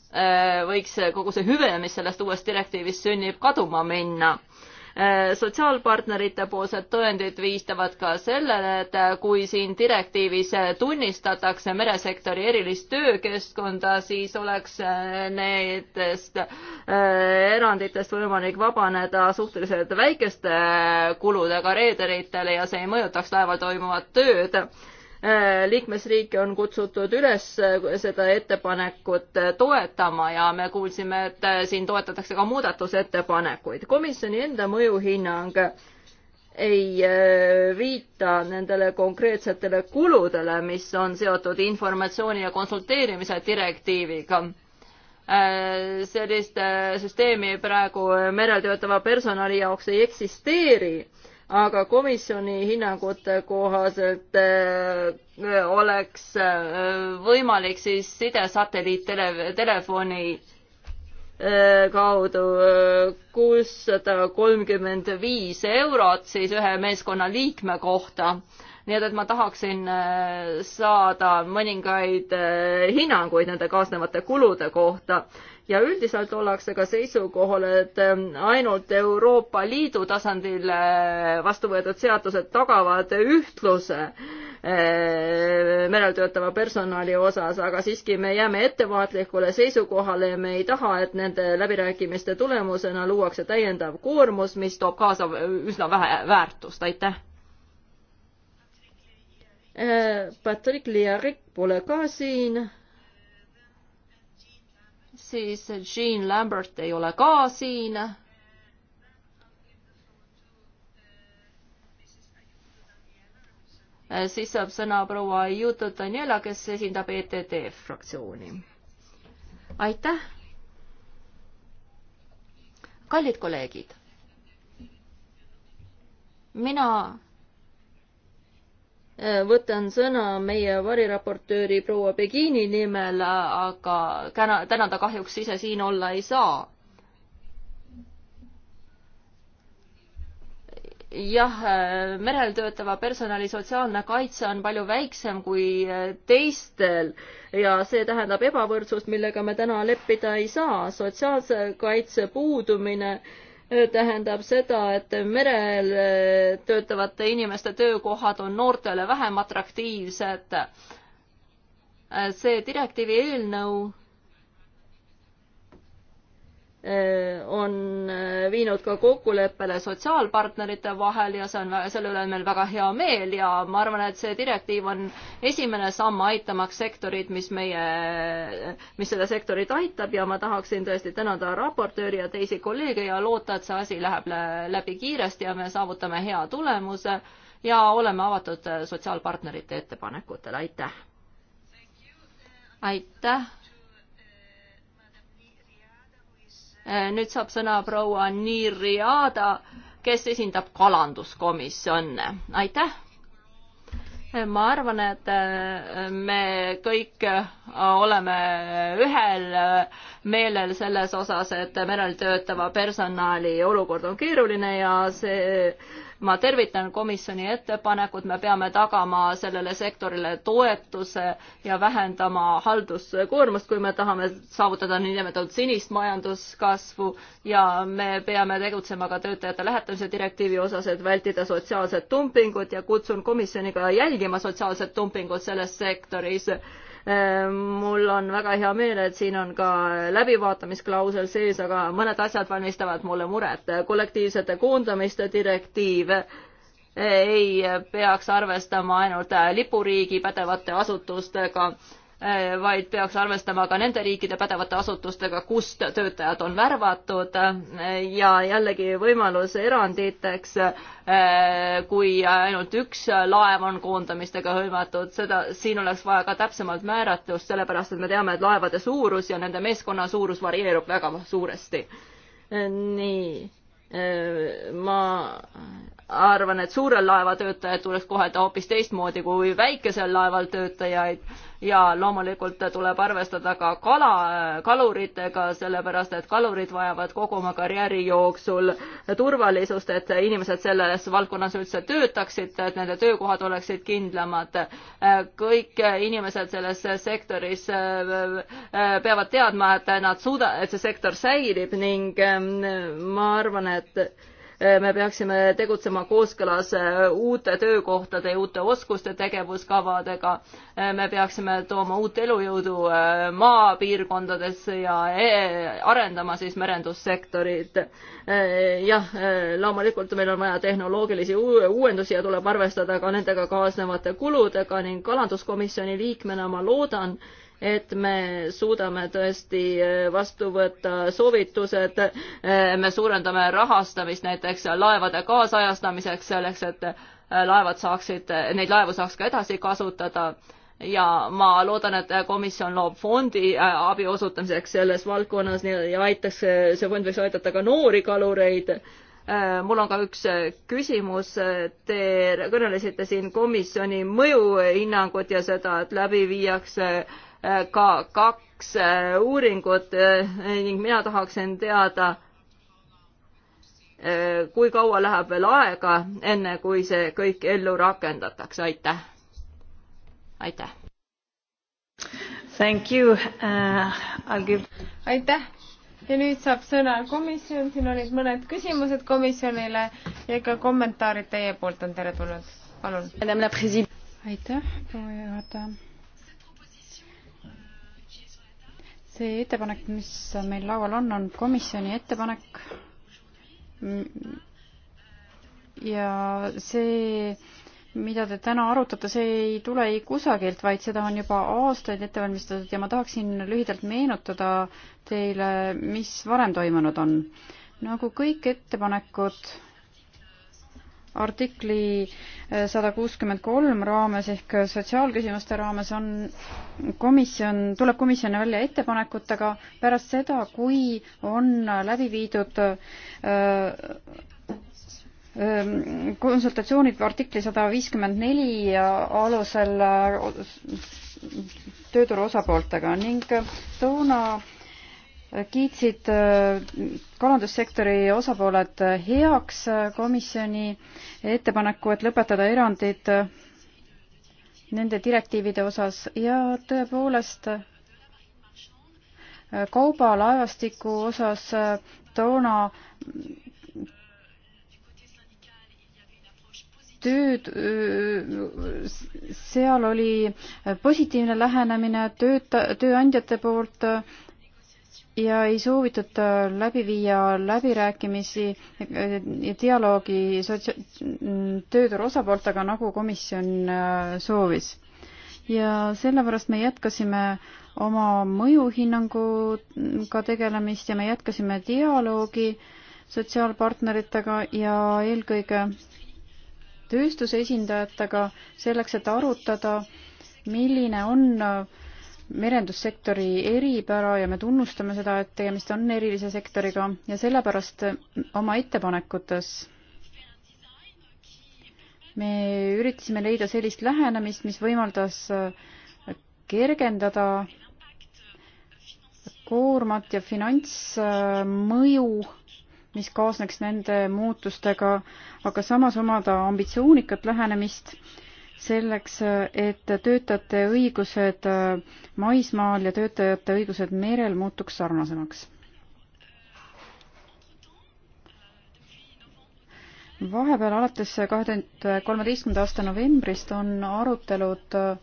[SPEAKER 1] Äh, võiks kogu see hüve, mis sellest uuest direktiivist sünnib, kaduma minna äh, sotsiaalpartnerite poolsed tõendid viitavad ka sellele, et kui siin direktiivis tunnistatakse meresektori erilist töökeskkonda, siis oleks äh, nendest eranditest võimalik vabaneda suhteliselt väikeste kuludega reederitele ja see ei mõjutaks laeval toimuvat tööd Äh, liikmesriike on kutsutud üles äh, seda ettepanekut äh, toetama ja me kuulsime, et siin toetatakse ka muudatusettepanekuid. komisjoni enda mõjuhinnang ei viita nendele konkreetsetele kuludele, mis on seotud informatsiooni ja konsulteerimise direktiiviga. sellist süsteemi praegu merel töötava personali jaoks ei eksisteeri aga komisjoni hinnangute kohaselt äh, oleks äh, võimalik siis side satelliittele, telefoni äh, kaudu kuussada kolmkümmend viis eurot siis ühe meeskonna liikme kohta. nii et, et ma tahaksin saada mõningaid hinnanguid nende kaasnevate kulude kohta ja üldiselt ollakse ka seisukohal, et ähm, ainult Euroopa Liidu tasandil äh, vastu võetud seadused tagavad ühtluse äh, merel töötava personali osas, aga siiski me jääme ettevaatlikule seisukohale ja me ei taha, et nende läbirääkimiste tulemusena luuakse täiendav koormus, mis toob kaasa üsna vähe väärtust, aitäh. Äh, Patrick Liarik pole ka siin siis Jean Lambert ei ole ka siin. siis saab sõna proua Jutu Daniela, kes esindab ETT fraktsiooni. aitäh. kallid kolleegid, mina Äh, võtan sõna meie variraportööri proua Begini nimel, äh, aga täna, täna ta kahjuks ise siin olla ei saa. jah, äh, merel töötava personali sotsiaalne kaitse on palju väiksem kui teistel ja see tähendab ebavõrdsust, millega me täna leppida ei saa. sotsiaalse kaitse puudumine äh, tähendab seda, et merel eh, töötavate inimeste töökohad on noortele vähem atraktiivsed. Eh, see direktiivi eelnõu Äh, on äh, viinud ka kokkuleppele sotsiaalpartnerite vahel ja see on, selle üle on meil väga hea meel ja ma arvan, et see direktiiv on esimene samm aitamaks sektorit, mis meie, mis seda sektorit aitab ja ma tahaksin tõesti tänada raportööri ja teisi kolleege ja loota, et see asi läheb läbi kiiresti ja me saavutame hea tulemuse ja oleme avatud sotsiaalpartnerite ettepanekutele, aitäh! aitäh! Äh, nüüd saab sõna proua Niriada, kes esindab kalanduskomisjone. aitäh! Äh, ma arvan, et äh, me kõik oleme ühel meelel selles osas, et merel töötava personali olukord on keeruline ja see ma tervitan komisjoni ettepanekut, me peame tagama sellele sektorile toetuse ja vähendama halduskoormust, kui me tahame saavutada niinimetatud sinist majanduskasvu ja me peame tegutsema ka töötajate lähetamise direktiivi osas, et vältida sotsiaalset dumpingut ja kutsun komisjoni ka jälgima sotsiaalset dumpingut selles sektoris Äh, mul on väga hea meel, et siin on ka läbivaatamisklausel sees, aga mõned asjad valmistavad mulle muret. kollektiivsete koondamiste direktiiv ei peaks arvestama ainult lipuriigi pädevate asutustega Eh, vaid peaks arvestama ka nende riikide pädevate asutustega, kust töötajad on värvatud ja jällegi võimalus eranditeks, eh, kui ainult üks laev on koondamistega hõlmatud, seda, siin oleks vaja ka täpsemalt määratlust, sellepärast et me teame, et laevade suurus ja nende meeskonna suurus varieerub väga suuresti. nii eh, ma arvan, et suurel laevatöötajaid tuleks kohelda hoopis teistmoodi kui väikesel laeval töötajaid ja loomulikult tuleb arvestada ka kala, äh, kaluritega, sellepärast et kalurid vajavad kogu oma karjääri jooksul turvalisust, et inimesed selles valdkonnas üldse töötaksid, et nende töökohad oleksid kindlamad. Äh, kõik inimesed selles sektoris äh, peavad teadma, et nad suuda-, et see sektor säilib ning ähm, ma arvan, et Äh, me peaksime tegutsema kooskõlas äh, uute töökohtade ja uute oskuste tegevuskavadega. Äh, me peaksime tooma uut elujõudu maapiirkondadesse ja arendama siis merendussektorit. jah, loomulikult meil on vaja tehnoloogilisi uuendusi ja tuleb arvestada ka nendega kaasnevate kuludega ning kalanduskomisjoni liikmena ma loodan, et me suudame tõesti eh, vastu võtta soovitused, eh, me suurendame rahastamist näiteks laevade kaasajastamiseks, selleks et eh, laevad saaksid, neid laevu saaks ka edasi kasutada ja ma loodan, et komisjon loob fondi abi osutamiseks selles valdkonnas ja aitaks, see fond võiks aidata ka noori kalureid mul on ka üks küsimus. Te kõnelesite siin komisjoni mõjuhinnangut ja seda, et läbi viiakse ka kaks äh, uuringut äh, ning mina tahaksin teada, äh, kui kaua läheb veel aega, enne kui see kõik ellu rakendatakse, aitäh. aitäh.
[SPEAKER 4] Thank you uh,, I'll give. aitäh
[SPEAKER 3] ja nüüd saab sõna komisjon, siin olid mõned küsimused komisjonile ja ka kommentaarid teie poolt on teretulnud, palun.
[SPEAKER 5] aitäh, proua juhataja see ettepanek, mis meil laual on, on komisjoni ettepanek. ja see, mida te täna arutate, see ei tule ei kusagilt, vaid seda on juba aastaid ette valmistatud ja ma tahaksin lühidalt meenutada teile, mis varem toimunud on. nagu kõik ettepanekud artikli eh, sada kuuskümmend kolm raames ehk sotsiaalküsimuste raames on komisjon, tuleb komisjon välja ettepanekutega pärast seda, kui on läbi viidud eh, eh, konsultatsioonid artikli sada viiskümmend neli alusel tööturu osapooltega ning toona kiitsid äh, kalandussektori osapooled äh, heaks äh, komisjoni ettepaneku, et lõpetada erandid nende direktiivide osas ja tõepoolest kaubalaevastiku osas toona tööd, seal oli positiivne lähenemine tööta-, tööandjate poolt ja ei soovitud äh, läbi viia läbirääkimisi äh, ja dialoogi sotsia-, mm, tööturu osapooltega, nagu komisjon äh, soovis. ja sellepärast me jätkasime oma mõjuhinnanguga tegelemist ja me jätkasime dialoogi sotsiaalpartneritega ja eelkõige tööstuse esindajatega selleks, et arutada, milline on äh, merendussektori eripära ja me tunnustame seda, et tegemist on erilise sektoriga ja sellepärast oma ettepanekutes me üritasime leida sellist lähenemist, mis võimaldas kergendada koormat ja finantsmõju, mis kaasneks nende muutustega, aga samas omada ambitsioonikat lähenemist selleks, et töötajate õigused äh, maismaal ja töötajate õigused merel muutuks sarnasemaks. vahepeal alates kahe tuhande kolmeteistkümnenda aasta novembrist on arutelud äh,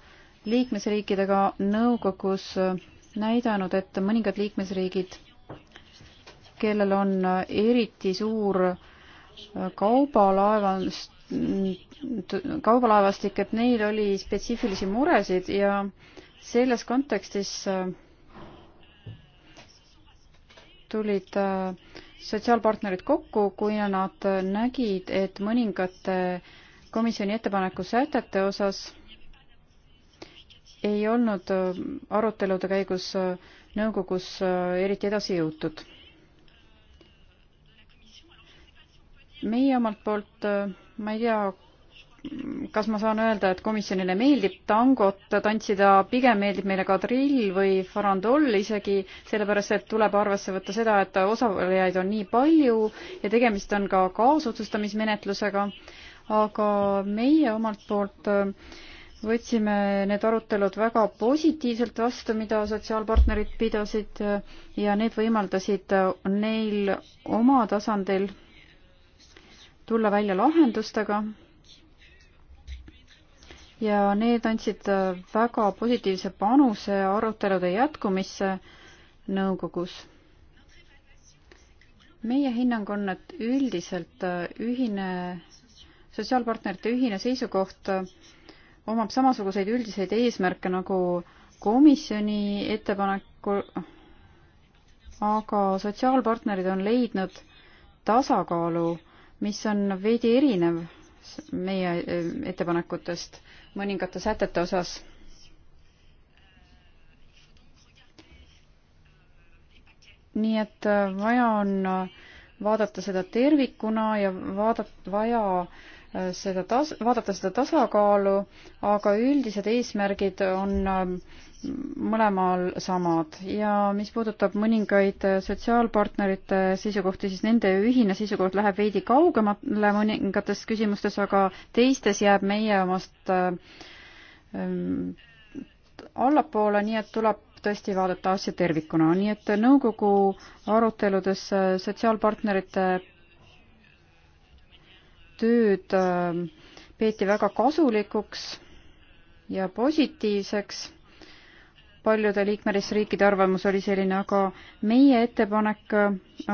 [SPEAKER 5] liikmesriikidega nõukogus äh, näidanud, et mõningad liikmesriigid, kellel on eriti suur kaubalaevast kaubalaevastik, et neil oli spetsiifilisi muresid ja selles kontekstis äh, tulid äh, sotsiaalpartnerid kokku, kui nad nägid, et mõningate komisjoni ettepaneku sätete osas ei olnud äh, arutelude käigus nõukogus eriti edasi jõutud. meie omalt poolt, ma ei tea, kas ma saan öelda, et komisjonile meeldib tangot tantsida, pigem meeldib meile kadrill või farandoll isegi, sellepärast et tuleb arvesse võtta seda, et osalejaid on nii palju ja tegemist on ka kaasotsustamismenetlusega, aga meie omalt poolt äh, võtsime need arutelud väga positiivselt vastu, mida sotsiaalpartnerid pidasid äh, ja need võimaldasid äh, neil oma tasandil tulla välja lahendustega ja need andsid äh, väga positiivse panuse arutelude jätkumisse nõukogus. meie hinnang on, et üldiselt äh, ühine, sotsiaalpartnerite ühine seisukoht äh, omab samasuguseid üldiseid eesmärke nagu komisjoni ettepanekul, aga sotsiaalpartnerid on leidnud tasakaalu, mis on veidi erinev meie ettepanekutest mõningate sätete osas. nii et äh, vaja on äh, vaadata seda tervikuna ja vaadata, vaja äh, seda tas-, vaadata seda tasakaalu, aga üldised eesmärgid on äh, mõlemal samad ja mis puudutab mõningaid sotsiaalpartnerite seisukohti, siis nende ühine seisukoht läheb veidi kaugemale mõningates küsimustes, aga teistes jääb meie omast ähm, allapoole, nii et tuleb tõesti vaadata asja tervikuna, nii et nõukogu aruteludes äh, sotsiaalpartnerite tööd äh, peeti väga kasulikuks ja positiivseks paljude liikmesriikide arvamus oli selline, aga meie ettepanek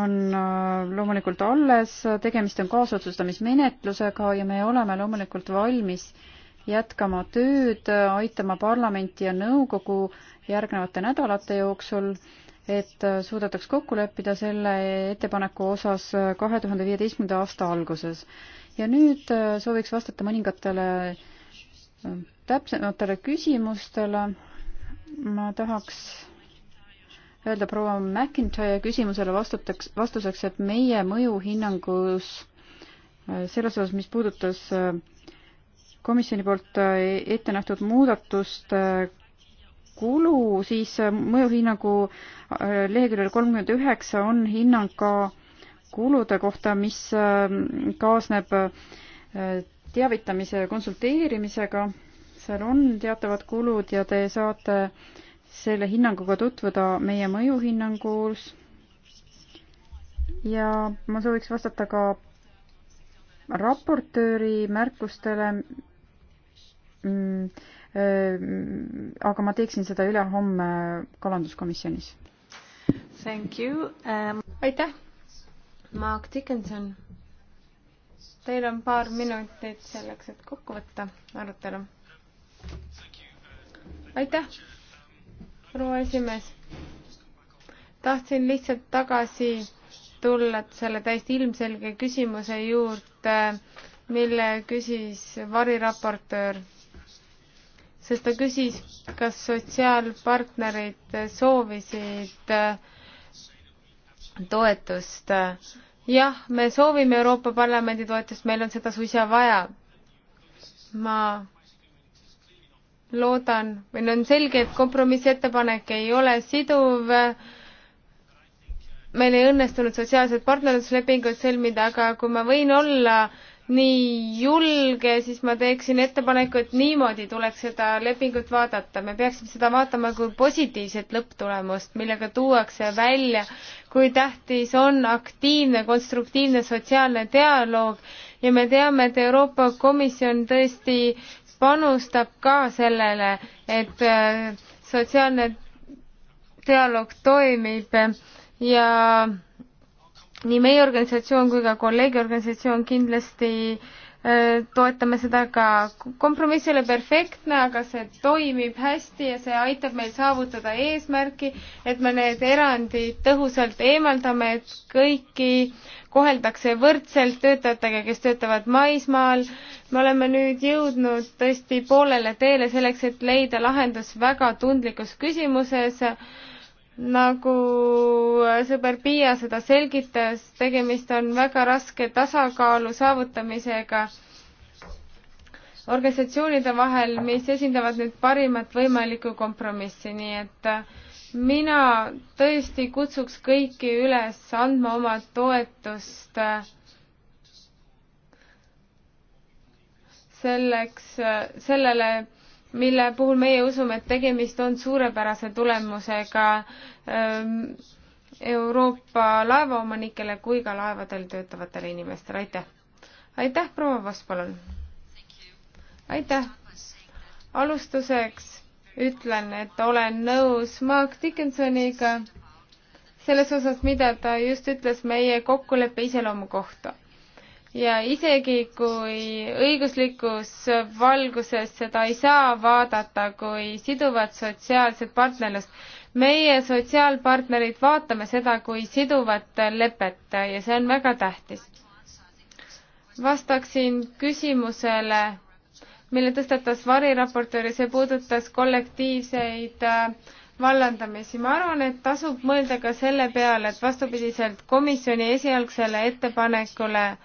[SPEAKER 5] on äh, loomulikult alles, tegemist on kaasotsustamismenetlusega ja me oleme loomulikult valmis jätkama tööd, aitama parlamenti ja nõukogu järgnevate nädalate jooksul, et suudetaks kokku leppida selle ettepaneku osas kahe tuhande viieteistkümnenda aasta alguses. ja nüüd äh, sooviks vastata mõningatele äh, täpsematele küsimustele ma tahaks öelda proua McIntyre küsimusele vastutaks, vastuseks, et meie mõjuhinnangus äh, selles osas, mis puudutas äh, komisjoni poolt äh, ette nähtud muudatust kulu, siis mõjuhinnangu leheküljel kolmkümmend üheksa on hinnang ka kulude kohta, mis kaasneb teavitamise ja konsulteerimisega seal on teatavad kulud ja te saate selle hinnanguga tutvuda meie mõjuhinnangus. ja ma sooviks vastata ka raportööri märkustele. Mm, äh, aga ma teeksin seda ülehomme kalanduskomisjonis.
[SPEAKER 4] Thank you um.... aitäh, Mark Dickinson. Teil on paar
[SPEAKER 3] minutit selleks, et kokku võtta arutelu aitäh, proua esimees. tahtsin lihtsalt tagasi tulla selle täiesti ilmselge küsimuse juurde, mille küsis variraportöör. sest ta küsis, kas sotsiaalpartnerid soovisid äh, toetust. jah, me soovime Euroopa Parlamendi toetust, meil on seda suisa vaja. ma loodan, või no on selge, et kompromissettepanek ei ole siduv, meil ei õnnestunud sotsiaalset partnerluslepingut sõlmida, aga kui ma võin olla nii julge, siis ma teeksin ettepaneku, et niimoodi tuleks seda lepingut vaadata. me peaksime seda vaatama kui positiivset lõpptulemust, millega tuuakse välja, kui tähtis on aktiivne, konstruktiivne sotsiaalne dialoog ja me teame, et Euroopa Komisjon tõesti panustab ka sellele, et äh, sotsiaalne dialoog toimib ja nii meie organisatsioon kui ka kolleegiorganisatsioon kindlasti Äh, toetame seda ka. kompromiss ei ole perfektne, aga see toimib hästi ja see aitab meil saavutada eesmärki, et me need erandid tõhusalt eemaldame, et kõiki koheldakse võrdselt töötajatega, kes töötavad maismaal. me oleme nüüd jõudnud tõesti poolele teele selleks, et leida lahendus väga tundlikus küsimuses nagu sõber Piia seda selgitas, tegemist on väga raske tasakaalu saavutamisega organisatsioonide vahel, mis esindavad nüüd parimat võimalikku kompromissi, nii et äh, mina tõesti kutsuks kõiki üles andma oma toetust äh, selleks, äh, sellele mille puhul meie usume, et tegemist on suurepärase tulemusega ähm, Euroopa laevaomanikele kui ka laevadel töötavatele inimestele, aitäh! aitäh, proua Voss, palun! aitäh! alustuseks ütlen, et olen nõus Mark Dickinsoniga selles osas, mida ta just ütles meie kokkuleppe iseloomu kohta ja isegi kui õiguslikus valguses seda ei saa vaadata kui siduvat sotsiaalset partnerlust, meie sotsiaalpartnerid vaatame seda kui siduvat lepet ja see on väga tähtis. vastaksin küsimusele, mille tõstatas variraportöör ja see puudutas kollektiivseid äh, vallandamisi. ma arvan, et tasub mõelda ka selle peale, et vastupidiselt komisjoni esialgsele ettepanekule äh,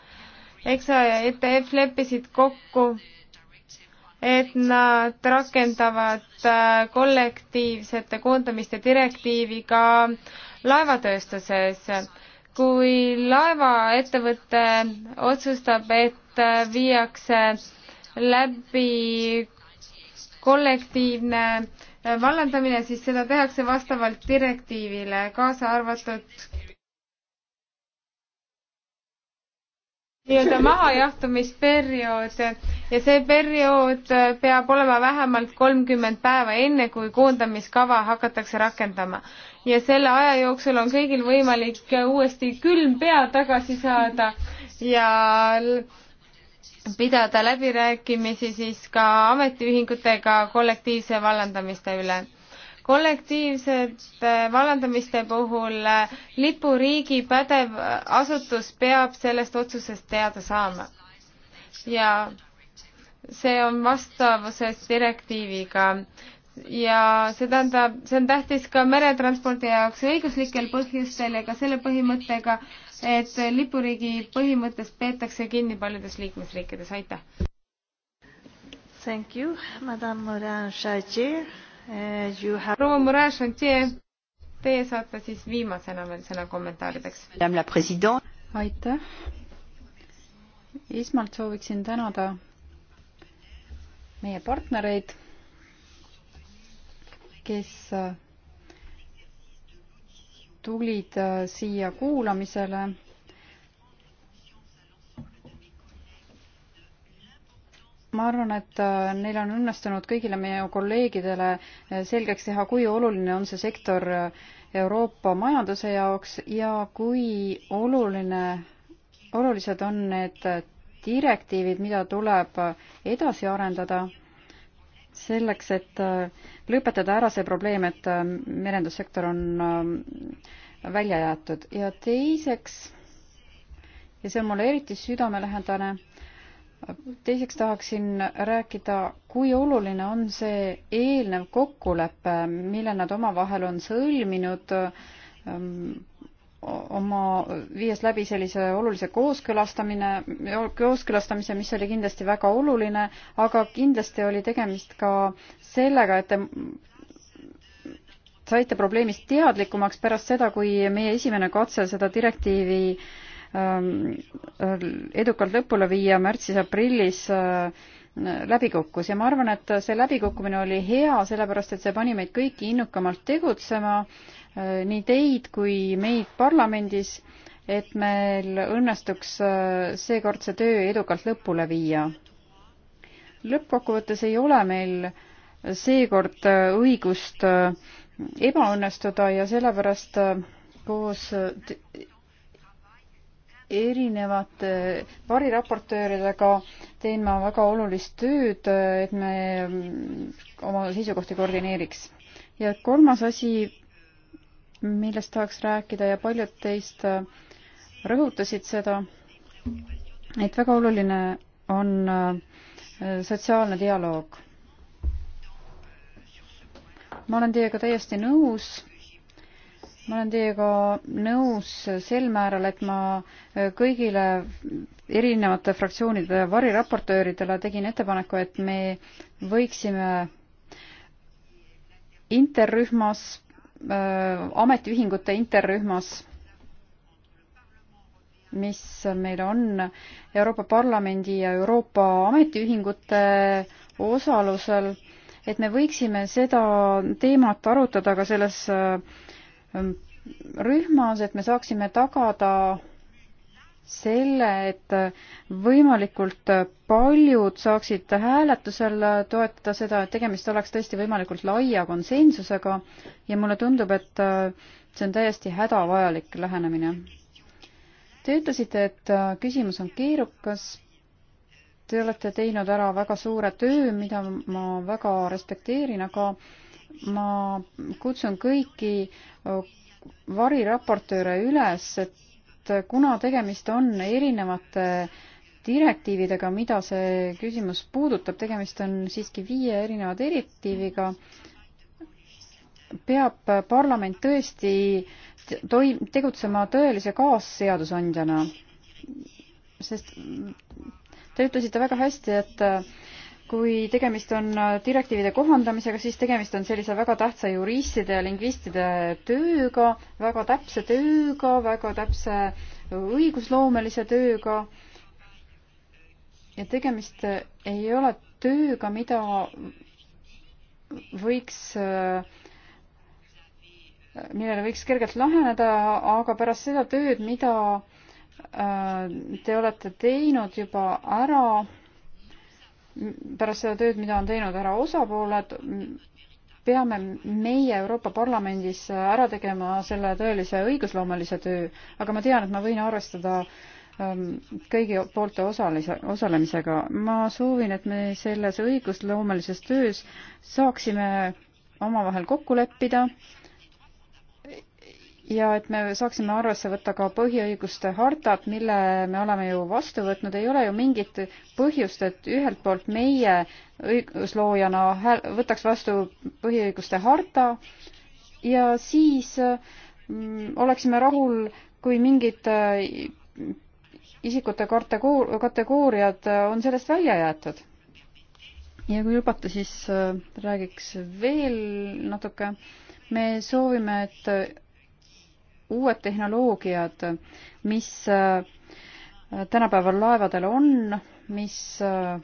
[SPEAKER 3] EXA ja ETF leppisid kokku, et nad rakendavad äh, kollektiivsete koondamiste direktiivi ka laevatööstuses. kui laevaettevõte otsustab, et äh, viiakse läbi kollektiivne äh, vallandamine, siis seda tehakse vastavalt direktiivile, kaasa arvatud nii-öelda mahajahtumisperiood ja see periood peab olema vähemalt kolmkümmend päeva, enne kui koondamiskava hakatakse rakendama. ja selle aja jooksul on kõigil võimalik uuesti külm pea tagasi saada ja pidada läbirääkimisi siis ka ametiühingutega kollektiivse vallandamiste üle kollektiivsete vallandamiste puhul äh, lipuriigi pädev asutus peab sellest otsusest teada saama. ja see on vastavuses direktiiviga ja see tähendab, see on tähtis ka meretranspordi jaoks õiguslikel põhjustel ja ka selle põhimõttega, et lipuriigi põhimõttest peetakse kinni paljudes liikmesriikides, aitäh!
[SPEAKER 4] Thank you, madam Morin Chartier.
[SPEAKER 3] Have... proua Murashantje, teie saate siis viimasena veel sõna kommentaarideks.
[SPEAKER 5] aitäh. esmalt sooviksin tänada meie partnereid, kes äh, tulid äh, siia kuulamisele ma arvan, et äh, neil on õnnestunud kõigile meie kolleegidele äh, selgeks teha, kui oluline on see sektor äh, Euroopa majanduse jaoks ja kui oluline, olulised on need direktiivid, mida tuleb edasi arendada selleks, et lõpetada ära see probleem, et merendussektor on välja jäetud ja teiseks, ja see on mulle eriti südamelähedane, teiseks tahaksin rääkida, kui oluline on see eelnev kokkulepe, mille nad omavahel on sõlminud, ähm, oma, viies läbi sellise olulise kooskõlastamine, kooskõlastamise, mis oli kindlasti väga oluline, aga kindlasti oli tegemist ka sellega, et te saite probleemist teadlikumaks pärast seda, kui meie esimene katse seda direktiivi äh, Ähm, äh, edukalt lõpule viia märtsis-aprillis äh, läbi kukkus ja ma arvan, et see läbikukkumine oli hea, sellepärast et see pani meid kõiki innukamalt tegutsema, äh, nii teid kui meid parlamendis, et meil õnnestuks seekord see töö edukalt lõpule viia. lõppkokkuvõttes ei ole meil seekord õigust ebaõnnestuda ja sellepärast koos erinevate variraportööridega teen ma väga olulist tööd, et me mm, oma seisukohti koordineeriks. ja kolmas asi, millest tahaks rääkida ja paljud teist äh, rõhutasid seda, et väga oluline on äh, sotsiaalne dialoog. ma olen teiega täiesti nõus ma olen teiega nõus sel määral, et ma äh, kõigile erinevate fraktsioonide variraportööridele tegin ettepaneku, et me võiksime interrühmas, äh, ametiühingute interrühmas, mis meil on Euroopa Parlamendi ja Euroopa ametiühingute osalusel, et me võiksime seda teemat arutada ka selles äh, Ähm, rühmas, et me saaksime tagada selle, et äh, võimalikult äh, paljud saaksid hääletusel äh, toetada seda, et tegemist oleks tõesti võimalikult laia konsensusega ja mulle tundub, et see on täiesti hädavajalik lähenemine. Te ütlesite, et küsimus on keerukas. Te olete teinud ära väga suure töö, mida ma väga respekteerin, aga ma kutsun kõiki äh, variraportööre üles, et kuna tegemist on erinevate direktiividega, mida see küsimus puudutab, tegemist on siiski viie erineva direktiiviga, peab parlament tõesti toi-, tegutsema tõelise kaasseadusandjana. sest te ütlesite väga hästi, et kui tegemist on äh, direktiivide kohandamisega, siis tegemist on sellise väga tähtsa juristide ja lingvistide tööga, väga täpse tööga, väga täpse õigusloomelise tööga. ja tegemist äh, ei ole tööga, mida võiks äh, millele võiks kergelt laheneda, aga pärast seda tööd, mida te olete teinud juba ära, pärast seda tööd, mida on teinud ära osapooled, peame meie Euroopa Parlamendis ära tegema selle tõelise õigusloomelise töö, aga ma tean, et ma võin arvestada ähm, kõigi poolte osalise, osalemisega. ma soovin, et me selles õigusloomelises töös saaksime omavahel kokku leppida äh, ja et me saaksime arvesse võtta ka põhiõiguste hartat, mille me oleme ju vastu võtnud, ei ole ju mingit põhjust, et ühelt poolt meie õigusloojana võtaks vastu põhiõiguste harta ja siis mm, oleksime rahul, kui mingid äh, isikute kategoor-, kategooriad äh, on sellest välja jäetud. ja kui lubate, siis äh, räägiks veel natuke. me soovime, et uued tehnoloogiad, mis äh, tänapäeval laevadel on, mis äh,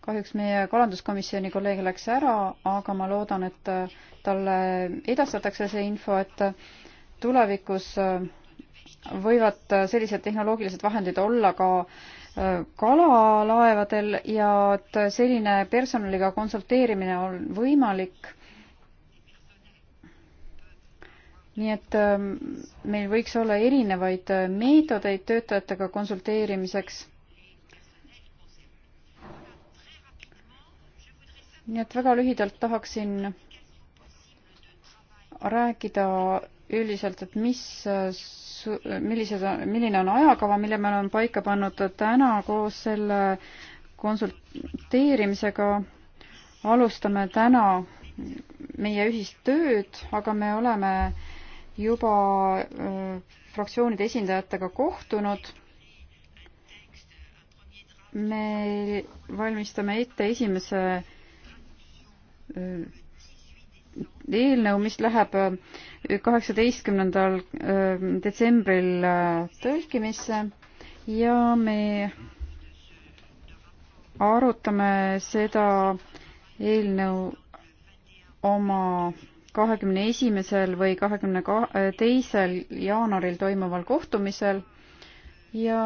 [SPEAKER 5] kahjuks meie kalanduskomisjoni kolleeg läks ära, aga ma loodan, et äh, talle edastatakse see info, et tulevikus võivad sellised tehnoloogilised vahendid olla ka kalalaevadel ja et selline personaliga konsulteerimine on võimalik nii et ähm, meil võiks olla erinevaid äh, meetodeid töötajatega konsulteerimiseks. nii et väga lühidalt tahaksin rääkida üldiselt, et mis, äh, millised, milline on ajakava, mille me oleme paika pannud täna koos selle konsulteerimisega. alustame täna meie ühist tööd, aga me oleme äh, juba äh, fraktsioonide esindajatega kohtunud. me valmistame ette esimese äh, eelnõu, mis läheb äh, kaheksateistkümnendal detsembril tõlkimisse ja me arutame seda eelnõu oma kahekümne esimesel või kahekümne teisel jaanuaril toimuval kohtumisel ja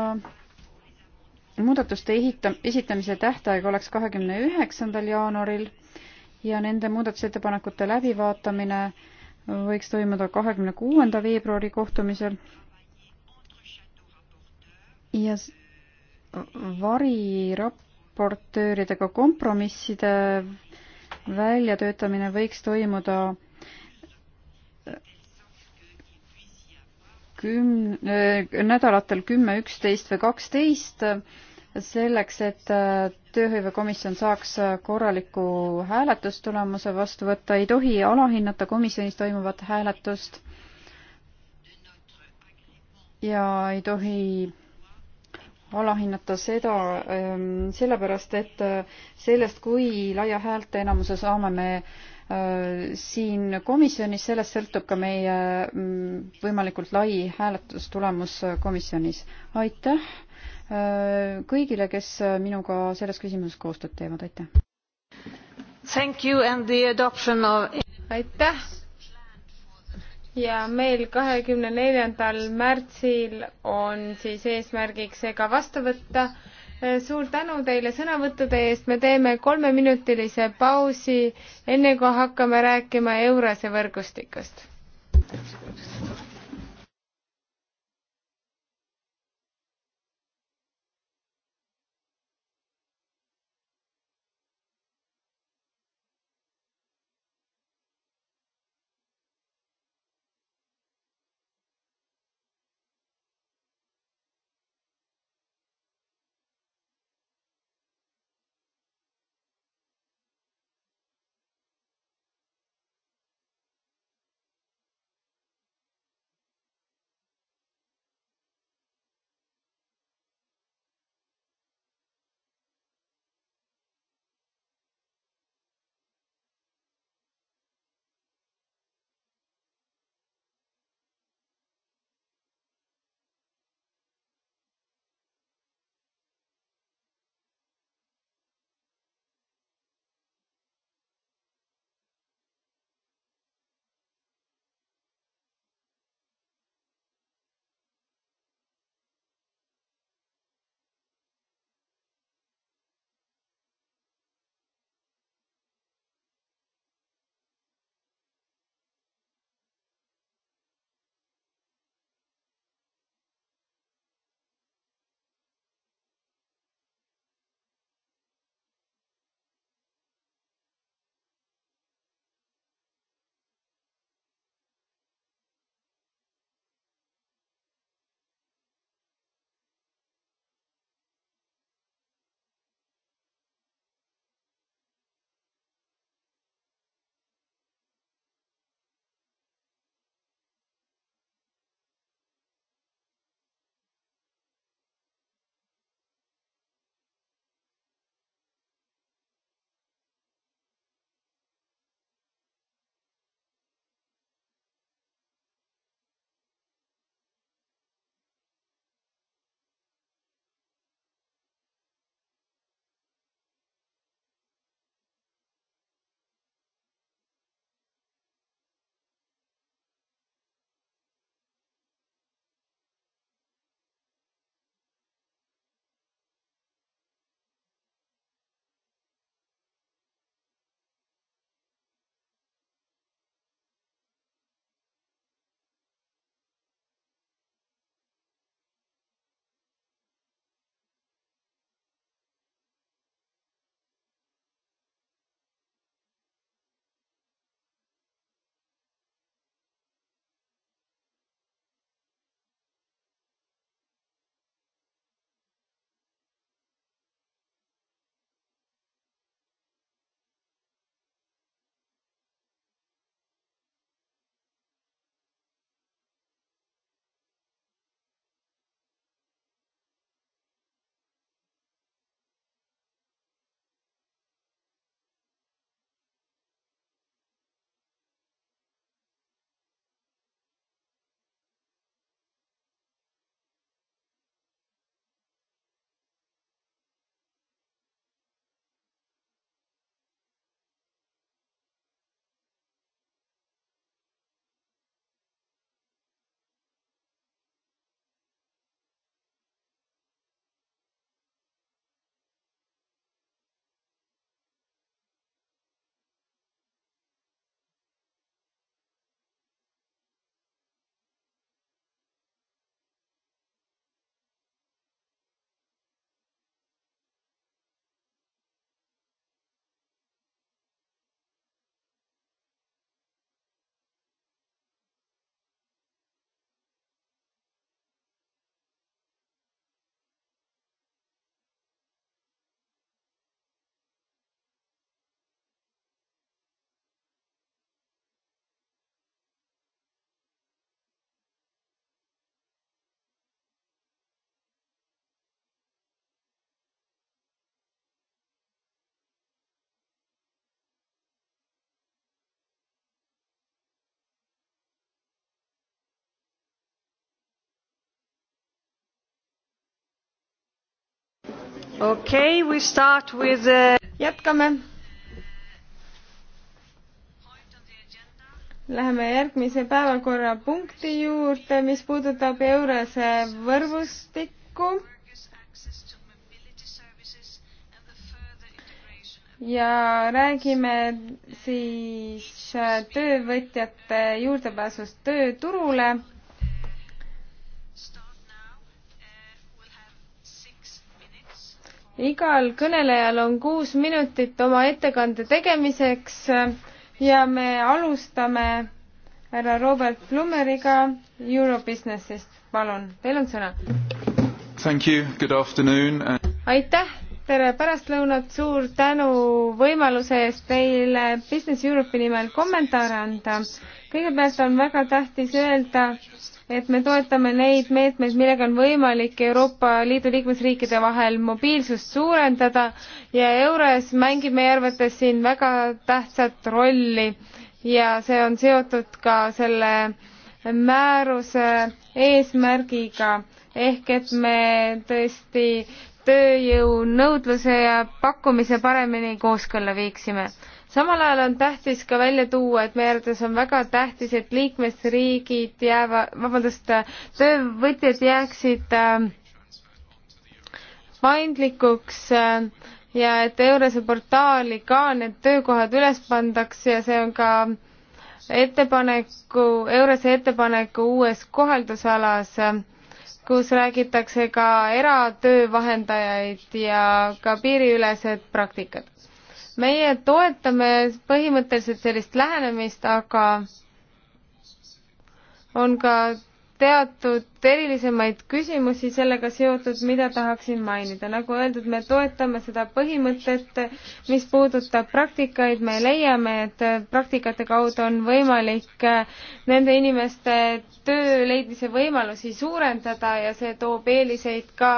[SPEAKER 5] muudatuste ehita-, esitamise tähtaeg oleks kahekümne üheksandal jaanuaril ja nende muudatusettepanekute läbivaatamine võiks toimuda kahekümne kuuenda veebruari kohtumisel. ja variraportööridega kompromisside väljatöötamine võiks toimuda küm-, eh, nädalatel kümme, üksteist või kaksteist eh, selleks, et eh, tööhõivekomisjon saaks korraliku hääletustulemuse vastu võtta, ei tohi alahinnata komisjonis toimuvat hääletust ja ei tohi alahinnata seda sellepärast, et sellest, kui laia häälteenamuse saame me Äh, siin komisjonis, sellest sõltub ka meie mm, võimalikult lai hääletustulemus äh, komisjonis. aitäh äh, kõigile, kes minuga selles küsimuses koostööd teevad, aitäh!
[SPEAKER 4] Of...
[SPEAKER 3] aitäh! ja meil kahekümne neljandal märtsil on siis eesmärgiks see ka vastu võtta suur tänu teile sõnavõttude eest, me teeme kolmeminutilise pausi, enne kui hakkame rääkima Eurase võrgustikust.
[SPEAKER 4] okei okay,, we start with the... Uh, jätkame.
[SPEAKER 3] Läheme järgmise päevakorrapunkti juurde, mis puudutab Eurose võrgustikku. ja räägime siis töövõtjate juurdepääsust tööturule igal kõnelejal on kuus minutit oma ettekande tegemiseks ja me alustame härra Robert Plummeriga Eurobusinessist. palun, teil on sõna.
[SPEAKER 2] Uh,
[SPEAKER 3] aitäh, tere pärastlõunat, suur tänu võimaluse eest teile Business Europe'i nimel kommentaare anda kõigepealt on väga tähtis öelda, et me toetame neid meetmeid, millega on võimalik Euroopa Liidu liikmesriikide vahel mobiilsust suurendada ja EURES mängib meie arvates siin väga tähtsat rolli ja see on seotud ka selle määruse eesmärgiga ehk et me tõesti tööjõu nõudluse ja pakkumise paremini kooskõlla viiksime samal ajal on tähtis ka välja tuua, et meie arvates on väga tähtis, et liikmesriigid jääva, vabandust, töövõtjad jääksid äh, paindlikuks äh, ja et Eurose portaali ka need töökohad üles pandaks ja see on ka ettepaneku, Eurose ettepaneku uues kohaldusalas äh, kus räägitakse ka eratöövahendajaid ja ka piiriülesed praktikad meie toetame põhimõtteliselt sellist lähenemist, aga on ka teatud erilisemaid küsimusi sellega seotud, mida tahaksin mainida. nagu öeldud, me toetame seda põhimõtet, mis puudutab praktikaid, me leiame, et praktikate kaudu on võimalik nende inimeste töö leidmise võimalusi suurendada ja see toob eeliseid ka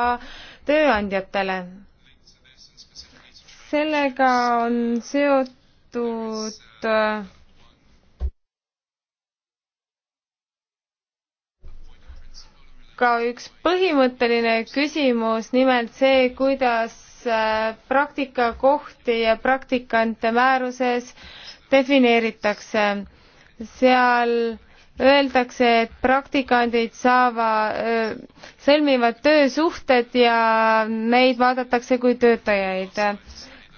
[SPEAKER 3] tööandjatele sellega on seotud äh, ka üks põhimõtteline küsimus, nimelt see, kuidas äh, praktikakohti ja praktikante määruses defineeritakse. seal öeldakse, et praktikandid saavad, äh, sõlmivad töösuhted ja neid vaadatakse kui töötajaid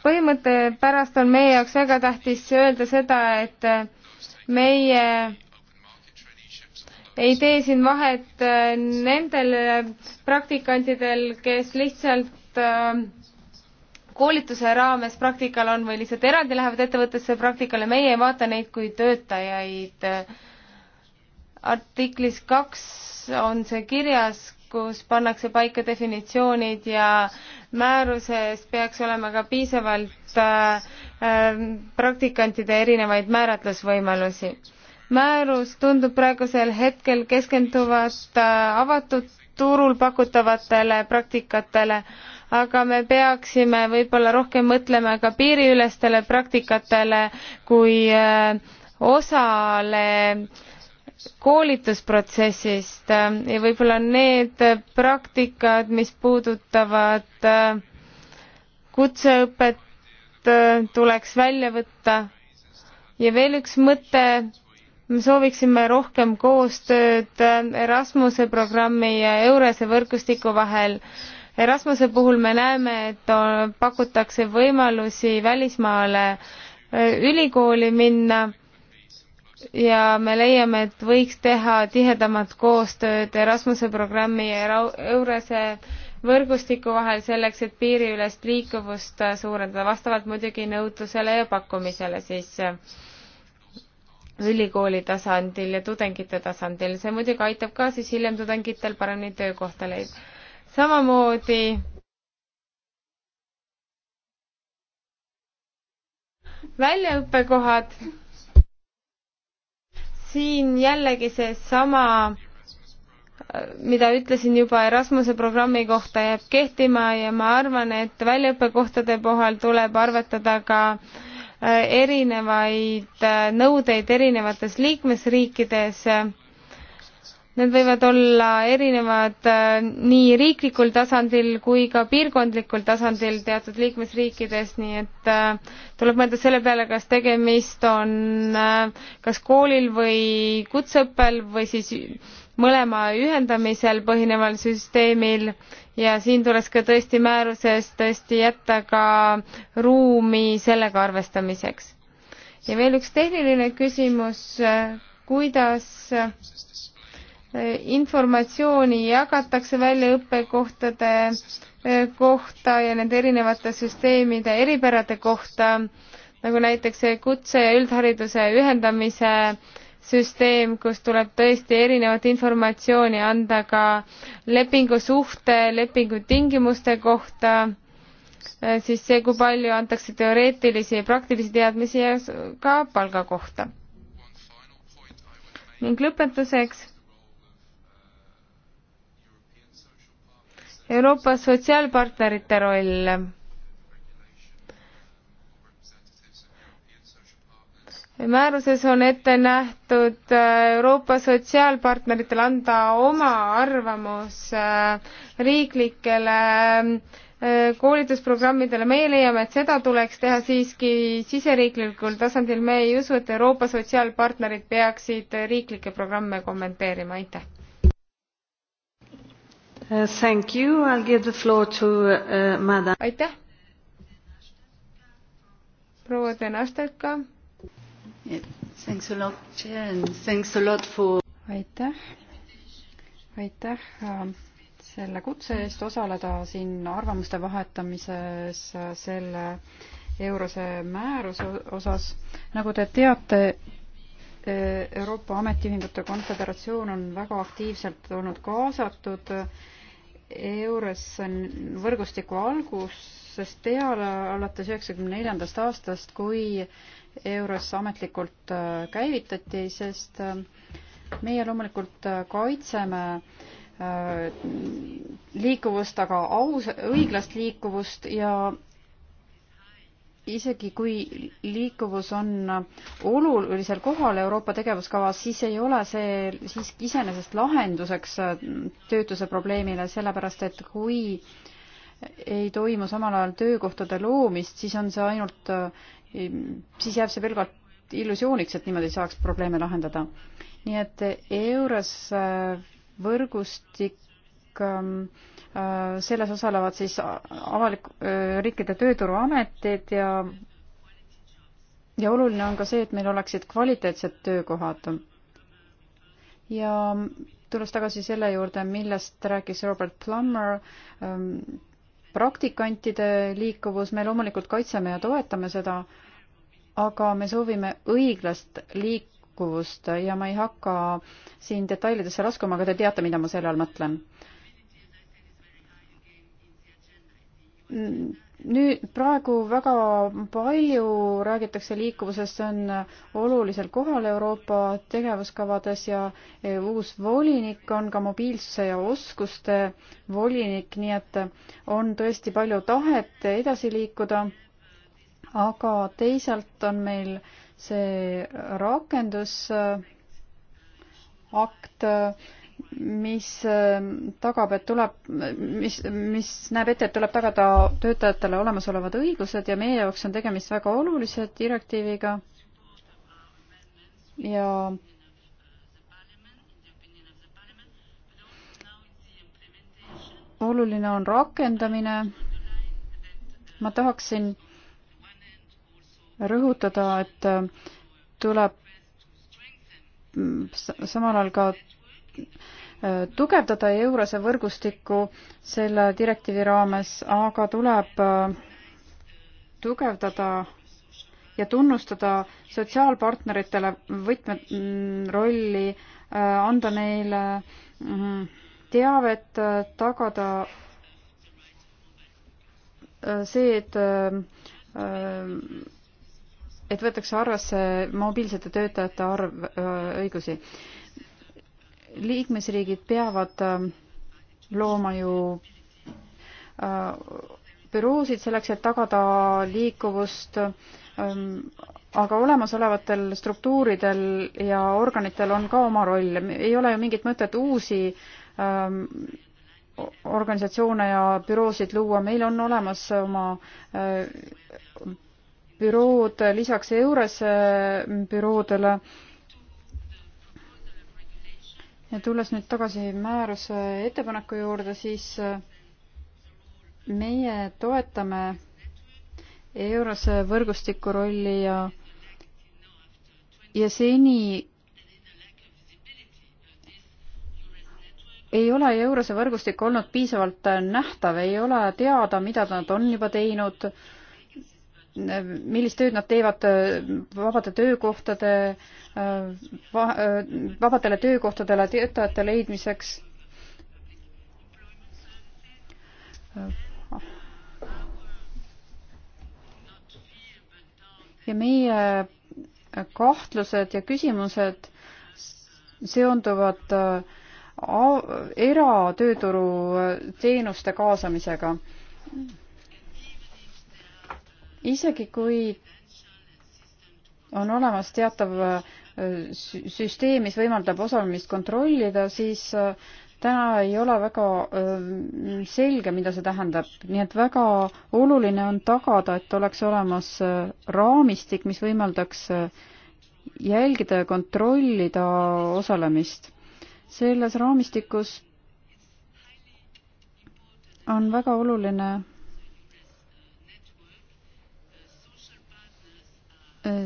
[SPEAKER 3] põhimõtte pärast on meie jaoks väga tähtis öelda seda, et äh, meie ei tee siin vahet äh, nendel äh, praktikantidel, kes lihtsalt koolituse raames praktikal on või lihtsalt eraldi lähevad ettevõttesse praktikale, meie ei vaata neid kui töötajaid. artiklis kaks on see kirjas, kus pannakse paika definitsioonid ja määruses peaks olema ka piisavalt äh, äh, praktikantide erinevaid määratlusvõimalusi. määrus tundub praegusel hetkel keskenduvat äh, avatud turul pakutavatele praktikatele, aga me peaksime võib-olla rohkem mõtlema ka piiriülestele praktikatele kui osale äh, koolitusprotsessist äh, ja võib-olla need praktikad, mis puudutavad äh, kutseõpet, äh, tuleks välja võtta. ja veel üks mõte, me sooviksime rohkem koostööd Erasmuse programmi ja Eurese võrgustiku vahel. Erasmuse puhul me näeme, et pakutakse võimalusi välismaale ülikooli minna ja me leiame, et võiks teha tihedamat koostööd Erasmuse programmi ja Eurese võrgustiku vahel selleks, et piiriülest liikuvust suurendada, vastavalt muidugi nõudlusele ja pakkumisele siis ülikooli tasandil ja tudengite tasandil. see muidugi aitab ka siis hiljem tudengitel paremini töökohta leida. samamoodi väljaõppekohad siin jällegi seesama, mida ütlesin juba Erasmuse programmi kohta, jääb kehtima ja ma arvan, et väljaõppekohtade puhul tuleb arvetada ka äh, erinevaid äh, nõudeid erinevates liikmesriikides Need võivad olla erinevad äh, nii riiklikul tasandil kui ka piirkondlikul tasandil teatud liikmesriikides, nii et äh, tuleb mõelda selle peale, kas tegemist on äh, kas koolil või kutseõppel või siis mõlema ühendamisel põhineval süsteemil ja siin tuleks ka tõesti määruses tõesti jätta ka ruumi sellega arvestamiseks. ja veel üks tehniline küsimus, kuidas informatsiooni jagatakse välja õppekohtade eh, kohta ja nende erinevate süsteemide eripärade kohta, nagu näiteks see kutse ja üldhariduse ühendamise süsteem, kus tuleb tõesti erinevat informatsiooni anda ka lepingusuhte, lepingutingimuste kohta, eh, siis see, kui palju antakse teoreetilisi ja praktilisi teadmisi ja ka palga kohta. ning lõpetuseks Euroopa sotsiaalpartnerite roll. määruses on ette nähtud äh, Euroopa sotsiaalpartneritele anda oma arvamus äh, riiklikele äh, koolitusprogrammidele, meie leiame, et seda tuleks teha siiski siseriiklikul tasandil, me ei usu, et Euroopa sotsiaalpartnerid peaksid riiklikke programme kommenteerima, aitäh.
[SPEAKER 4] Uh, thank you. I'll give the floor to uh, madam. aitäh. proua Denastelka.
[SPEAKER 5] Thanks a lot, Chair, and thanks a lot for. aitäh. aitäh ähm, selle kutse eest osaleda siin arvamuste vahetamises äh, selle eurose määruse osas. nagu te teate, äh, Euroopa Ametiühingute Konföderatsioon on väga aktiivselt olnud kaasatud äh, EURES on võrgustiku algusest peale, alates üheksakümne neljandast aastast, kui EURES ametlikult äh, käivitati, sest äh, meie loomulikult äh, kaitseme liikuvust, aga aus, õiglast liikuvust ja isegi kui liikuvus on olulisel kohal Euroopa tegevuskavas, siis ei ole see siiski iseenesest lahenduseks töötuse probleemile, sellepärast et kui ei toimu samal ajal töökohtade loomist, siis on see ainult, siis jääb see pelgalt illusiooniks, et niimoodi saaks probleeme lahendada. nii et EURES võrgustik Ähm, äh, selles osalevad siis avalik, äh, riikide tööturuametid ja ja oluline on ka see, et meil oleksid kvaliteetsed töökohad. ja tulles tagasi selle juurde, millest rääkis Robert Plummer, ähm, praktikantide liikuvus, me loomulikult kaitseme ja toetame seda, aga me soovime õiglast liikuvust ja ma ei hakka siin detailidesse laskuma, aga te teate, mida ma selle all mõtlen nüüd praegu väga palju räägitakse liikuvusest, see on olulisel kohal Euroopa tegevuskavades ja e, uus volinik on ka mobiilsuse ja oskuste volinik, nii et on tõesti palju tahet edasi liikuda. aga teisalt on meil see rakendusakt, mis ähm, tagab, et tuleb, mis, mis näeb ette, et tuleb tagada töötajatele olemasolevad õigused ja meie jaoks on tegemist väga olulise direktiiviga ja oluline on rakendamine. ma tahaksin rõhutada, et äh, tuleb samal ajal ka tugevdada Eurose võrgustikku selle direktiivi raames, aga tuleb äh, tugevdada ja tunnustada sotsiaalpartneritele võtmerolli, äh, anda neile mm-hmm, teavet, äh, tagada see, et et võetakse arvesse mobiilsete töötajate arv, õigusi liikmesriigid peavad äh, looma ju äh, büroosid selleks, et tagada liikuvust, ähm, aga olemasolevatel struktuuridel ja organitel on ka oma roll, ei ole ju mingit mõtet uusi ähm, organisatsioone ja büroosid luua, meil on olemas oma äh, bürood lisaks EURES büroodele ja tulles nüüd tagasi määruse ettepaneku juurde, siis äh, meie toetame Eurose võrgustiku rolli ja, ja seni ei ole Eurose võrgustik olnud piisavalt äh, nähtav, ei ole teada, mida nad on juba teinud millist tööd nad teevad äh, vabade töökohtade, äh, äh, vabadele töökohtadele töötajate leidmiseks. ja meie kahtlused ja küsimused seonduvad eratööturu teenuste kaasamisega isegi kui on olemas teatav äh, süsteem, mis võimaldab osalemist kontrollida, siis äh, täna ei ole väga äh, selge, mida see tähendab, nii et väga oluline on tagada, et oleks olemas raamistik, mis võimaldaks jälgida ja kontrollida osalemist. selles raamistikus on väga oluline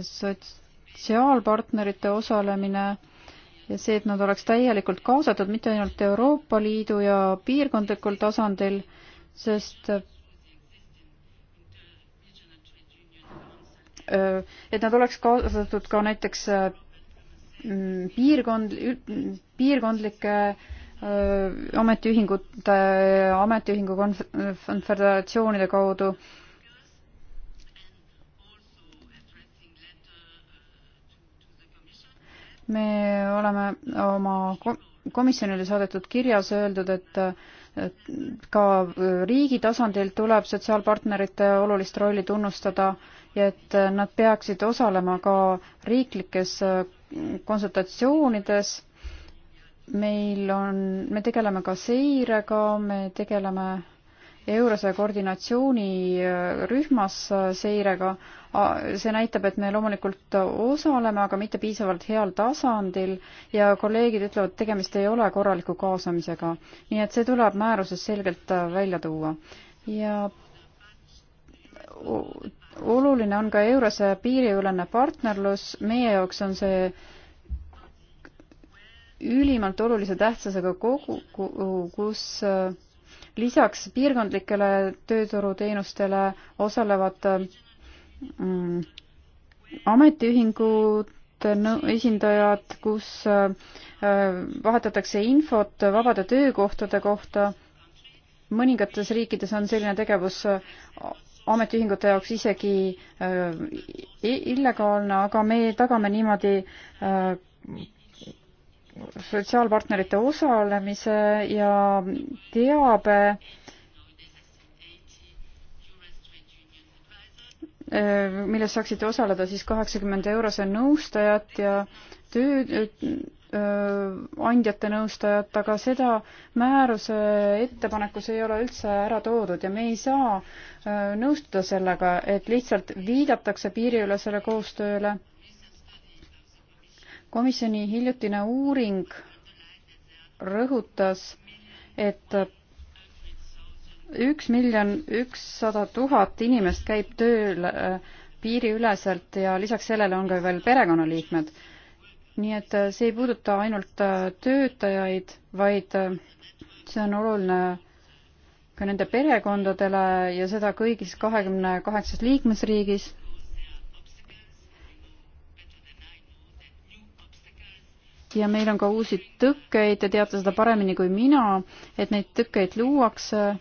[SPEAKER 5] sotsiaalpartnerite osalemine ja see, et nad oleks täielikult kaasatud mitte ainult Euroopa Liidu ja piirkondlikul tasandil, sest äh, et nad oleks kaasatud ka näiteks äh, piirkond, piirkondlike äh, ametiühingute, ametiühingu konföderatsioonide kaudu me oleme oma komisjonile saadetud kirjas öeldud, et ka riigi tasandil tuleb sotsiaalpartnerite olulist rolli tunnustada ja et nad peaksid osalema ka riiklikes konsultatsioonides. meil on, me tegeleme ka seirega, me tegeleme Eurose koordinatsioonirühmas äh, äh, seirega. see näitab, et me loomulikult osaleme, aga mitte piisavalt heal tasandil ja kolleegid ütlevad, tegemist ei ole korraliku kaasamisega. nii et see tuleb määruses selgelt äh, välja tuua. ja oluline on ka Eurose piiriülene partnerlus, meie jaoks on see ülimalt olulise tähtsusega kogu, kus äh, lisaks piirkondlikele tööturuteenustele osalevad mm, ametiühingud, esindajad, kus äh, vahetatakse infot vabade töökohtade kohta. mõningates riikides on selline tegevus ametiühingute jaoks isegi äh, illegaalne, aga me tagame niimoodi äh, sotsiaalpartnerite osalemise ja teabe milles saaksid osaleda siis kaheksakümmend eurose nõustajat ja tööandjate nõustajat, aga seda määruse ettepanekus ei ole üldse ära toodud ja me ei saa nõustuda sellega, et lihtsalt viidatakse piiriülesele koostööle komisjoni hiljutine uuring rõhutas, et üks miljon ükssada tuhat inimest käib tööl äh, piiriüleselt ja lisaks sellele on ka veel perekonnaliikmed. nii et äh, see ei puuduta ainult äh, töötajaid, vaid see on oluline ka nende perekondadele ja seda kõigis kahekümne kaheksas liikmesriigis ja meil on ka uusi tõkkeid, te teate seda paremini kui mina, et neid tõkkeid luuakse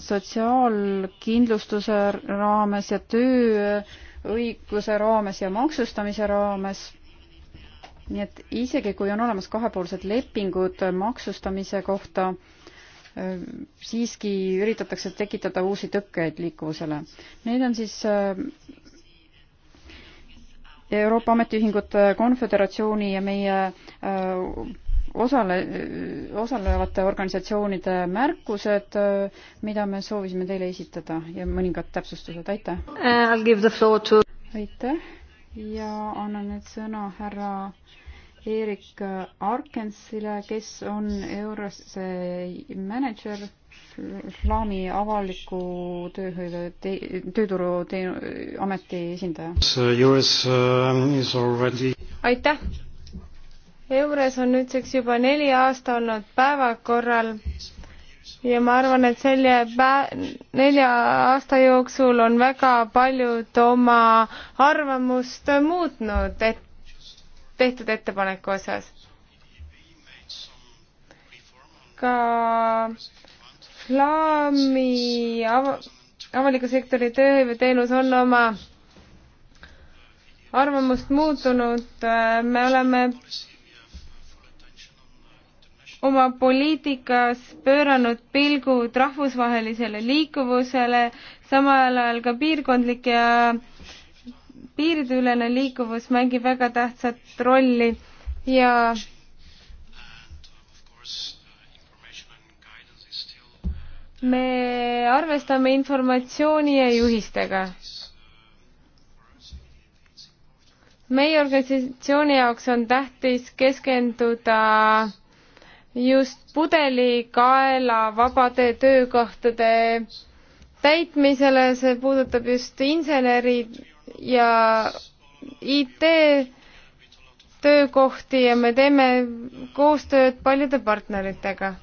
[SPEAKER 5] sotsiaalkindlustuse raames ja tööõiguse raames ja maksustamise raames. nii et isegi, kui on olemas kahepoolsed lepingud maksustamise kohta, siiski üritatakse tekitada uusi tõkkeid liikuvusele. Need on siis äh, Euroopa Ametiühingute Konföderatsiooni ja meie äh, osale, osalevate organisatsioonide märkused, äh, mida me soovisime teile esitada ja mõningad täpsustused, aitäh! Äh, to... aitäh ja annan nüüd sõna härra Erik Arkensile, kes on Eurose mänedžer reklaami avaliku tööhõive te,,
[SPEAKER 3] tööturu te, ameti esindaja.
[SPEAKER 2] Um,
[SPEAKER 3] aitäh! EURES on nüüdseks juba neli aasta olnud päevakorral ja ma arvan, et selle pä-, nelja aasta jooksul on väga paljud oma arvamust muutnud et-, tehtud ettepaneku osas. ka reklaami av avaliku sektori tööteenus on oma arvamust muutunud, me oleme oma poliitikas pööranud pilgud rahvusvahelisele liikuvusele, samal ajal ka piirkondlik ja piirideülene liikuvus mängib väga tähtsat rolli ja me arvestame informatsiooni ja juhistega. meie organisatsiooni jaoks on tähtis keskenduda just pudelikaela vabade töökohtade täitmisele, see puudutab just insenerid ja IT töökohti ja me teeme koostööd paljude partneritega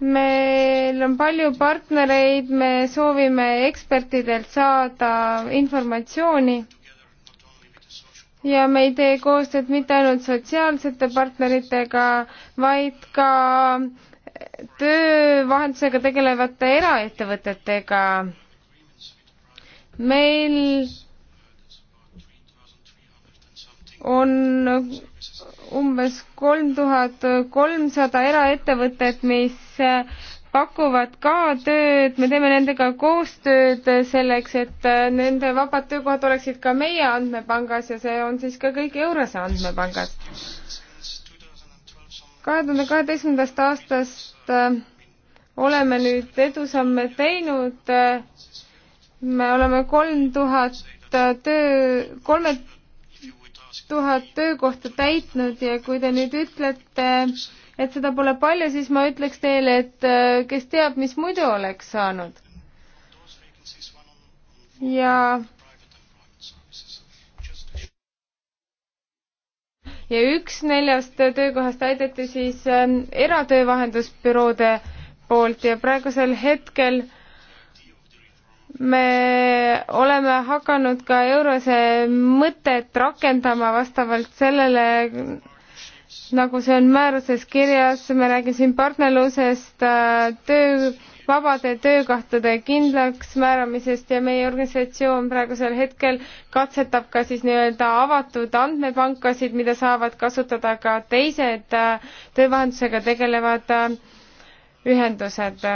[SPEAKER 3] meil on palju partnereid, me soovime ekspertidelt saada informatsiooni ja me ei tee koostööd mitte ainult sotsiaalsete partneritega, vaid ka töövahendusega tegelevate eraettevõtetega. meil on umbes kolm tuhat kolmsada eraettevõtet, mis pakuvad ka tööd, me teeme nendega koostööd selleks, et nende vabad töökohad oleksid ka meie andmepangas ja see on siis ka kõik Eurose andmepangas. kahe tuhande kaheteistkümnendast aastast äh, oleme nüüd edusamme teinud. Äh, me oleme kolm tuhat äh, töö, kolme tuhat töökohta täitnud ja kui te nüüd ütlete, et seda pole palju, siis ma ütleks teile, et äh, kes teab, mis muidu oleks saanud. ja ja üks neljast töökohast täideti siis äh, eratöövahendusbüroode poolt ja praegusel hetkel äh, me oleme hakanud ka Eurose mõtet rakendama vastavalt sellele, nagu see on määruses kirjas, me räägime siin partnerlusest, äh, töö, vabade töökohtade kindlaksmääramisest ja meie organisatsioon praegusel hetkel katsetab ka siis nii-öelda avatud andmepankasid, mida saavad kasutada ka teised äh, töövahendusega tegelevad äh, ühendused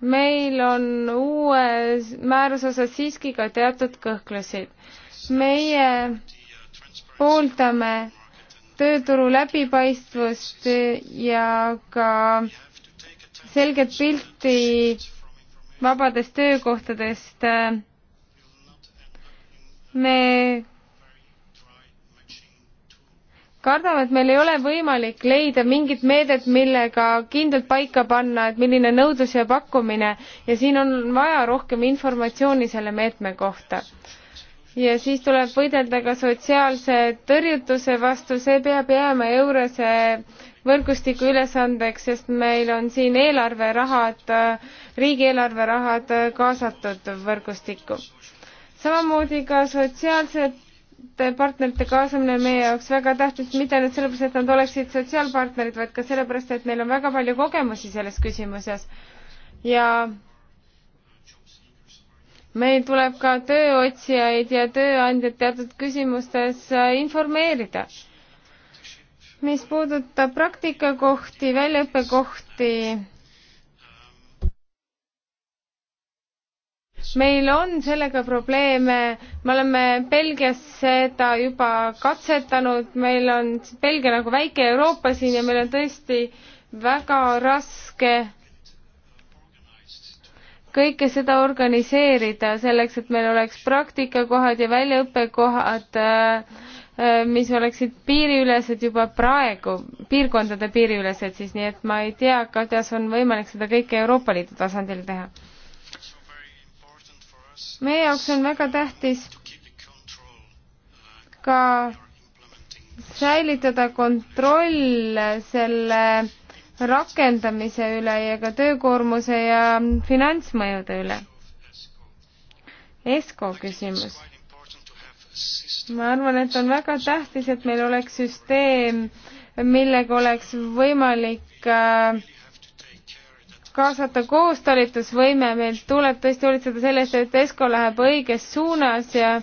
[SPEAKER 3] meil on uue määruse osas siiski ka teatud kõhklusi. meie pooldame tööturu läbipaistvust ja ka selget pilti vabadest töökohtadest. me kardan, et meil ei ole võimalik leida mingit meedet, millega kindlalt paika panna, et milline nõudlus ja pakkumine ja siin on vaja rohkem informatsiooni selle meetme kohta. ja siis tuleb võidelda ka sotsiaalse tõrjutuse vastu, see peab jääma Eurose võrgustiku ülesandeks, sest meil on siin eelarverahad, riigieelarverahad kaasatud võrgustikku samamoodi ka sotsiaalset partnerite kaasamine on meie jaoks väga tähtis, mitte ainult sellepärast, et nad oleksid sotsiaalpartnerid, vaid ka sellepärast, et neil on väga palju kogemusi selles küsimuses. ja meil tuleb ka tööotsijaid ja tööandjaid teatud küsimustes äh, informeerida. mis puudutab praktikakohti, väljaõppekohti, meil on sellega probleeme, me oleme Belgias seda juba katsetanud, meil on Belgia nagu väike Euroopa siin ja meil on tõesti väga raske kõike seda organiseerida selleks, et meil oleks praktikakohad ja väljaõppekohad, äh, mis oleksid piiriülesed juba praegu, piirkondade piiriülesed siis, nii et ma ei tea, kuidas on võimalik seda kõike Euroopa Liidu tasandil teha meie jaoks on väga tähtis ka säilitada kontroll selle rakendamise üle ja ka töökoormuse ja finantsmõjude üle. ESCO küsimus. ma arvan, et on väga tähtis, et meil oleks süsteem, millega oleks võimalik äh, kaasata koostalitusvõime, meil tuleb tõesti hoolitseda selle eest, et ESCO läheb õiges suunas ja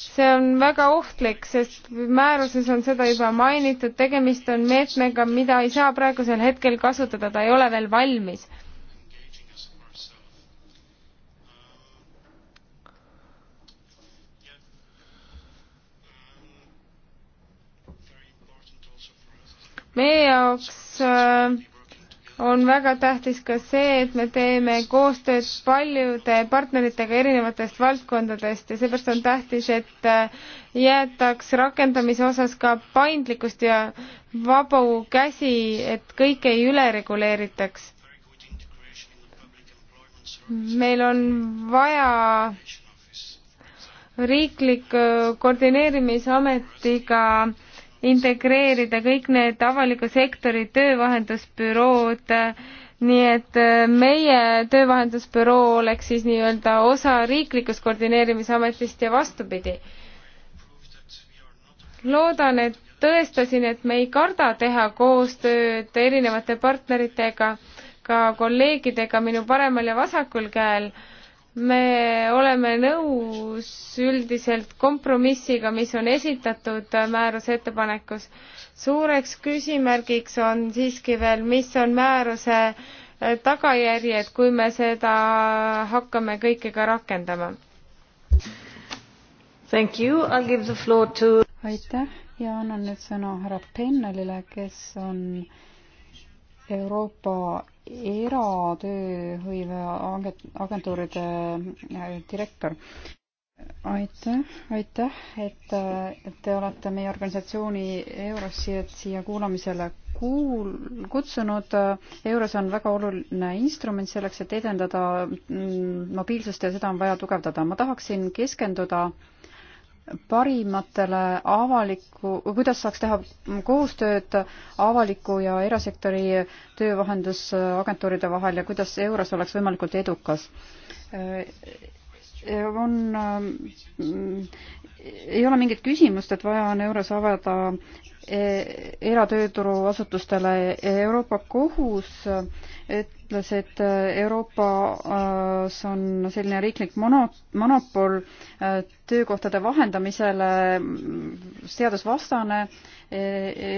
[SPEAKER 3] see on väga ohtlik, sest määruses on seda juba mainitud, tegemist on meetmega, mida ei saa praegusel hetkel kasutada, ta ei ole veel valmis. meie jaoks äh, on väga tähtis ka see, et me teeme koostööd paljude partneritega erinevatest valdkondadest ja seepärast on tähtis, et äh, jäetaks rakendamise osas ka paindlikkust ja vabu käsi, et kõike ei ülereguleeritaks. meil on vaja riiklik äh, koordineerimisametiga integreerida kõik need avaliku sektori töövahendusbürood, nii et äh, meie töövahendusbüroo oleks siis nii-öelda osa riiklikust koordineerimisametist ja vastupidi. loodan, et tõestasin, et me ei karda teha koostööd erinevate partneritega, ka kolleegidega minu paremal ja vasakul käel me oleme nõus üldiselt kompromissiga, mis on esitatud määruse ettepanekus. suureks küsimärgiks on siiski veel, mis on määruse tagajärjed, kui me seda hakkame kõike ka rakendama.
[SPEAKER 4] Thank you, I will give the floor to
[SPEAKER 5] aitäh ja annan nüüd sõna härra Pennalile, kes on Euroopa eratööhõive agentuuride äh, direktor. aitäh, aitäh, äh, et te olete meie organisatsiooni EUROS-i siia kuulamisele kuul-, kutsunud. EUROS on väga oluline instrument selleks, et edendada mm, mobiilsust ja seda on vaja tugevdada. ma tahaksin keskenduda parimatele avaliku, kuidas saaks teha koostööd avaliku ja erasektori töövahendusagentuuride vahel ja kuidas EURES oleks võimalikult edukas? Äh, on, äh, ei ole mingit küsimust, et vaja on EURES avada äh, eratööturu asutustele Euroopa Kohus, et ütles, et äh, Euroopas on selline riiklik mono, monopol äh, töökohtade vahendamisele mm, seadusvastane, e,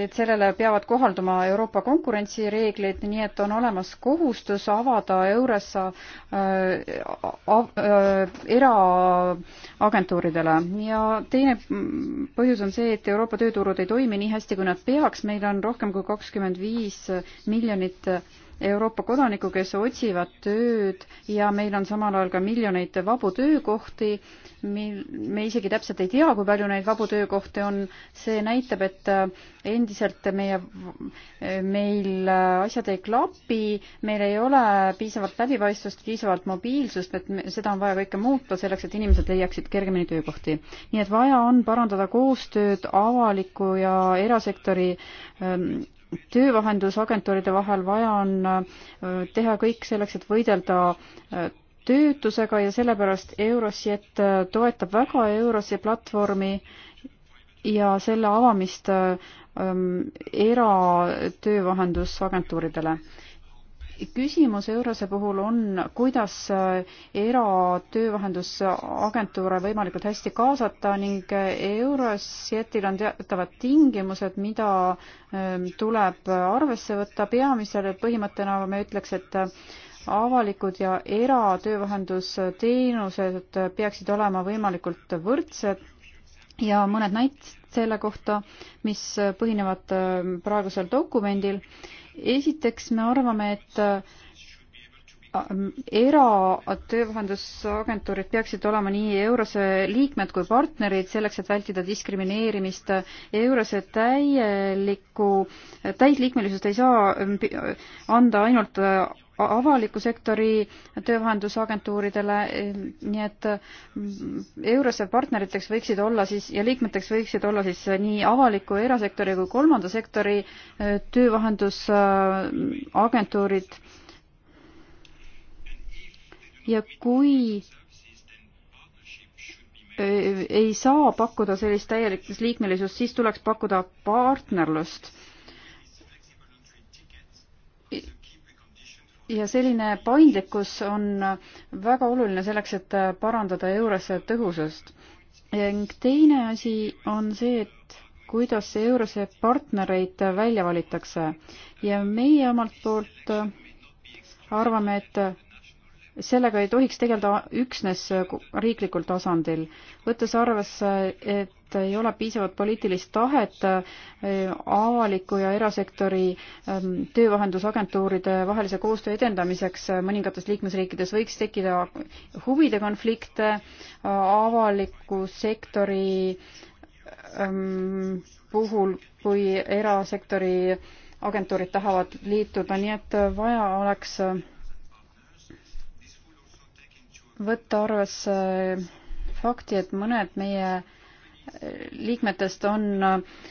[SPEAKER 5] et sellele peavad kohalduma Euroopa konkurentsireeglid, nii et on olemas kohustus avada EURES-a äh, eraagentuuridele. ja teine mm, põhjus on see, et Euroopa tööturud ei toimi nii hästi, kui nad peaks, meil on rohkem kui kakskümmend viis miljonit Euroopa kodanikku, kes otsivad tööd ja meil on samal ajal ka miljoneid vabu töökohti, mil me isegi täpselt ei tea, kui palju neid vabu töökohti on, see näitab, et äh, endiselt meie, meil äh, asjad ei klapi, meil ei ole piisavalt läbipaistvust, piisavalt mobiilsust, et me, seda on vaja kõike muuta selleks, et inimesed leiaksid kergemini töökohti. nii et vaja on parandada koostööd avaliku ja erasektori ähm, töövahendusagentuuride vahel, vaja on äh, teha kõik selleks, et võidelda äh, töötusega ja sellepärast Eurosiet äh, toetab väga Eurosi platvormi ja selle avamist ähm, eratöövahendusagentuuridele küsimus Eurose puhul on, kuidas eratöövahendusagentuure võimalikult hästi kaasata ning Eurosjetil on teatavad tingimused, mida ähm, tuleb arvesse võtta. peamise põhimõttena me ütleks, et avalikud ja eratöövahendusteenused peaksid olema võimalikult võrdsed ja mõned näited selle kohta, mis põhinevad äh, praegusel dokumendil. esiteks me arvame, et äh, eratöövahendusagentuurid peaksid olema nii Eurose liikmed kui partnerid selleks, et vältida diskrimineerimist. Eurose täielikku, täisliikmelisust ei saa anda ainult äh, avaliku sektori töövahendusagentuuridele, nii et Eurose partneriteks võiksid olla siis ja liikmeteks võiksid olla siis nii avaliku, erasektori kui kolmanda sektori äh, töövahendusagentuurid ja kui äh, ei saa pakkuda sellist täielikust liikmelisust, siis tuleks pakkuda partnerlust. ja selline paindlikkus on väga oluline selleks, et parandada EURES-e tõhusust. ning teine asi on see, et kuidas EURES-e partnereid välja valitakse ja meie omalt poolt arvame, et sellega ei tohiks tegeleda üksnes riiklikul tasandil, võttes arvesse, et ei ole piisavat poliitilist tahet eh, avaliku ja erasektori ehm, töövahendusagentuuride vahelise koostöö edendamiseks eh, mõningates liikmesriikides, võiks tekkida huvide konflikte avaliku sektori ehm, puhul, kui erasektori agentuurid tahavad liituda, nii et vaja oleks eh, võtta arvesse fakti, et mõned meie liikmetest on äh,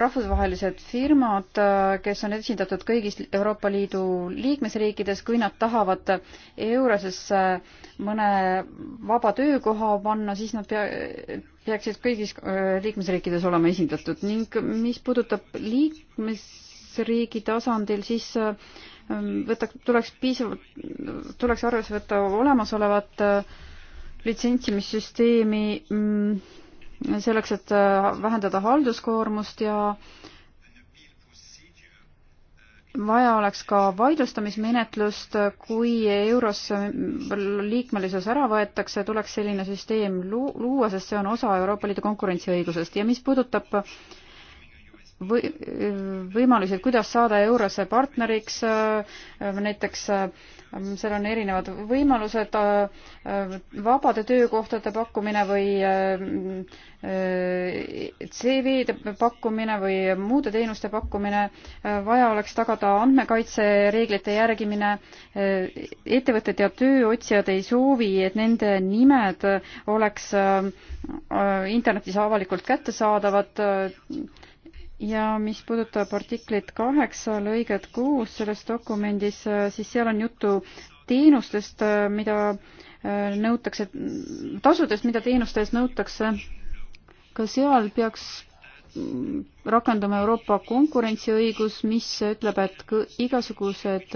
[SPEAKER 5] rahvusvahelised firmad, äh, kes on esindatud kõigis Euroopa Liidu liikmesriikides, kui nad tahavad Eurosesse mõne vaba töökoha panna, siis nad pea-, peaksid kõigis äh, liikmesriikides olema esindatud ning mis puudutab liikmesriigi tasandil, siis Ehm, võtaks, tuleks piisavalt, tuleks arvesse võtta olemasolevat äh, litsentsimissüsteemi mm, selleks, et äh, vähendada halduskoormust ja vaja oleks ka vaidlustamismenetlust, kui euros äh, liikmelisus ära võetakse, tuleks selline süsteem luua, sest see on osa Euroopa Liidu konkurentsiõigusest ja mis puudutab äh, või, võimalused, kuidas saada Eurose partneriks, äh, näiteks äh, seal on erinevad võimalused, äh, vabade töökohtade pakkumine või CV-de pakkumine või muude teenuste pakkumine, vaja oleks tagada andmekaitsereeglite järgimine, ettevõtted ja tööotsijad ei soovi, et nende nimed oleks internetis avalikult kättesaadavad, ja mis puudutab artiklit kaheksa lõiget kuus selles dokumendis, äh, siis seal on juttu teenustest, äh, mida äh, nõutakse, tasudest, mida teenuste eest nõutakse. ka seal peaks mm, rakendama Euroopa konkurentsiõigus, mis ütleb, et igasugused,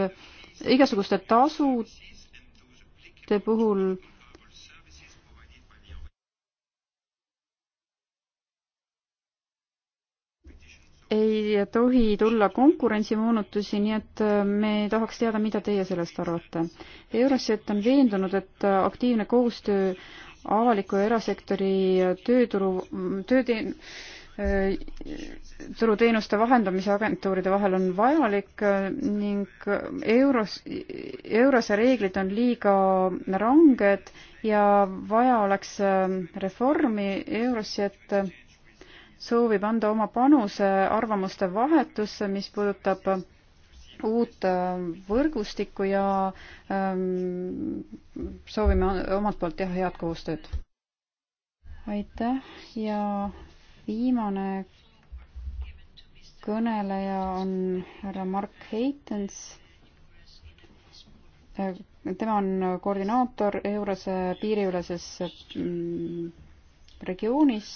[SPEAKER 5] igasuguste tasude puhul ei tohi tulla konkurentsimoonutusi, nii et äh, me tahaks teada, mida teie sellest arvate. Eurosett on veendunud, et aktiivne koostöö avaliku ja erasektori tööturu, tööteen-, äh, turuteenuste vahendamise agentuuride vahel on vajalik äh, ning euros, eurose reeglid on liiga ranged ja vaja oleks reformi eurosse, et soovib anda oma panuse arvamuste vahetusse, mis puudutab uut äh, võrgustikku ja ähm, soovime omalt poolt teha head koostööd. aitäh ja viimane kõneleja on härra Mark Heitens. Äh, tema on koordinaator Eurose piiriüleses mm, regioonis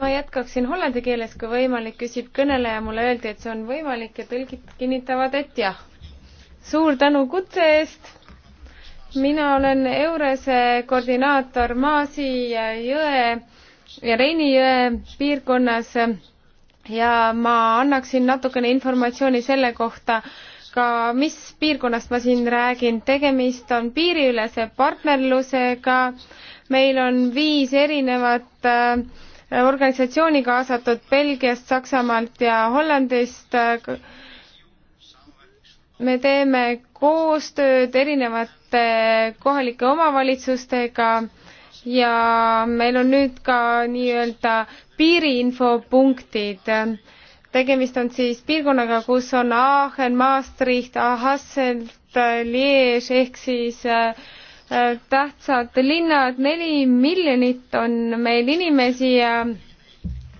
[SPEAKER 3] ma jätkaksin hollandi keeles, kui võimalik, küsib kõneleja, mulle öeldi, et see on võimalik ja tõlgid kinnitavad, et jah. suur tänu kutse eest. mina olen Eurese koordinaator Maasi ja jõe ja Reini jõe piirkonnas ja ma annaksin natukene informatsiooni selle kohta, ka mis piirkonnast ma siin räägin, tegemist on piiriülese partnerlusega äh, meil on viis erinevat äh, organisatsiooni kaasatud Belgiast, Saksamaalt ja Hollandist. Äh, me teeme koostööd erinevate kohalike omavalitsustega ja meil on nüüd ka nii-öelda piiriinfopunktid. tegemist on siis piirkonnaga, kus on Aachen, Maastricht, Hasselt, Liege ehk siis äh, Äh, tähtsad linnad, neli miljonit on meil inimesi ja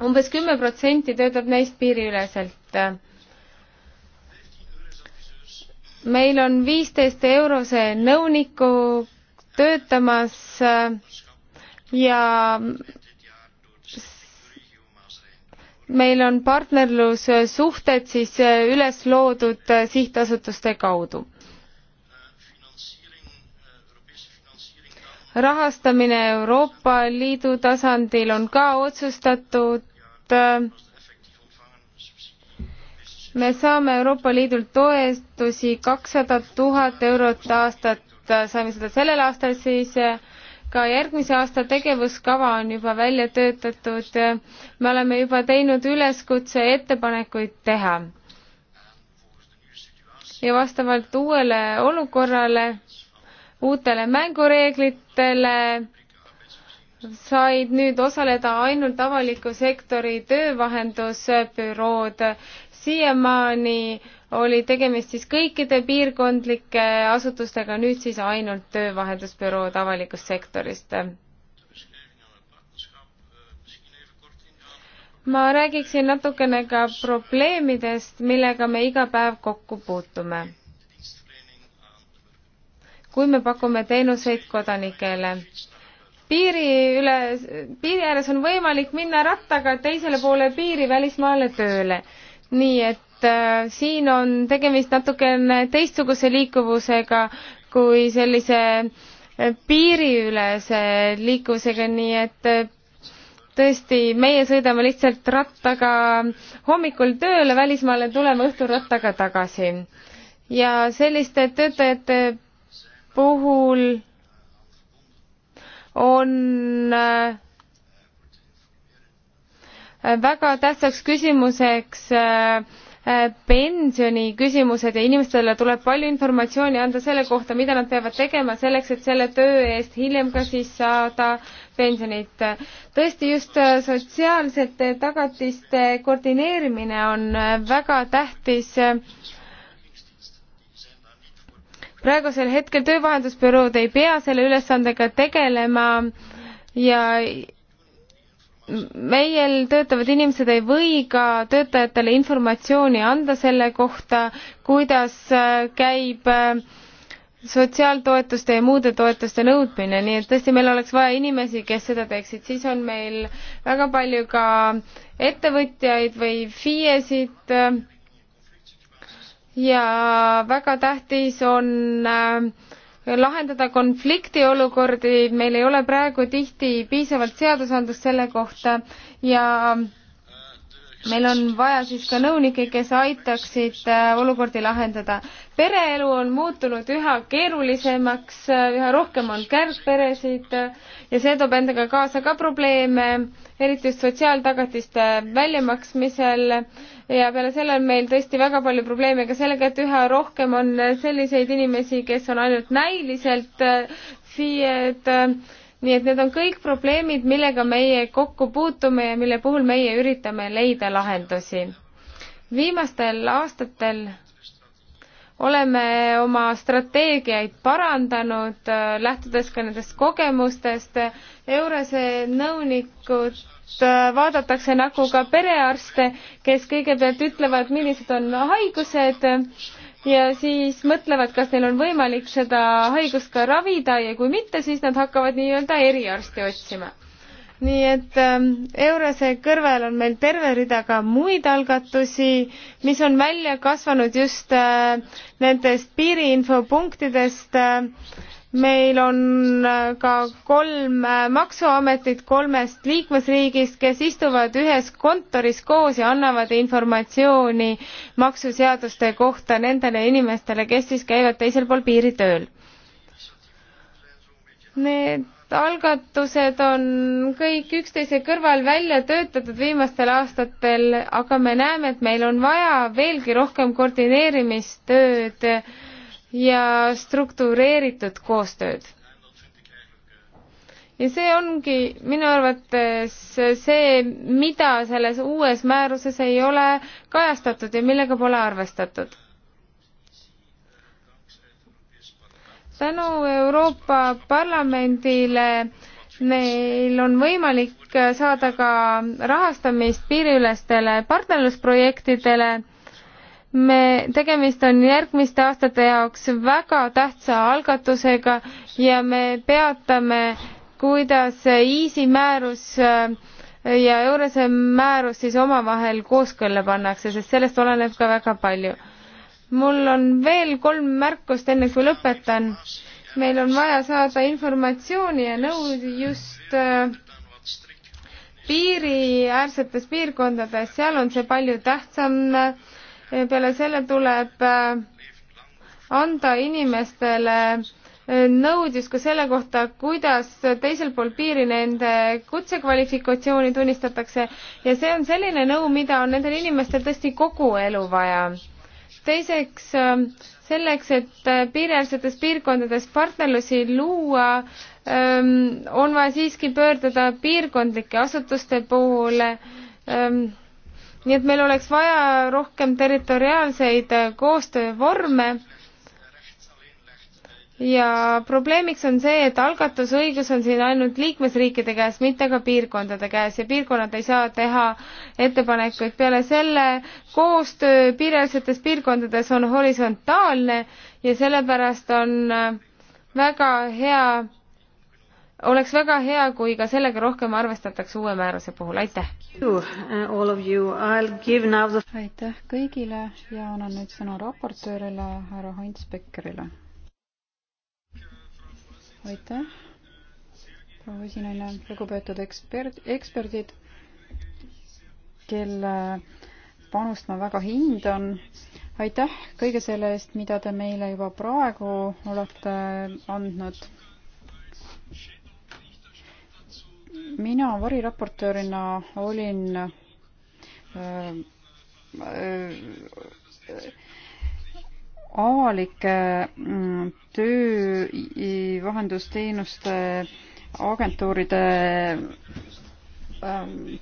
[SPEAKER 3] umbes kümme protsenti töötab neist piiriüleselt. meil on viisteist eurose nõuniku töötamas äh, ja meil on partnerlussuhted siis äh, üles loodud sihtasutuste kaudu rahastamine Euroopa Liidu tasandil on ka otsustatud. me saame Euroopa Liidult toetusi kakssada tuhat eurot aastat, saime seda sellel aastal siis ka järgmise aasta tegevuskava on juba välja töötatud. me oleme juba teinud üleskutse ettepanekuid teha. ja vastavalt uuele olukorrale uutele mängureeglitele said nüüd osaleda ainult avaliku sektori töövahendusbürood. siiamaani oli tegemist siis kõikide piirkondlike asutustega, nüüd siis ainult töövahendusbürood avalikust sektorist. ma räägiksin natukene ka probleemidest, millega me iga päev kokku puutume kui me pakume teenuseid kodanikele. piiri üle, piiri ääres on võimalik minna rattaga teisele poole piiri välismaale tööle. nii et äh, siin on tegemist natukene teistsuguse liikuvusega kui sellise äh, piiriülese liikuvusega, nii et äh, tõesti, meie sõidame lihtsalt rattaga hommikul tööle, välismaale tuleme õhtul rattaga tagasi. ja selliste töötajate puhul on äh, väga tähtsaks küsimuseks äh, äh, pensioni küsimused ja inimestele tuleb palju informatsiooni anda selle kohta, mida nad peavad tegema selleks, et selle töö eest hiljem ka siis saada pensionit. tõesti, just sotsiaalsete tagatiste koordineerimine on väga tähtis äh, praegusel hetkel töövahendusbürood ei pea selle ülesandega tegelema ja meil töötavad inimesed ei või ka töötajatele informatsiooni anda selle kohta, kuidas käib äh, sotsiaaltoetuste ja muude toetuste nõudmine, nii et tõesti, meil oleks vaja inimesi, kes seda teeksid, siis on meil väga palju ka ettevõtjaid või FIE-sid, äh, ja väga tähtis on äh, lahendada konfliktiolukordi, meil ei ole praegu tihti piisavalt seadusandlust selle kohta ja meil on vaja siis ka nõunikke, kes aitaksid äh, olukordi lahendada. pereelu on muutunud üha keerulisemaks, äh, üha rohkem on kärgperesid ja see toob endaga kaasa ka probleeme eriti just sotsiaaltagatiste väljamaksmisel ja peale selle on meil tõesti väga palju probleeme ka sellega, et üha rohkem on selliseid inimesi, kes on ainult näiliselt äh, FIE-d, nii et need on kõik probleemid, millega meie kokku puutume ja mille puhul meie üritame leida lahendusi. viimastel aastatel oleme oma strateegiaid parandanud, äh, lähtudes ka nendest kogemustest. Eurose nõunikud äh, vaadatakse nagu ka perearste, kes kõigepealt ütlevad, millised on haigused ja siis mõtlevad, kas neil on võimalik seda haigust ka ravida ja kui mitte, siis nad hakkavad nii-öelda eriarsti otsima nii et ähm, Eurose kõrval on meil terve rida ka muid algatusi, mis on välja kasvanud just äh, nendest piiriinfopunktidest. meil on äh, ka kolm äh, maksuametit kolmest liikmesriigist, kes istuvad ühes kontoris koos ja annavad informatsiooni maksuseaduste kohta nendele inimestele, kes siis käivad teisel pool piiri tööl. Need algatused on kõik üksteise kõrval välja töötatud viimastel aastatel, aga me näeme, et meil on vaja veelgi rohkem koordineerimistööd ja struktureeritud koostööd. ja see ongi minu arvates see, mida selles uues määruses ei ole kajastatud ja millega pole arvestatud tänu Euroopa Parlamendile neil on võimalik saada ka rahastamist piiriülestele partnerlusprojektidele. me, tegemist on järgmiste aastate jaoks väga tähtsa algatusega ja me peatame, kuidas EASY määrus äh, ja Eurose määrus siis omavahel kooskõlla pannakse, sest sellest oleneb ka väga palju mul on veel kolm märkust, enne kui lõpetan. meil on vaja saada informatsiooni ja nõu just äh, piiriäärsetes piirkondades, seal on see palju tähtsam. peale selle tuleb äh, anda inimestele äh, nõudis ka selle kohta, kuidas teisel pool piiri nende kutsekvalifikatsiooni tunnistatakse ja see on selline nõu, mida on nendel inimestel tõesti kogu elu vaja teiseks, ähm, selleks, et äh, piiriäärsetes piirkondades partnerlusi luua, ähm, on vaja siiski pöörduda piirkondlike asutuste poole. Ähm, nii et meil oleks vaja rohkem territoriaalseid äh, koostöövorme ja probleemiks on see, et algatusõigus on siin ainult liikmesriikide käes, mitte ka piirkondade käes ja piirkonnad ei saa teha ettepanekuid. peale selle koostöö piiriäärsetes piirkondades on horisontaalne ja sellepärast on äh, väga hea, oleks väga hea, kui ka sellega rohkem arvestatakse uue määruse puhul, aitäh!
[SPEAKER 4] aitäh kõigile
[SPEAKER 5] ja annan nüüd sõna raportöörile, härra Hans Beckerile aitäh, proua esinaine, lugupeetud ekspert, eksperdid, kelle panust ma väga hindan. aitäh kõige selle eest, mida te meile juba praegu olete andnud. mina variraportöörina olin öö, äh, öö, äh, avalike mm, töövahendusteenuste agentuuride ähm,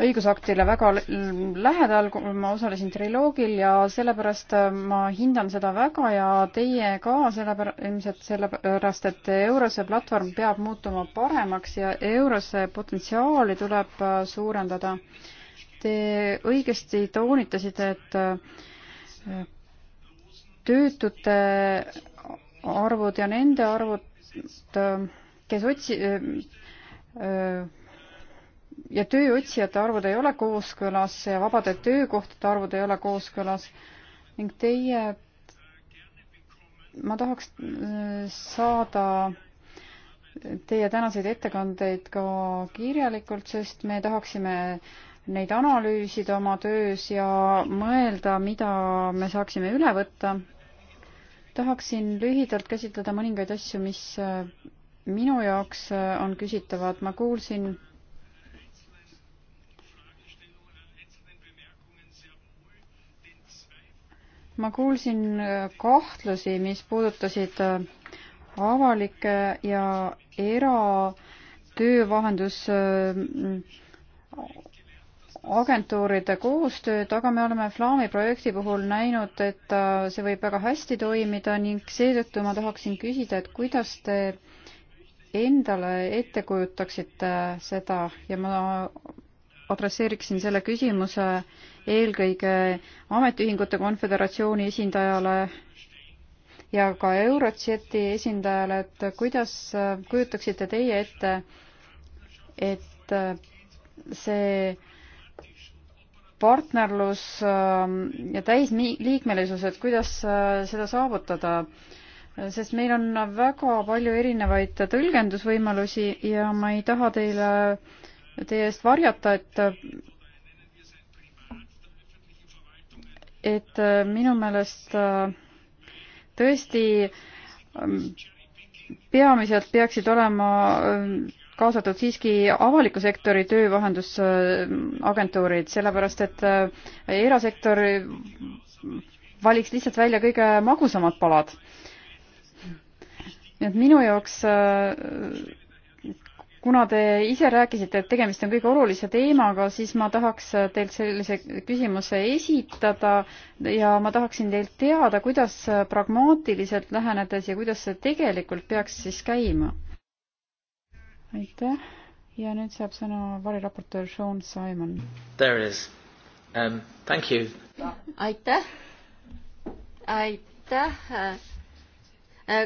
[SPEAKER 5] õigusaktile väga lähedal, kui ma osalesin triloogil ja sellepärast äh, ma hindan seda väga ja teie ka sellepärast, ilmselt sellepärast, et Eurose platvorm peab muutuma paremaks ja Eurose potentsiaali tuleb äh, suurendada. Te õigesti toonitasite, et äh, töötute arvud ja nende arvud, äh, kes otsi- äh, ja tööotsijate arvud ei ole kooskõlas ja vabade töökohtade arvud ei ole kooskõlas ning teie, ma tahaks saada teie tänaseid ettekandeid ka kirjalikult, sest me tahaksime äh, neid analüüsida oma töös ja mõelda, mida me saaksime üle võtta. tahaksin lühidalt käsitleda mõningaid asju, mis äh, minu jaoks äh, on küsitavad. ma kuulsin ma kuulsin äh, kahtlusi, mis puudutasid avalikke ja eratöövahendus agentuuride koostööd, aga me oleme Flaami projekti puhul näinud, et äh, see võib väga hästi toimida ning seetõttu ma tahaksin küsida, et kuidas te endale ette kujutaksite seda ja ma adresseeriksin selle küsimuse eelkõige Ametiühingute Konföderatsiooni esindajale ja ka Eurotseti esindajale, et kuidas äh, kujutaksite teie ette, et äh, see partnerlus ähm, ja täisliikmelisus, et kuidas äh, seda saavutada, sest meil on väga palju erinevaid tõlgendusvõimalusi ja ma ei taha teile, teie eest varjata, et et äh, minu meelest äh, tõesti ähm, peamiselt peaksid olema ähm, kaasatud siiski avaliku sektori töövahendusagentuurid, sellepärast et äh, erasektor valiks lihtsalt välja kõige magusamad palad. nii et minu jaoks, äh, kuna te ise rääkisite, et tegemist on kõige olulise teemaga, siis ma tahaks teilt sellise küsimuse esitada ja ma tahaksin teilt teada, kuidas pragmaatiliselt lähenedes ja kuidas see tegelikult peaks siis käima aitäh ja nüüd saab sõna variraportöör Sean Simon.
[SPEAKER 4] There it is um,. Thank you.
[SPEAKER 1] aitäh. aitäh äh,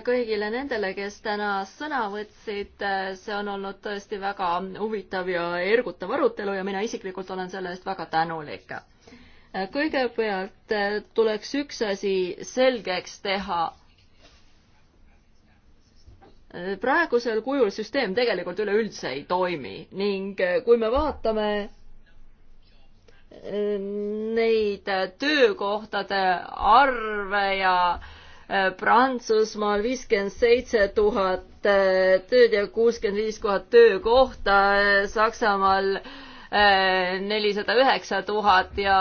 [SPEAKER 1] kõigile nendele, kes täna sõna võtsid, see on olnud tõesti väga huvitav ja ergutav arutelu ja mina isiklikult olen selle eest väga tänulik. Äh, kõigepealt äh, tuleks üks asi selgeks teha praegusel kujul süsteem tegelikult üleüldse ei toimi ning eh, kui me vaatame eh, neid töökohtade arve ja eh, Prantsusmaal viiskümmend seitse tuhat tööd ja kuuskümmend viis tuhat töökohta, Saksamaal nelisada üheksa tuhat ja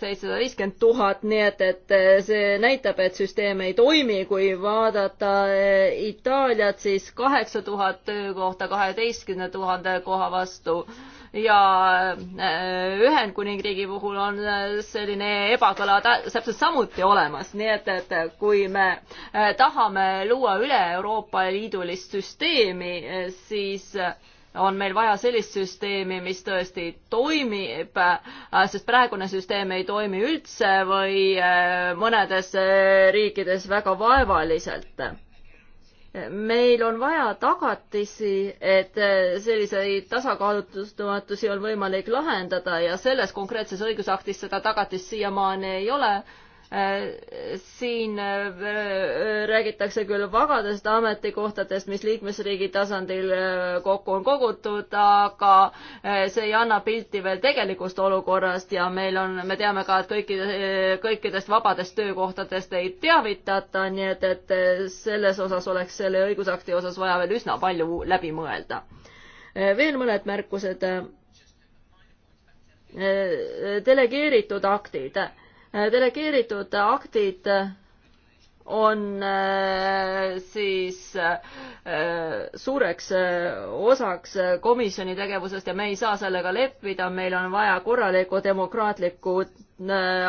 [SPEAKER 1] seitsesada viiskümmend tuhat, nii et, et see näitab, et süsteem ei toimi. kui vaadata eh, Itaaliat, siis kaheksa tuhat töökohta kaheteistkümne tuhande koha vastu ja eh, Ühendkuningriigi puhul on eh, selline ebakõla täpselt samuti olemas, nii et, et kui me tahame luua üle Euroopa Liidulist süsteemi, siis on meil vaja sellist süsteemi, mis tõesti toimib, äh, sest praegune süsteem ei toimi üldse või äh, mõnedes äh, riikides väga vaevaliselt. meil on vaja tagatisi, et selliseid tasakaalutustumatusi on võimalik lahendada ja selles konkreetses õigusaktis seda tagatist siiamaani ei ole Äh, siin äh, räägitakse küll vagadest ametikohtadest, mis liikmesriigi tasandil äh, kokku on kogutud, aga see ei anna pilti veel tegelikust olukorrast ja meil on, me teame ka, et kõikide, kõikidest vabadest töökohtadest ei teavitata, nii et, et selles osas oleks selle õigusakti osas vaja veel üsna palju läbi mõelda. veel mõned märkused. delegeeritud aktid Äh, delegeeritud aktid äh, on äh, siis suureks osaks komisjoni tegevusest ja me ei saa sellega leppida, meil on vaja korralikku demokraatlikku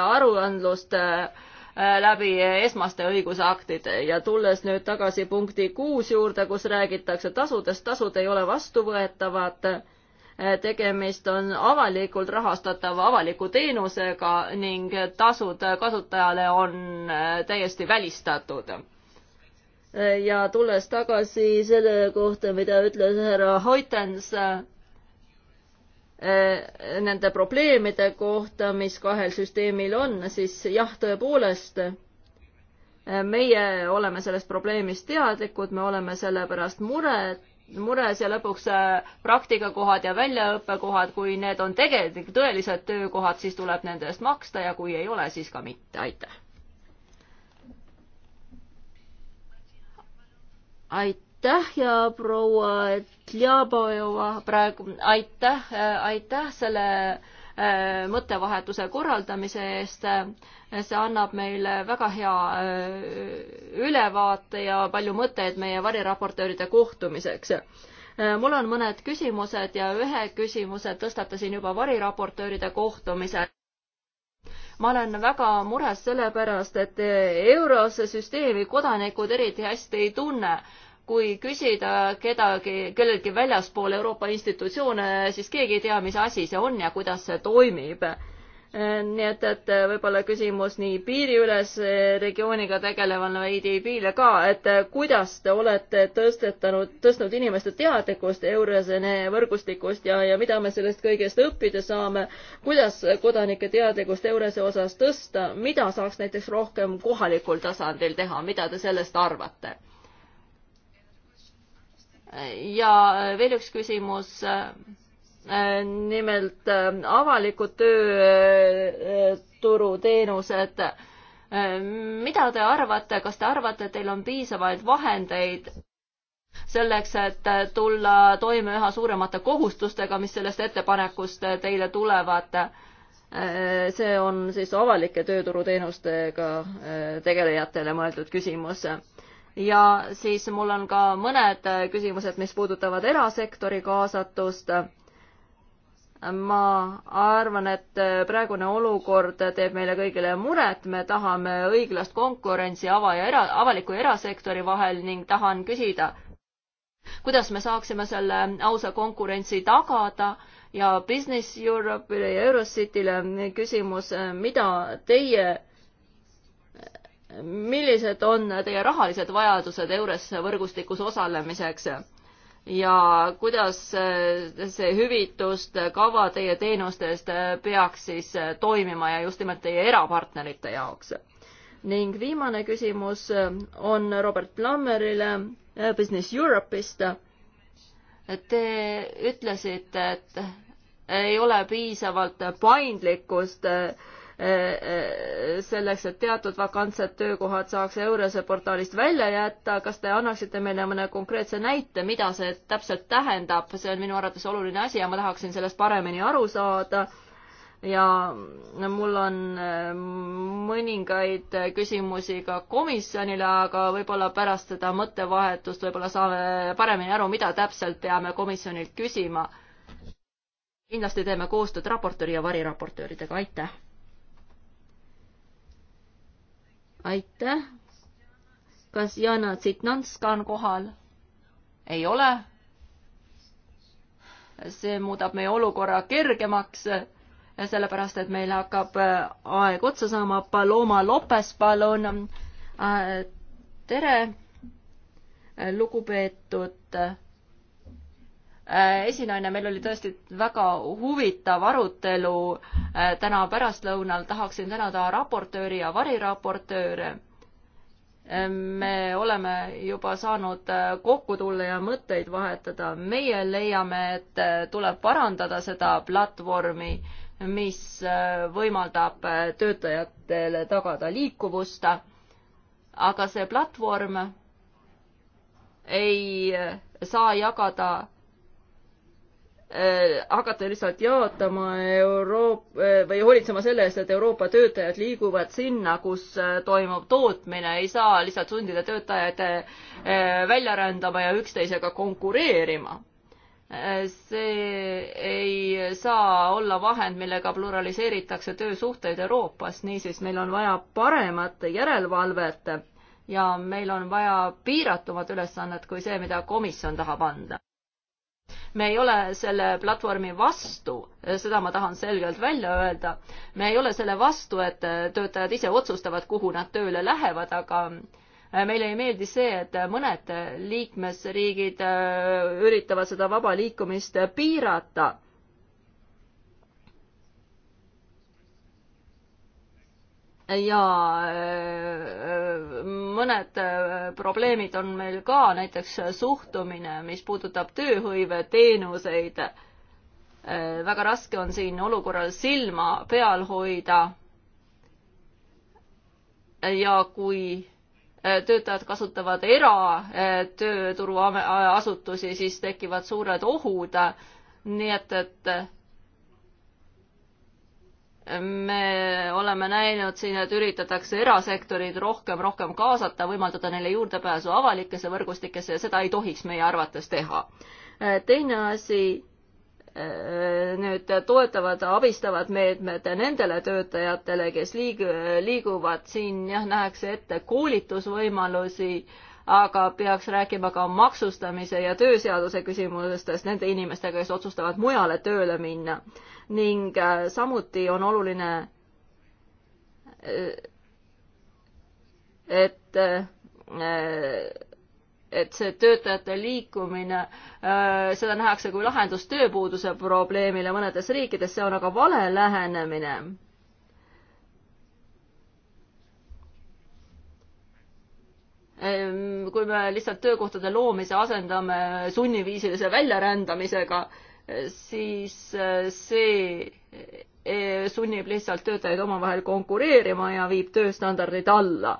[SPEAKER 1] aruandlust läbi esmaste õigusaktide ja tulles nüüd tagasi punkti kuus juurde, kus räägitakse tasudest, tasud ei ole vastuvõetavad tegemist on avalikult rahastatava avaliku teenusega ning tasud kasutajale on äh, täiesti välistatud. ja tulles tagasi selle kohta, mida ütles härra Hoitens, äh, nende probleemide kohta, mis kahel süsteemil on, siis jah, tõepoolest, äh, meie oleme sellest probleemist teadlikud, me oleme selle pärast mured, mures ja lõpuks äh, praktikakohad ja väljaõppekohad, kui need on tegelikult tõelised töökohad, siis tuleb nende eest maksta ja kui ei ole, siis ka mitte, aitäh. aitäh ja proua Tljabojeva praegu, aitäh, äh, aitäh selle Äh, mõttevahetuse korraldamise eest. see annab meile väga hea äh, ülevaate ja palju mõtteid meie variraportööride kohtumiseks. Äh, mul on mõned küsimused ja ühe küsimuse tõstatasin juba variraportööride kohtumisel ma olen väga mures sellepärast, et Eurose süsteemi kodanikud eriti hästi ei tunne kui küsida kedagi, kelleltki väljaspool Euroopa institutsioone, siis keegi ei tea, mis asi see on ja kuidas see toimib. nii et, et võib-olla küsimus nii piiriülese regiooniga tegelevale e IDB-le ka, et kuidas te olete tõstetanud, tõstnud inimeste teadlikkust Eurosene võrgustikust ja, ja mida me sellest kõigest õppida saame, kuidas kodanike teadlikkust Eurose osas tõsta, mida saaks näiteks rohkem kohalikul tasandil teha, mida te sellest arvate? ja veel üks küsimus nimelt äh, avalikud tööturuteenused. Äh, mida te arvate, kas te arvate, et teil on piisavaid vahendeid selleks, et tulla toime üha suuremate kohustustega, mis sellest ettepanekust teile tulevad? Äh, see on siis avalike tööturuteenustega tegelejatele mõeldud küsimus ja siis mul on ka mõned äh, küsimused, mis puudutavad erasektori kaasatust. ma arvan, et äh, praegune olukord teeb meile kõigile muret, me tahame õiglast konkurentsi ava- ja era, avaliku ja erasektori vahel ning tahan küsida, kuidas me saaksime selle ausa konkurentsi tagada ja Business Europe'ile ja Eurocity'le küsimus, äh, mida teie millised on teie rahalised vajadused EURES võrgustikus osalemiseks ja kuidas see hüvituste kava teie teenustest peaks siis toimima ja just nimelt teie erapartnerite jaoks? ning viimane küsimus on Robert Plammerile äh, Business Europe'ist. Te ütlesite, et ei ole piisavalt paindlikkust äh, selleks, et teatud vakantsed töökohad saaks Eurose portaalist välja jätta, kas te annaksite meile mõne konkreetse näite, mida see täpselt tähendab, see on minu arvates oluline asi ja ma tahaksin sellest paremini aru saada ja mul on äh, mõningaid küsimusi ka komisjonile, aga võib-olla pärast seda mõttevahetust võib-olla saame paremini aru, mida täpselt peame komisjonilt küsima. kindlasti teeme koostööd raportööri ja variraportööridega, aitäh! aitäh. kas Jana Tsitnanska on kohal? ei ole. see muudab meie olukorra kergemaks, sellepärast et meil hakkab äh, aeg otsa saama. Paloma Lopes, palun. Äh, tere, lugupeetud Äh, esinaine, meil oli tõesti väga huvitav arutelu äh, täna pärastlõunal, tahaksin tänada raportööri ja variraportööre. Äh, me oleme juba saanud kokku tulla ja mõtteid vahetada, meie leiame, et tuleb parandada seda platvormi, mis võimaldab töötajatele tagada liikuvust, aga see platvorm ei saa jagada Äh, hakata lihtsalt jaotama Euroop- äh, või hoolitsema selle eest, et Euroopa töötajad liiguvad sinna, kus äh, toimub tootmine, ei saa lihtsalt sundida töötajaid välja rändama ja üksteisega konkureerima. see ei saa olla vahend, millega pluraliseeritakse töösuhteid Euroopas, niisiis meil on vaja paremat järelevalvet ja meil on vaja piiratumat ülesannet kui see, mida komisjon tahab anda me ei ole selle platvormi vastu, seda ma tahan selgelt välja öelda, me ei ole selle vastu, et töötajad ise otsustavad, kuhu nad tööle lähevad, aga meile ei meeldi see, et mõned liikmesriigid äh, üritavad seda vaba liikumist piirata ja äh, mõned äh, probleemid on meil ka, näiteks suhtumine, mis puudutab tööhõiveteenuseid. Äh, väga raske on siin olukorral silma peal hoida. ja kui töötajad kasutavad eratööturu asutusi, siis tekivad suured ohud. nii et, et me oleme näinud siin, et üritatakse erasektorid rohkem, rohkem kaasata, võimaldada neile juurdepääsu avalikesse võrgustikesse ja seda ei tohiks meie arvates teha. Äh, teine asi, äh, nüüd toetavad, abistavad meetmed nendele töötajatele, kes liig-, liiguvad siin, jah, nähakse ette koolitusvõimalusi, aga peaks rääkima ka maksustamise ja tööseaduse küsimustest nende inimestega, kes otsustavad mujale tööle minna ning äh, samuti on oluline, äh, et, äh, et see töötajate liikumine, seda nähakse kui lahendus tööpuuduse probleemile mõnedes riikides, see on aga vale lähenemine ehm, kui me lihtsalt töökohtade loomise asendame sunniviisilise väljarändamisega, siis äh, see äh, sunnib lihtsalt töötajaid omavahel konkureerima ja viib tööstandardid alla.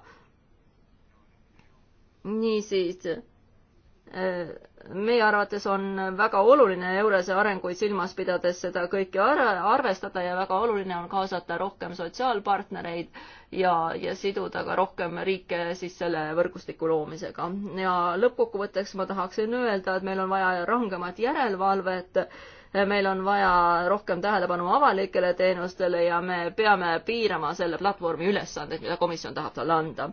[SPEAKER 1] niisiis, äh, meie arvates on väga oluline Eurese arenguid silmas pidades seda kõike arvestada ja väga oluline on kaasata rohkem sotsiaalpartnereid ja, ja siduda ka rohkem riike siis selle võrgustiku loomisega. ja lõppkokkuvõtteks ma tahaksin öelda, et meil on vaja rangemat järelevalvet, meil on vaja rohkem tähelepanu avalikele teenustele ja me peame piirama selle platvormi ülesandeid, mida komisjon tahab talle anda.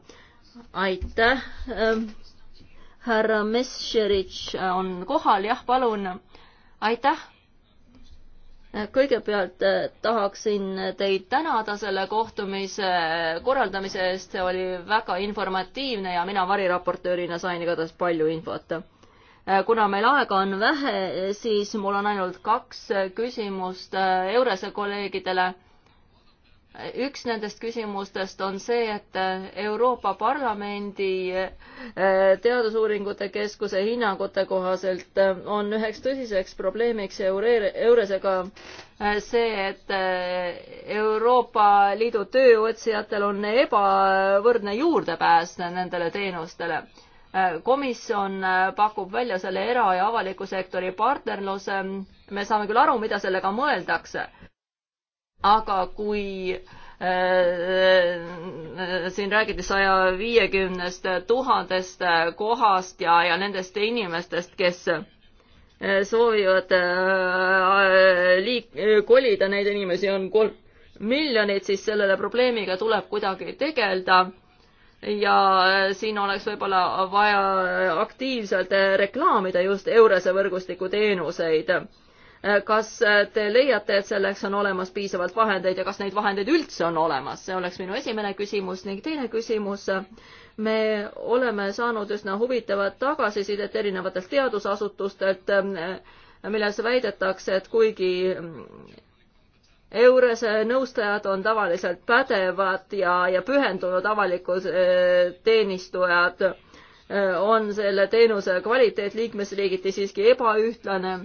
[SPEAKER 1] aitäh ähm, härra Messerich on kohal, jah, palun. aitäh kõigepealt eh, tahaksin teid tänada selle kohtumise korraldamise eest, see oli väga informatiivne ja mina variraportöörina sain igatahes palju infot. Eh, kuna meil aega on vähe, siis mul on ainult kaks küsimust eh, Eurese kolleegidele üks nendest küsimustest on see, et Euroopa Parlamendi eh, Teadusuuringute Keskuse hinnangute kohaselt eh, on üheks tõsiseks probleemiks Euresega eh, see, et Euroopa Liidu tööotsijatel on ebavõrdne juurdepääs nendele teenustele komisjon pakub välja selle era- ja avaliku sektori partnerluse. me saame küll aru, mida sellega mõeldakse aga kui äh, äh, siin räägiti saja viiekümnest tuhandest kohast ja, ja nendest inimestest, kes äh, soovivad liik-, kolida, neid inimesi on kolm miljonit, siis sellele probleemiga tuleb kuidagi tegeleda. ja siin oleks võib-olla vaja aktiivselt reklaamida just Eurese võrgustiku teenuseid Äh, kas äh, te leiate, et selleks on olemas piisavalt vahendeid ja kas neid vahendeid üldse on olemas, see oleks minu esimene küsimus ning teine küsimus. Äh, me oleme saanud üsna huvitavat tagasisidet erinevatelt teadusasutustelt, milles väidetakse, et kuigi Eurese nõustajad on tavaliselt pädevad ja, ja pühendunud avalikud teenistujad, on selle teenuse kvaliteet liikmesriigiti siiski ebaühtlane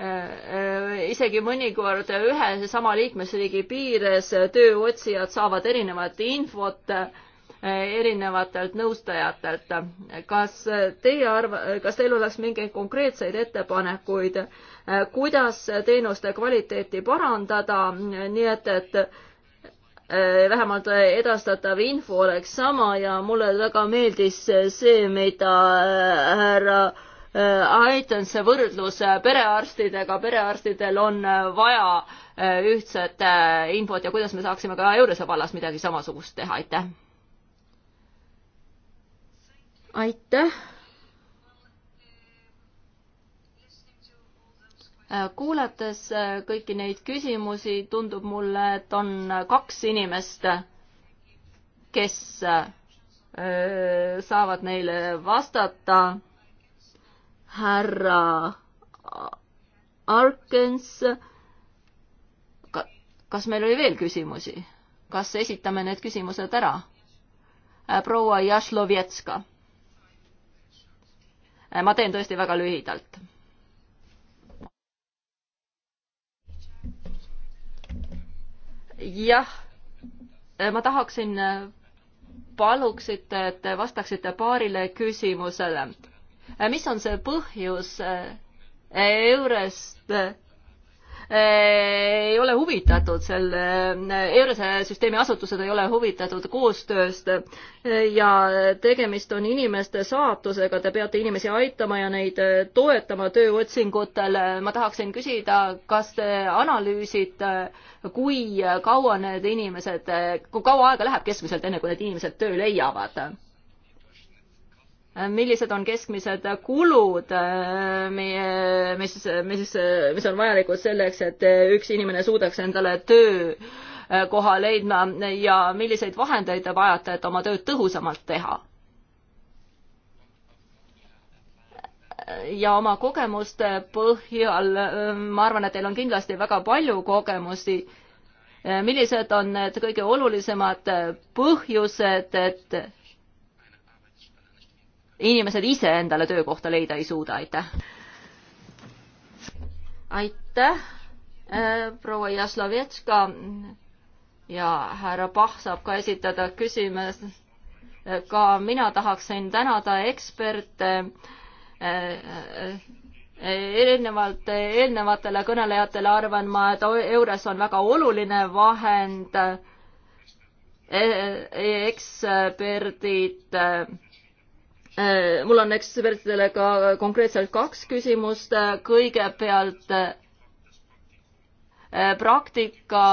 [SPEAKER 1] Äh, äh, isegi mõnikord ühe sama liikmesriigi piires tööotsijad saavad erinevat infot äh, erinevatelt nõustajatelt. kas teie arv-, kas teil oleks mingeid konkreetseid ettepanekuid, kuidas teenuste kvaliteeti parandada, nii et, et vähemalt edastatav info oleks sama ja mulle väga meeldis see, mida härra äh, Äh, aitan see võrdlus äh, perearstidega, perearstidel on äh, vaja ühtset infot ja kuidas me saaksime ka Eurose vallas midagi samasugust teha, aitäh. aitäh. kuulates kõiki neid küsimusi, tundub mulle, et on kaks inimest, kes saavad neile vastata härra Arkens. kas meil oli veel küsimusi? kas esitame need küsimused ära? Äh, proua Jašlovetska. Äh, ma teen tõesti väga lühidalt. jah, äh, ma tahaksin, paluksite, et vastaksite paarile küsimusele Äh, mis on see põhjus äh, Eurest äh, ei ole huvitatud selle, Eurose süsteemi asutused ei ole huvitatud koostööst ja tegemist on inimeste saatusega, te peate inimesi aitama ja neid toetama tööotsingutel. ma tahaksin küsida, kas te analüüsite, kui kaua need inimesed, kui kaua aega läheb keskmiselt, enne kui need inimesed töö leiavad? millised on keskmised kulud, äh, mis, mis, mis on vajalikud selleks, et üks inimene suudaks endale töökoha leidma ja milliseid vahendeid te vajate, et oma tööd tõhusamalt teha? ja oma kogemuste põhjal äh, ma arvan, et teil on kindlasti väga palju kogemusi. Äh, millised on need kõige olulisemad põhjused, et inimesed ise endale töökohta leida ei suuda, aitäh. aitäh, äh, proua Jaslovetška ja härra Pahh saab ka esitada küsimuse. Äh, ka mina tahaksin tänada eksperte äh, erinevalt eelnevatele kõnelejatele arvan ma, et EURES on väga oluline vahend e. e- eksperdid Äh, mul on ekspertidele ka konkreetselt kaks küsimust. kõigepealt äh, praktika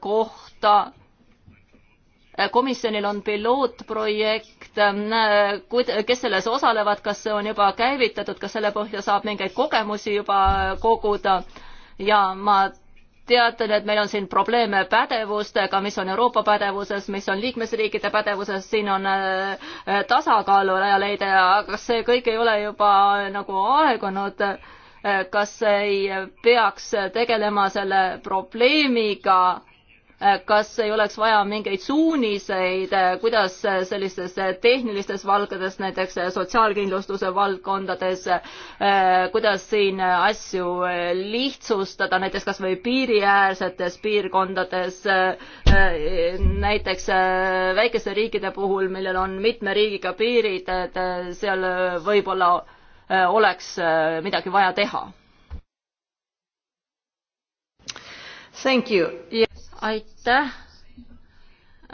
[SPEAKER 1] kohta. Äh, komisjonil on pilootprojekt, kes selles osalevad, kas see on juba käivitatud, kas selle põhja saab mingeid kogemusi juba koguda? ja ma teatan, et meil on siin probleeme pädevustega, mis on Euroopa pädevuses, mis on liikmesriikide pädevuses, siin on äh, äh, tasakaalu vaja leida ja kas see kõik ei ole juba äh, nagu aegunud? kas ei peaks tegelema selle probleemiga? Eh, kas ei oleks vaja mingeid suuniseid, eh, kuidas eh, sellistes tehnilistes valdkondades, näiteks sotsiaalkindlustuse valdkondades, kuidas siin asju lihtsustada, näiteks kas või piiriäärsetes piirkondades, näiteks väikeste riikide puhul, millel on mitme riigiga piirid, et seal võib-olla oleks midagi vaja teha? Thank you yeah aitäh.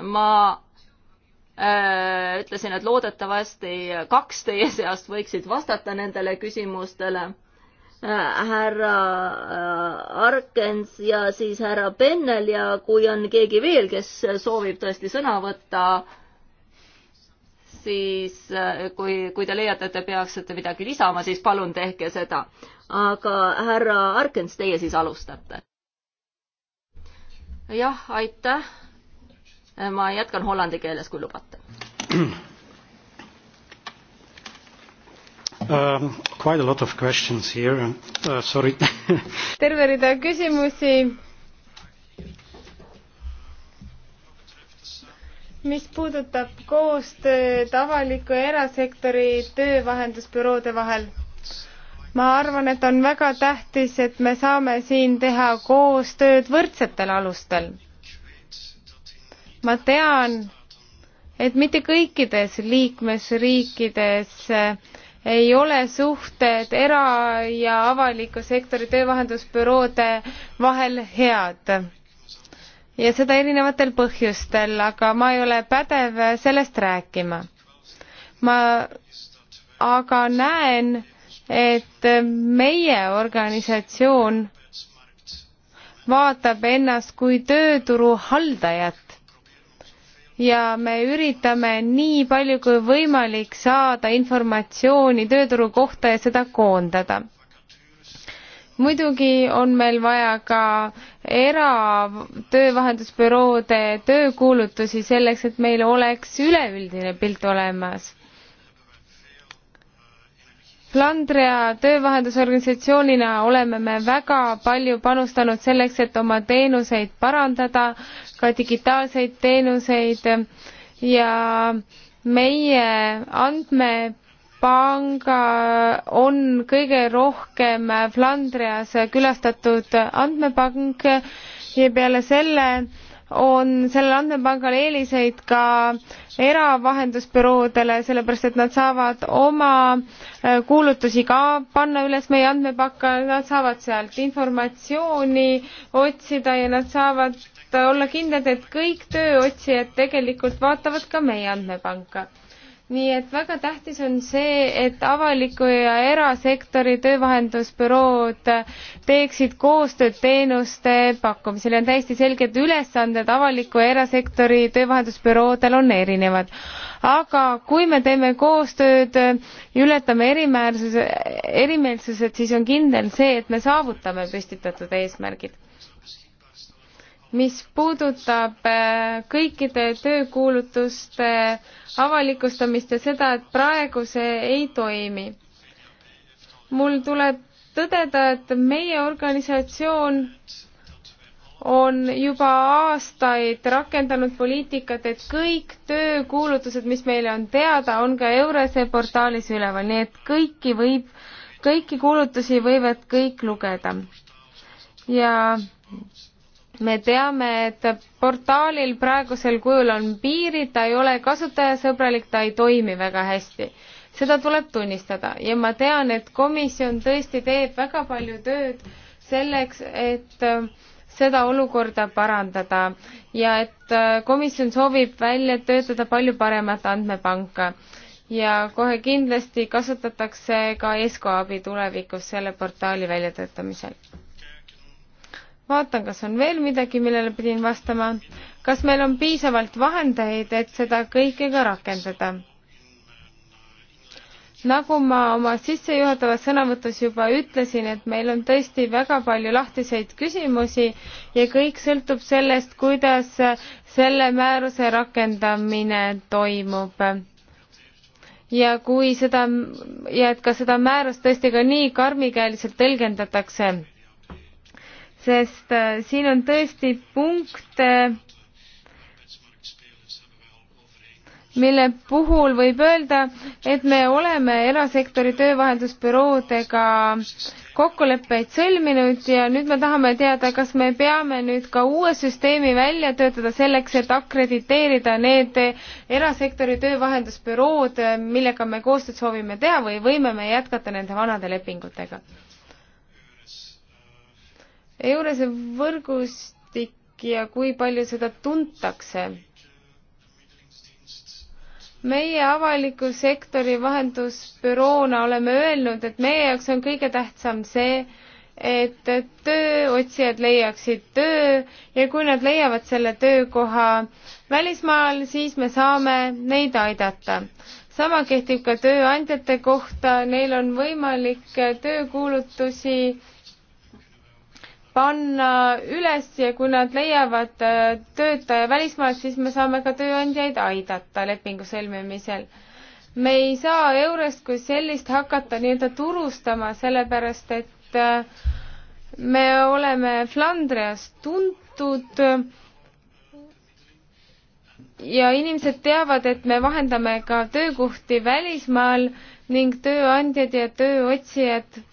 [SPEAKER 1] ma äh, ütlesin, et loodetavasti kaks teie seast võiksid vastata nendele küsimustele äh, härra äh, Arkens ja siis härra Pennel ja kui on keegi veel, kes soovib tõesti sõna võtta, siis äh, kui, kui te leiate, et te peaksite midagi lisama, siis palun tehke seda. aga härra Arkens, teie siis alustate jah, aitäh. ma jätkan hollandi keeles, kui lubate
[SPEAKER 2] um,. Quite a lot of questions here uh,, sorry
[SPEAKER 3] terve rida küsimusi. mis puudutab koostööd avaliku ja erasektori töövahendusbüroode vahel ma arvan, et on väga tähtis, et me saame siin teha koostööd võrdsetel alustel. ma tean, et mitte kõikides liikmesriikides ei ole suhted era- ja avaliku sektori töövahendusbüroode vahel head. ja seda erinevatel põhjustel, aga ma ei ole pädev sellest rääkima. ma aga näen, et meie organisatsioon vaatab ennast kui tööturu haldajat ja me üritame nii palju kui võimalik saada informatsiooni tööturu kohta ja seda koondada. muidugi on meil vaja ka eratöövahendusbüroode töökuulutusi selleks, et meil oleks üleüldine pilt olemas. Flandria töövahendusorganisatsioonina oleme me väga palju panustanud selleks, et oma teenuseid parandada, ka digitaalseid teenuseid ja meie andmepanga on kõige rohkem Flandrias külastatud andmepank ja peale selle on sellel andmepangal eeliseid ka eravahendusbüroodele, sellepärast et nad saavad oma äh, kuulutusi ka panna üles meie andmepakka, nad saavad sealt informatsiooni otsida ja nad saavad olla kindlad, et kõik tööotsijad tegelikult vaatavad ka meie andmepanka nii et väga tähtis on see, et avaliku ja erasektori töövahendusbürood teeksid koostööd teenuste pakkumisel ja on täiesti selge, et ülesanded avaliku ja erasektori töövahendusbüroodel on erinevad. aga kui me teeme koostööd ja ületame erimäärsuse, erimeelsused, siis on kindel see, et me saavutame püstitatud eesmärgid mis puudutab äh, kõikide töökuulutuste avalikustamist ja seda, et praegu see ei toimi. mul tuleb tõdeda, et meie organisatsioon on juba aastaid rakendanud poliitikat, et kõik töökuulutused, mis meile on teada, on ka Eurese portaalis üleval, nii et kõiki võib, kõiki kuulutusi võivad kõik lugeda. ja me teame, et portaalil praegusel kujul on piirid, ta ei ole kasutajasõbralik, ta ei toimi väga hästi. seda tuleb tunnistada ja ma tean, et komisjon tõesti teeb väga palju tööd selleks, et äh, seda olukorda parandada ja et äh, komisjon soovib välja töötada palju paremat andmepanka ja kohe kindlasti kasutatakse ka ESCO abi tulevikus selle portaali väljatöötamisel vaatan, kas on veel midagi, millele pidin vastama. kas meil on piisavalt vahendeid, et seda kõike ka rakendada? nagu ma oma sissejuhatavas sõnavõtus juba ütlesin, et meil on tõesti väga palju lahtiseid küsimusi ja kõik sõltub sellest, kuidas selle määruse rakendamine toimub. ja kui seda ja et ka seda määrust tõesti ka nii karmikäeliselt tõlgendatakse sest äh, siin on tõesti punkte, mille puhul võib öelda, et me oleme erasektori töövahendusbüroodega kokkuleppeid sõlminud ja nüüd me tahame teada, kas me peame nüüd ka uue süsteemi välja töötada selleks, et akrediteerida need erasektori töövahendusbürood, millega me koostööd soovime teha või võime me jätkata nende vanade lepingutega? Eurese võrgustik ja kui palju seda tuntakse. meie avaliku sektori vahendusbüroona oleme öelnud, et meie jaoks on kõige tähtsam see, et tööotsijad leiaksid töö ja kui nad leiavad selle töökoha välismaal, siis me saame neid aidata. sama kehtib ka tööandjate kohta, neil on võimalik töökuulutusi panna üles ja kui nad leiavad äh, töötaja välismaalt, siis me saame ka tööandjaid aidata lepingu sõlmimisel. me ei saa eurost kui sellist hakata nii-öelda turustama, sellepärast et äh, me oleme Flandrias tuntud äh, ja inimesed teavad, et me vahendame ka töökohti välismaal ning tööandjad ja tööotsijad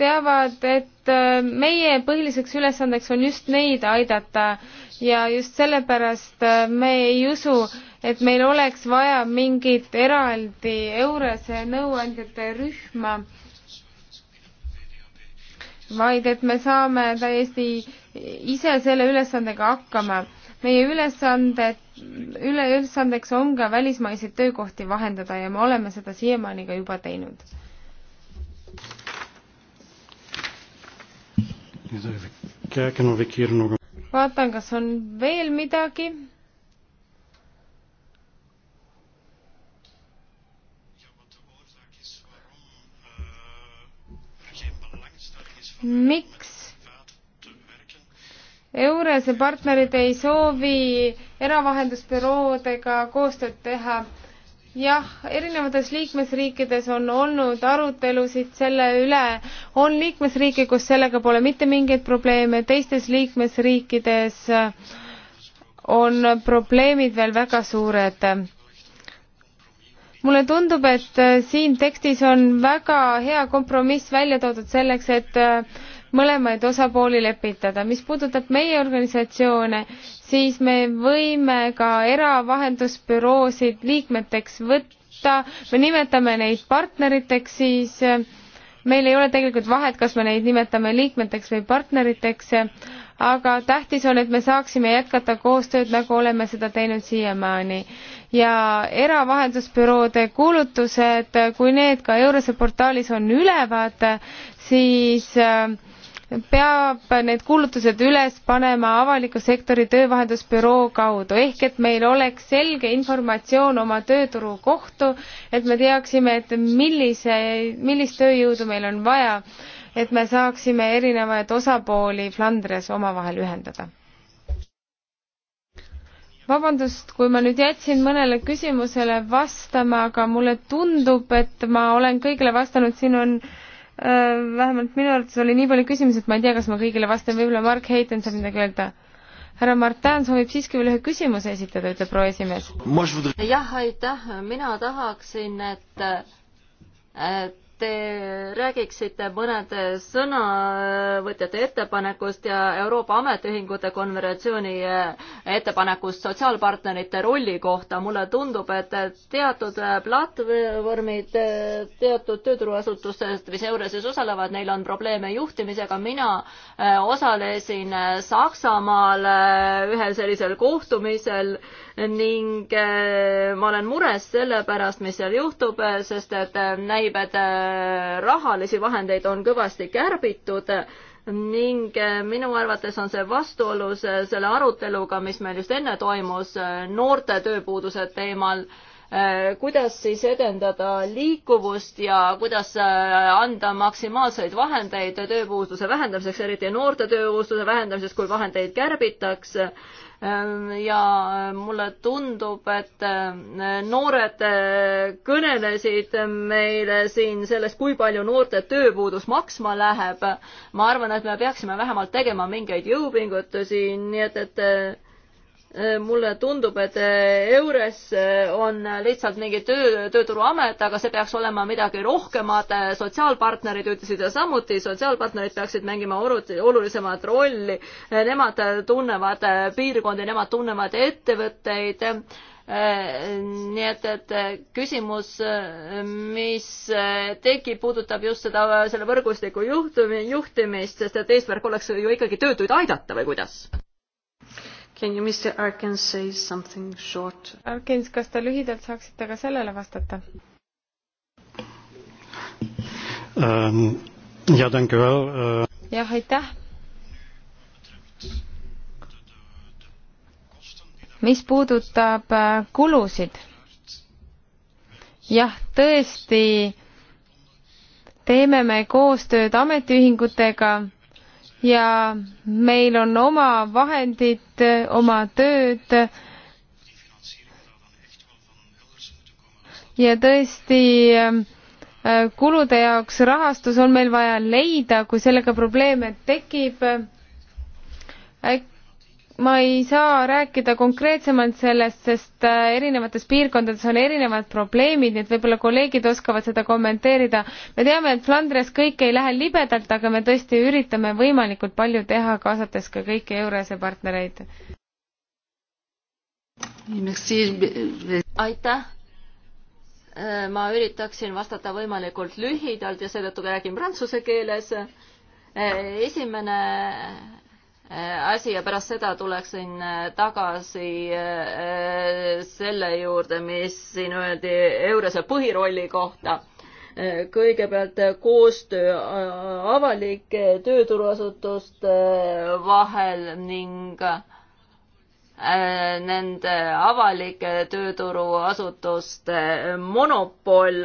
[SPEAKER 3] teavad, et äh, meie põhiliseks ülesandeks on just neid aidata ja just sellepärast äh, me ei usu, et meil oleks vaja mingit eraldi EURES-e nõuandjate rühma, vaid et me saame täiesti ise selle ülesandega hakkama. meie ülesanded, üle ülesandeks on ka välismaiseid töökohti vahendada ja me oleme seda siiamaani ka juba teinud vaatan, kas on veel midagi. miks EURES ja partnerid ei soovi eravahendusbüroodega koostööd teha? jah, erinevates liikmesriikides on olnud arutelusid selle üle, on liikmesriike, kus sellega pole mitte mingeid probleeme, teistes liikmesriikides on probleemid veel väga suured. mulle tundub, et siin tekstis on väga hea kompromiss välja toodud selleks, et mõlemaid osapooli lepitada. mis puudutab meie organisatsioone, siis me võime ka eravahendusbüroosid liikmeteks võtta, me nimetame neid partneriteks, siis meil ei ole tegelikult vahet, kas me neid nimetame liikmeteks või partneriteks, aga tähtis on, et me saaksime jätkata koostööd, nagu oleme seda teinud siiamaani. ja eravahendusbüroode kuulutused, kui need ka Eurose portaalis on ülevad, siis äh, peab need kuulutused üles panema avaliku sektori töövahendusbüroo kaudu ehk et meil oleks selge informatsioon oma tööturu kohtu, et me teaksime, et millise, millist tööjõudu meil on vaja, et me saaksime erinevaid osapooli Flandres omavahel ühendada vabandust, kui ma nüüd jätsin mõnele küsimusele vastama, aga mulle tundub, et ma olen kõigile vastanud, siin on äh, Äh, vähemalt minu arvates oli nii palju küsimusi, et ma ei tea, kas ma kõigile vastan, võib-olla Mark Heiten saab midagi öelda. härra Martin soovib siiski veel ühe küsimuse esitada, ütleb proua esimees.
[SPEAKER 1] jah, aitäh, mina tahaksin, et, et äh, te räägiksite mõnede sõnavõtjate ettepanekust ja Euroopa Ametiühingute Konverentsiooni ettepanekust sotsiaalpartnerite rolli kohta. mulle tundub, et teatud platvormid teatud tööturuasutustest, mis Eurasis osalevad, neil on probleeme juhtimisega. mina eh, osalesin Saksamaal eh, ühel sellisel kohtumisel ning äh, ma olen mures selle pärast, mis seal juhtub, äh, sest et äh, näib, et rahalisi vahendeid on kõvasti kärbitud ning minu arvates on see vastuolus selle aruteluga, mis meil just enne toimus noorte tööpuuduse teemal kuidas siis edendada liikuvust ja kuidas anda maksimaalseid vahendeid tööpuuduse vähendamiseks, eriti noorte tööpuuduse vähendamiseks, kui vahendeid kärbitakse Ehm, ja ehm, mulle tundub, et ehm, noored kõnelesid meile siin sellest, kui palju noorte tööpuudus maksma läheb. ma arvan, et me peaksime vähemalt tegema mingeid jõupingutusi, nii et, et Äh, mulle tundub, et äh, EURES äh, on lihtsalt mingi töö, tööturuamet, aga see peaks olema midagi rohkemat. sotsiaalpartnerid ütlesid ja samuti, sotsiaalpartnerid peaksid mängima olulisemat rolli. Nemad tunnevad piirkondi, nemad tunnevad ettevõtteid. nii et, et küsimus, mis tekib, puudutab just seda, selle võrgustiku juhtumi, juhtimist, sest et eesmärk oleks ju ikkagi töötuid aidata või kuidas?
[SPEAKER 4] Can you, Mr Arkens, say something short? Arkens, kas te lühidalt saaksite ka sellele vastata
[SPEAKER 2] um,? ja, tänk ju veel uh.... Äh,
[SPEAKER 3] jah, aitäh. mis puudutab äh, kulusid, jah, tõesti teeme me koostööd ametiühingutega ja meil on oma vahendid, oma tööd. ja tõesti äh, kulude jaoks rahastus on meil vaja leida, kui sellega probleeme tekib. äkki ma ei saa rääkida konkreetsemalt sellest, sest äh, erinevates piirkondades on erinevad probleemid, nii et võib-olla kolleegid oskavad seda kommenteerida. me teame, et Flandres kõik ei lähe libedalt, aga me tõesti üritame võimalikult palju teha, kaasates ka kõiki Eurese partnereid.
[SPEAKER 1] aitäh. Äh, ma üritaksin vastata võimalikult lühidalt ja seetõttu räägin prantsuse keeles. Äh, esimene Äh, asi ja pärast seda tuleksin äh, tagasi äh, selle juurde, mis siin öeldi Eurose põhirolli kohta. kõigepealt koostöö avalike tööturuasutuste vahel ning nende avalike tööturuasutuste monopol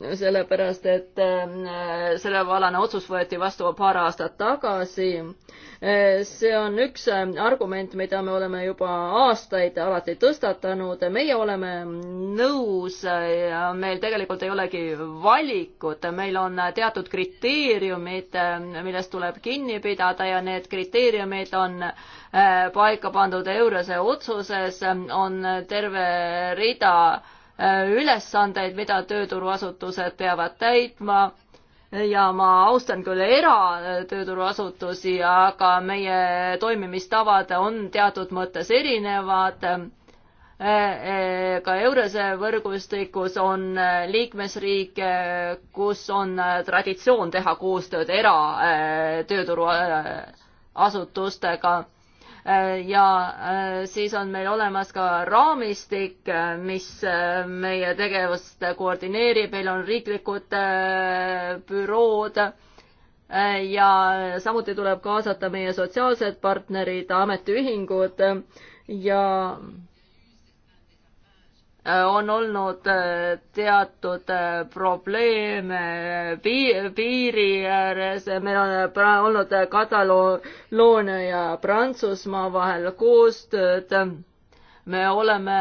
[SPEAKER 1] sellepärast et ähm, sellealane otsus võeti vastu paar aastat tagasi. Äh, see on üks ähm, argument, mida me oleme juba aastaid alati tõstatanud, meie oleme nõus ja äh, meil tegelikult ei olegi valikut, meil on teatud kriteeriumid, ähm, millest tuleb kinni pidada ja need kriteeriumid on äh, paika pandud Eurose otsuses, on terve rida Äh, ülesandeid, mida tööturuasutused peavad täitma ja ma austan küll eratööturuasutusi, aga meie toimimistavad on teatud mõttes erinevad. Äh, äh, ka Eurose võrgustikus on liikmesriike, kus on traditsioon teha koostööd eratööturuasutustega Äh, ja äh, siis on meil olemas ka raamistik, äh, mis meie tegevust koordineerib, meil on riiklikud bürood ja samuti tuleb kaasata meie sotsiaalsed partnerid, ametiühingud ja Äh, on olnud äh, teatud äh, probleeme piiri ääres, meil on olnud Kataloonia ja Prantsusmaa vahel koostööd. me oleme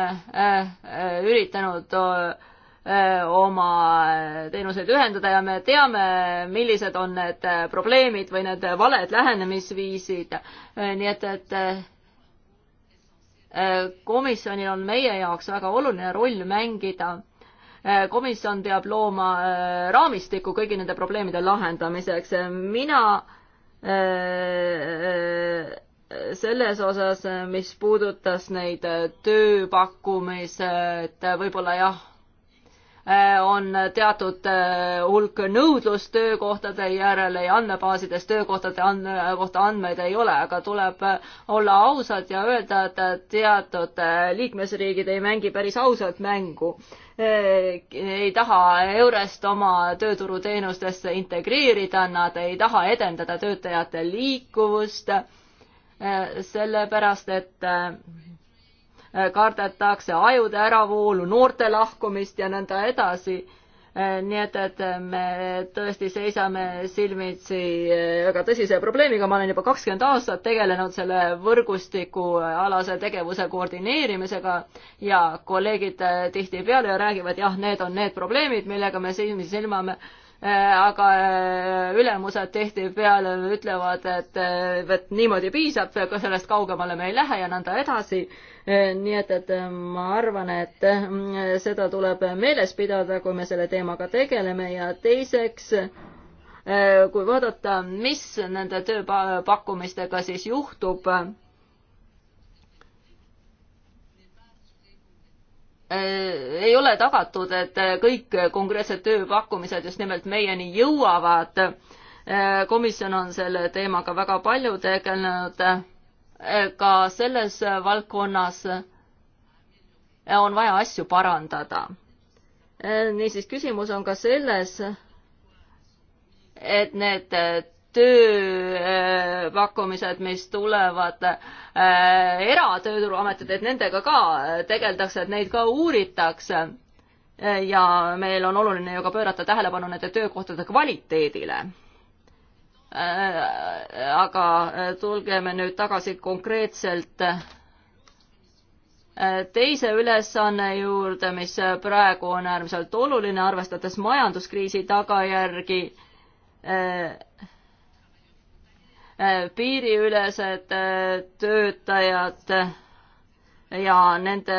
[SPEAKER 1] üritanud oma teenuseid ühendada ja me teame, millised on need probleemid või need valed lähenemisviisid. nii et, et komisjonil on meie jaoks väga oluline roll mängida. komisjon peab looma äh, raamistiku kõigi nende probleemide lahendamiseks. mina äh, äh, selles osas, mis puudutas neid tööpakkumised, võib-olla jah Äh, on teatud äh, hulk nõudlust töökohtade järele ja andmebaasides töökohtade andme, kohta andmeid ei ole, aga tuleb äh, olla ausad ja öelda, et teatud liikmesriigid ei mängi päris ausalt mängu. ei taha Eurest oma tööturuteenustesse integreerida, nad ei taha edendada töötajate liikuvust, sellepärast et Äh, kardetakse ajude äravoolu, noorte lahkumist ja nõnda edasi. Äh, nii et, et me tõesti seisame silmitsi äh, väga tõsise probleemiga, ma olen juba kakskümmend aastat tegelenud selle võrgustikualase tegevuse koordineerimisega ja kolleegid tihtipeale räägivad, jah, need on need probleemid, millega me silmi silmame Äh, aga äh, ülemused tihtipeale ütlevad, et vot äh, niimoodi piisab, sellest kaugemale me ei lähe ja nõnda edasi. nii et, et ma arvan, et seda tuleb meeles pidada, kui me selle teemaga tegeleme ja teiseks kui vaadata, mis nende tööpakkumistega siis juhtub, Äh, ei ole tagatud, et äh, kõik konkreetsed tööpakkumised just nimelt meieni jõuavad. Äh, komisjon on selle teemaga väga palju tegelenud. ka selles valdkonnas on vaja asju parandada. niisiis, küsimus on ka selles, et need tööpakkumised, mis tulevad äh, eratööturuametid, et nendega ka tegeldakse, et neid ka uuritakse. ja meil on oluline ju ka pöörata tähelepanu nende töökohtade kvaliteedile äh, aga tulgeme nüüd tagasi konkreetselt äh, teise ülesanne juurde, mis praegu on äärmiselt oluline, arvestades majanduskriisi tagajärgi. Äh, piiriülesed äh, töötajad ja nende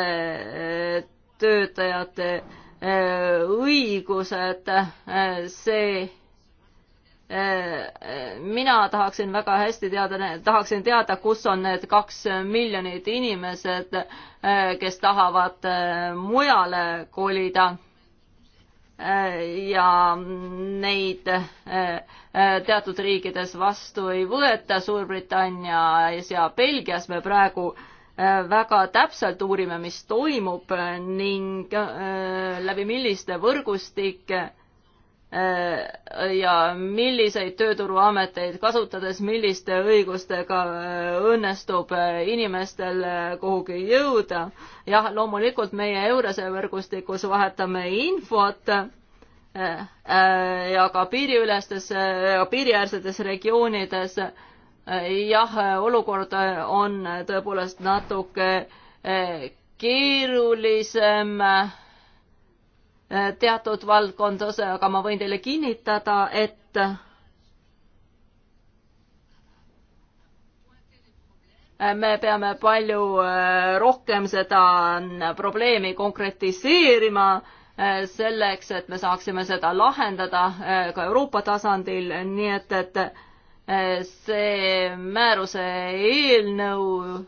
[SPEAKER 1] äh, töötajate õigused, see mina tahaksin väga hästi teada, tahaksin teada, kus on need kaks miljonit inimesed, kes tahavad mujale kolida ja neid äh, teatud riikides vastu ei võeta, Suurbritannias ja Belgias me praegu äh, väga täpselt uurime, mis toimub ning äh, läbi milliste võrgustike Äh, ja milliseid tööturuameteid kasutades, milliste õigustega äh, õnnestub äh, inimestel kuhugi jõuda. jah, loomulikult meie Eurese võrgustikus vahetame infot ja ka piiriülestes, piiriäärsetes regioonides. jah, olukord on tõepoolest natuke keerulisem Äh, teatud valdkondades, aga ma võin teile kinnitada, et me peame palju äh, rohkem seda äh, probleemi konkretiseerima selleks, et me saaksime seda lahendada ka Euroopa tasandil, nii et, et see määruse eelnõu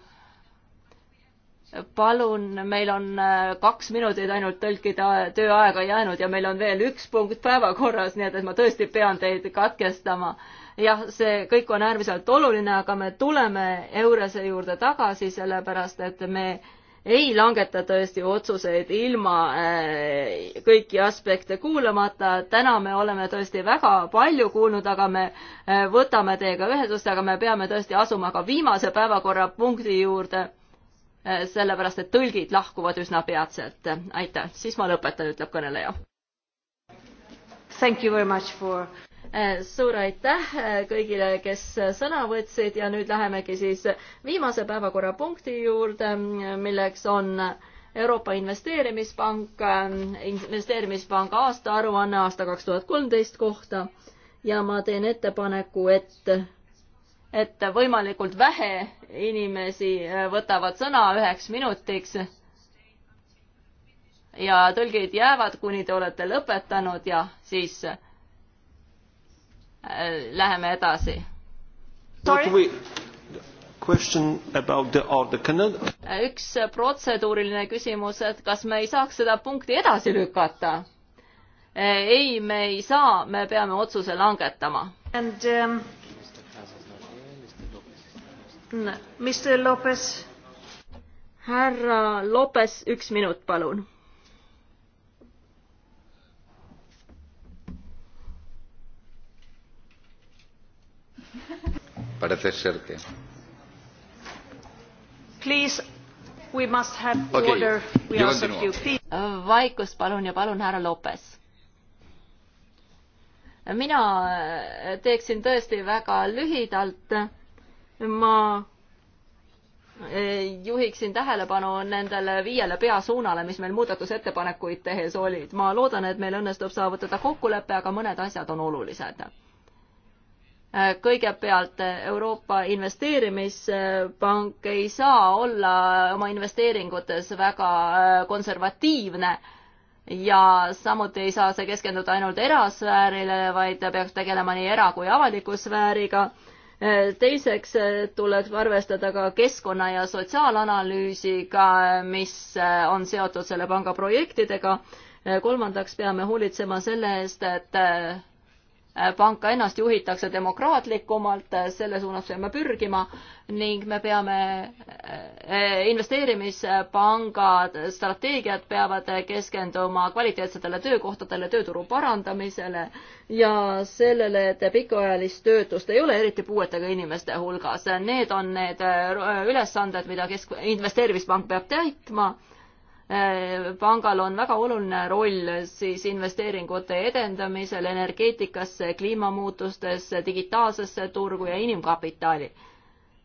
[SPEAKER 1] palun, meil on äh, kaks minutit ainult tõlkida tööaega jäänud ja meil on veel üks punkt päevakorras, nii et, et ma tõesti pean teid katkestama. jah, see kõik on äärmiselt oluline, aga me tuleme Eurese juurde tagasi, sellepärast et me ei langeta tõesti otsuseid ilma äh, kõiki aspekte kuulamata. täna me oleme tõesti väga palju kuulnud, aga me äh, võtame teiega ühendust, aga me peame tõesti asuma ka viimase päevakorrapunkti juurde Äh, sellepärast et tõlgid lahkuvad üsna peatselt. aitäh, siis ma lõpetan, ütleb kõneleja. Thank you very much for äh, suur aitäh äh, kõigile, kes sõna võtsid ja nüüd lähemegi siis viimase päevakorrapunkti juurde, milleks on Euroopa Investeerimispank, investeerimispanga aastaaruanne aasta kaks tuhat kolmteist kohta ja ma teen ettepaneku, et et võimalikult vähe inimesi äh, võtavad sõna üheks minutiks ja tõlgid jäävad, kuni te olete lõpetanud ja siis äh, läheme edasi. üks protseduuriline küsimus, et kas me ei saaks seda punkti edasi lükata? ei, me ei saa, me peame otsuse langetama. And um Mr Lopez. härra Lopez, üks minut, palun.
[SPEAKER 2] Parece ser que.
[SPEAKER 1] Please, we must have okay. order. We Yo ask you. Äh, vaikust palun ja palun, härra Lopez mina äh, teeksin tõesti väga lühidalt ma e, juhiksin tähelepanu nendele viiele peasuunale, mis meil muudatusettepanekuid tehes olid. ma loodan, et meil õnnestub saavutada kokkulepe, aga mõned asjad on olulised. E, kõigepealt Euroopa Investeerimispank ei saa olla oma investeeringutes väga e, konservatiivne ja samuti ei saa see keskenduda ainult erasfäärile, vaid peaks tegelema nii era- kui avaliku sfääriga teiseks eh, tuleb arvestada ka keskkonna ja sotsiaalanalüüsiga, mis eh, on seotud selle panga projektidega. Eh, kolmandaks peame hoolitsema selle eest, et Äh, panka ennast juhitakse demokraatlikumalt, äh, selle suunas peame pürgima ning me peame, äh, investeerimispangad, strateegiad peavad keskenduma kvaliteetsetele töökohtadele, tööturu parandamisele ja sellele, et pikaajalist töötust ei ole, eriti puuetega inimeste hulgas. Need on need ülesanded, mida kesk-, investeerimispank peab täitma Äh, pangal on väga oluline roll siis investeeringute edendamisel energeetikasse, kliimamuutustesse, digitaalsesse turgu ja inimkapitali.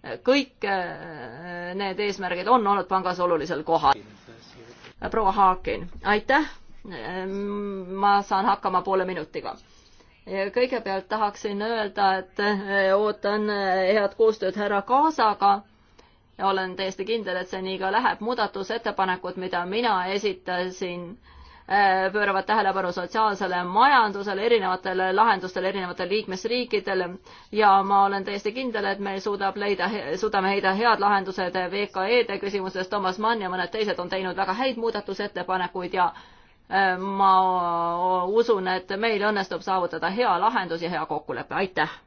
[SPEAKER 1] Äh, kõik äh, need eesmärgid on olnud pangas olulisel kohal. proua Haakin, aitäh. ma saan hakkama poole minutiga kõigepealt tahaksin öelda, et ootan head koostööd härra Kaasaga ja olen täiesti kindel, et see nii ka läheb. muudatusettepanekud, mida mina esitasin, eh, pööravad tähelepanu sotsiaalsele majandusele, erinevatele lahendustele erinevatele liikmesriikidele ja ma olen täiesti kindel, et me suudab leida, suudame leida head lahendused VKE-de küsimuses. Toomas Mann ja mõned teised on teinud väga häid muudatusettepanekuid ja eh, ma usun, et meil õnnestub saavutada hea lahendus ja hea kokkulepe. aitäh!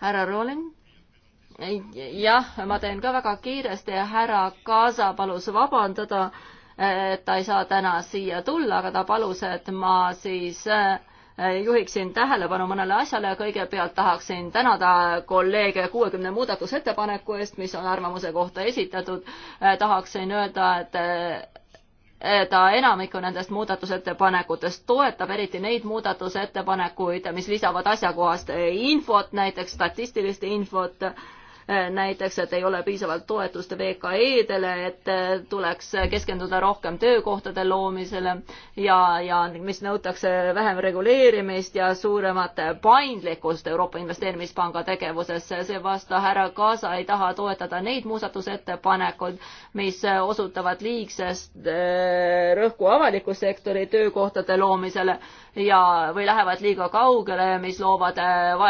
[SPEAKER 1] härra Rowling jah, ma teen ka väga kiiresti, härra Kaasa palus vabandada, et ta ei saa täna siia tulla, aga ta palus, et ma siis eh, juhiksin tähelepanu mõnele asjale ja kõigepealt tahaksin tänada kolleege kuuekümne muudatusettepaneku eest, mis on arvamuse kohta esitatud. Eh, tahaksin öelda, eh, et ta enamikku nendest muudatusettepanekutest toetab, eriti neid muudatusettepanekuid, mis lisavad asjakohast infot, näiteks statistilist infot Äh, näiteks, et ei ole piisavalt toetust VKE-dele, et äh, tuleks keskenduda rohkem töökohtade loomisele ja, ja mis nõutakse vähem reguleerimist ja suuremat paindlikkust Euroopa Investeerimispanga tegevuses. seevastu härra Kaasa ei taha toetada neid muudatusettepanekuid, mis osutavad liigsest äh, rõhku avaliku sektori töökohtade loomisele ja, või lähevad liiga kaugele, mis loovad äh,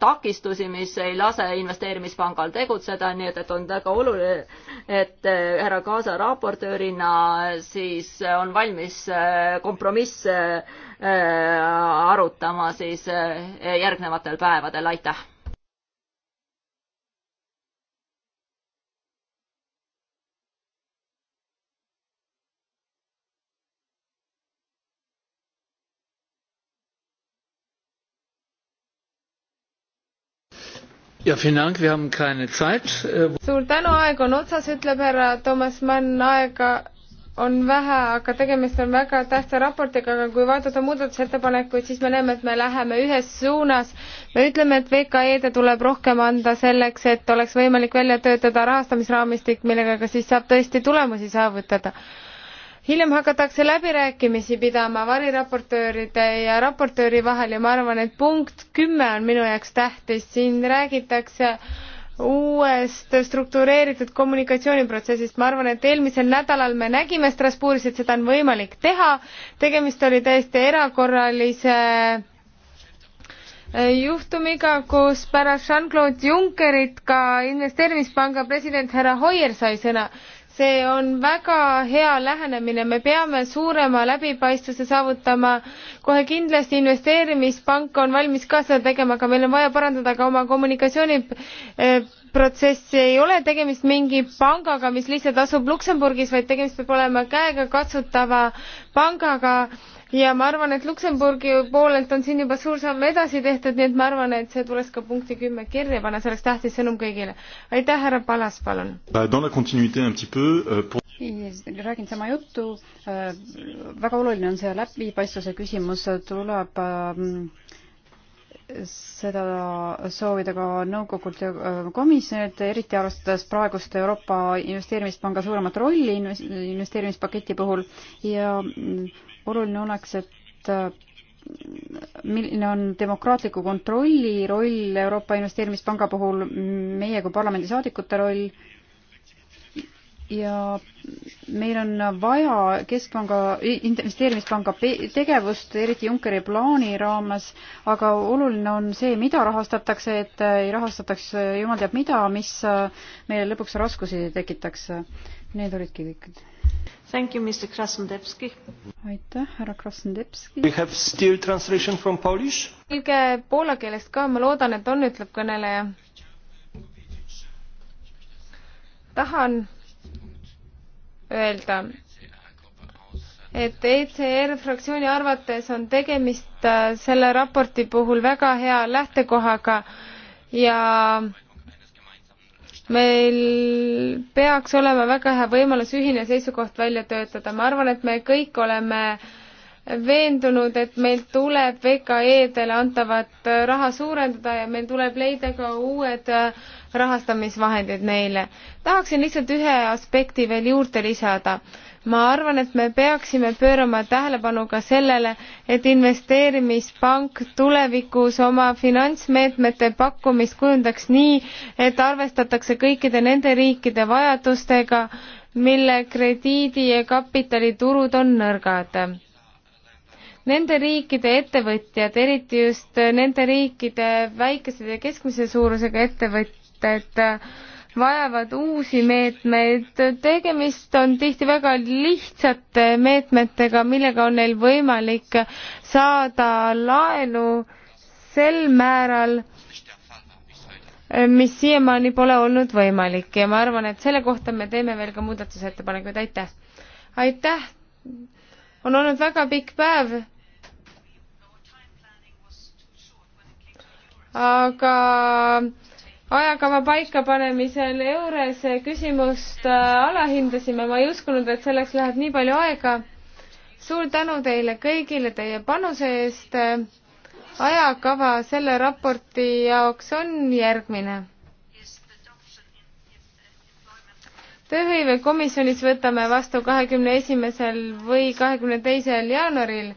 [SPEAKER 1] takistusi, mis ei lase investeerimispangal tegutseda, nii et, et on väga oluline, et äh, härra Kaasa raportöörina siis on valmis äh, kompromisse arutama siis järgnevatel päevadel, aitäh!
[SPEAKER 4] Äh,
[SPEAKER 3] suur tänu, aeg on otsas, ütleb härra Toomas Mann, aega on vähe, aga tegemist on väga tähtsa raportiga, aga kui vaadata muudatusettepanekuid, siis me näeme, et me läheme ühes suunas. me ütleme, et VKE-de tuleb rohkem anda selleks, et oleks võimalik välja töötada rahastamisraamistik, millega ka siis saab tõesti tulemusi saavutada hiljem hakatakse läbirääkimisi pidama variraportööride ja raportööri vahel ja ma arvan, et punkt kümme on minu jaoks tähtis, siin räägitakse uuest struktureeritud kommunikatsiooniprotsessist. ma arvan, et eelmisel nädalal me nägime Strasbourgis, et seda on võimalik teha. tegemist oli täiesti erakorralise eh, juhtumiga, kus pärast Jean-Claude Junckerit ka investeerimispanga president härra Hoier sai sõna see on väga hea lähenemine, me peame suurema läbipaistvuse saavutama, kohe kindlasti investeerimispank on valmis ka seda tegema, aga meil on vaja parandada ka oma kommunikatsiooni eh, protsessi, ei ole tegemist mingi pangaga, mis lihtsalt asub Luksemburgis, vaid tegemist peab olema käegakatsutava pangaga ja ma arvan, et Luksemburgi poolelt on siin juba suur samm edasi tehtud, nii et ma arvan, et see tuleks ka punkti kümme kirja panna, see oleks tähtis sõnum kõigile. aitäh, härra Palas, palun.
[SPEAKER 5] Euh, räägin sama juttu, äh, väga oluline on see läbipaistvuse küsimus, tuleb äh, seda soovida ka nõukogult ja komisjonilt, eriti arvestades praegust Euroopa Investeerimispanga suuremat rolli investeerimispaketi puhul ja mm, oluline oleks, et milline on demokraatliku kontrolli roll Euroopa Investeerimispanga puhul, meie kui parlamendisaadikute roll ja meil on vaja keskpanga, investeerimispanga tegevust, eriti Junckeri plaani raames, aga oluline on see, mida rahastatakse, et ei rahastataks jumal teab mida, mis meile lõpuks raskusi tekitaks. Need olidki
[SPEAKER 3] kõik.
[SPEAKER 4] Thank you, Mr Krasnodebski.
[SPEAKER 3] aitäh, härra Krasnodebski.
[SPEAKER 4] We have still translation from polish.
[SPEAKER 3] tõlge poola keelest ka, ma loodan, et on, ütleb kõneleja. tahan öelda, et ECR fraktsiooni arvates on tegemist äh, selle raporti puhul väga hea lähtekohaga ja meil peaks olema väga hea võimalus ühine seisukoht välja töötada. ma arvan, et me kõik oleme äh, veendunud, et meil tuleb VKE-dele antavat äh, raha suurendada ja meil tuleb leida ka uued äh, rahastamisvahendid neile. tahaksin lihtsalt ühe aspekti veel juurde lisada. ma arvan, et me peaksime pöörama tähelepanu ka sellele, et investeerimispank tulevikus oma finantsmeetmete pakkumist kujundaks nii, et arvestatakse kõikide nende riikide vajadustega, mille krediidi ja kapitaliturud on nõrgad nende riikide ettevõtjad, eriti just nende riikide väikesed ja keskmise suurusega ettevõtted, vajavad uusi meetmeid, tegemist on tihti väga lihtsate meetmetega, millega on neil võimalik saada laenu sel määral, mis siiamaani pole olnud võimalik ja ma arvan, et selle kohta me teeme veel ka muudatusettepanekuid, aitäh! aitäh! on olnud väga pikk päev aga ajakava paikapanemisel Eurese küsimust äh, alahindasime, ma ei uskunud, et selleks läheb nii palju aega. suur tänu teile kõigile teie panuse eest. ajakava selle raporti jaoks on järgmine tööhõivekomisjonis võtame vastu kahekümne esimesel või kahekümne teisel jaanuaril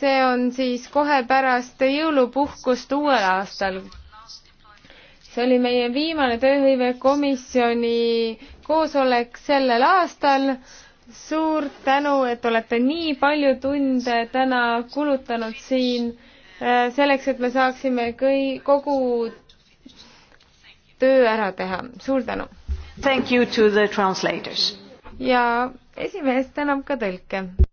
[SPEAKER 3] see on siis kohe pärast jõulupuhkust uuel aastal. see oli meie viimane tööhõivekomisjoni koosolek sellel aastal. suur tänu, et olete nii palju tunde täna kulutanud siin äh, selleks, et me saaksime kõi-, kogu
[SPEAKER 4] töö ära teha. suur tänu! Thank you to the translators!
[SPEAKER 3] ja esimees tänab ka tõlke.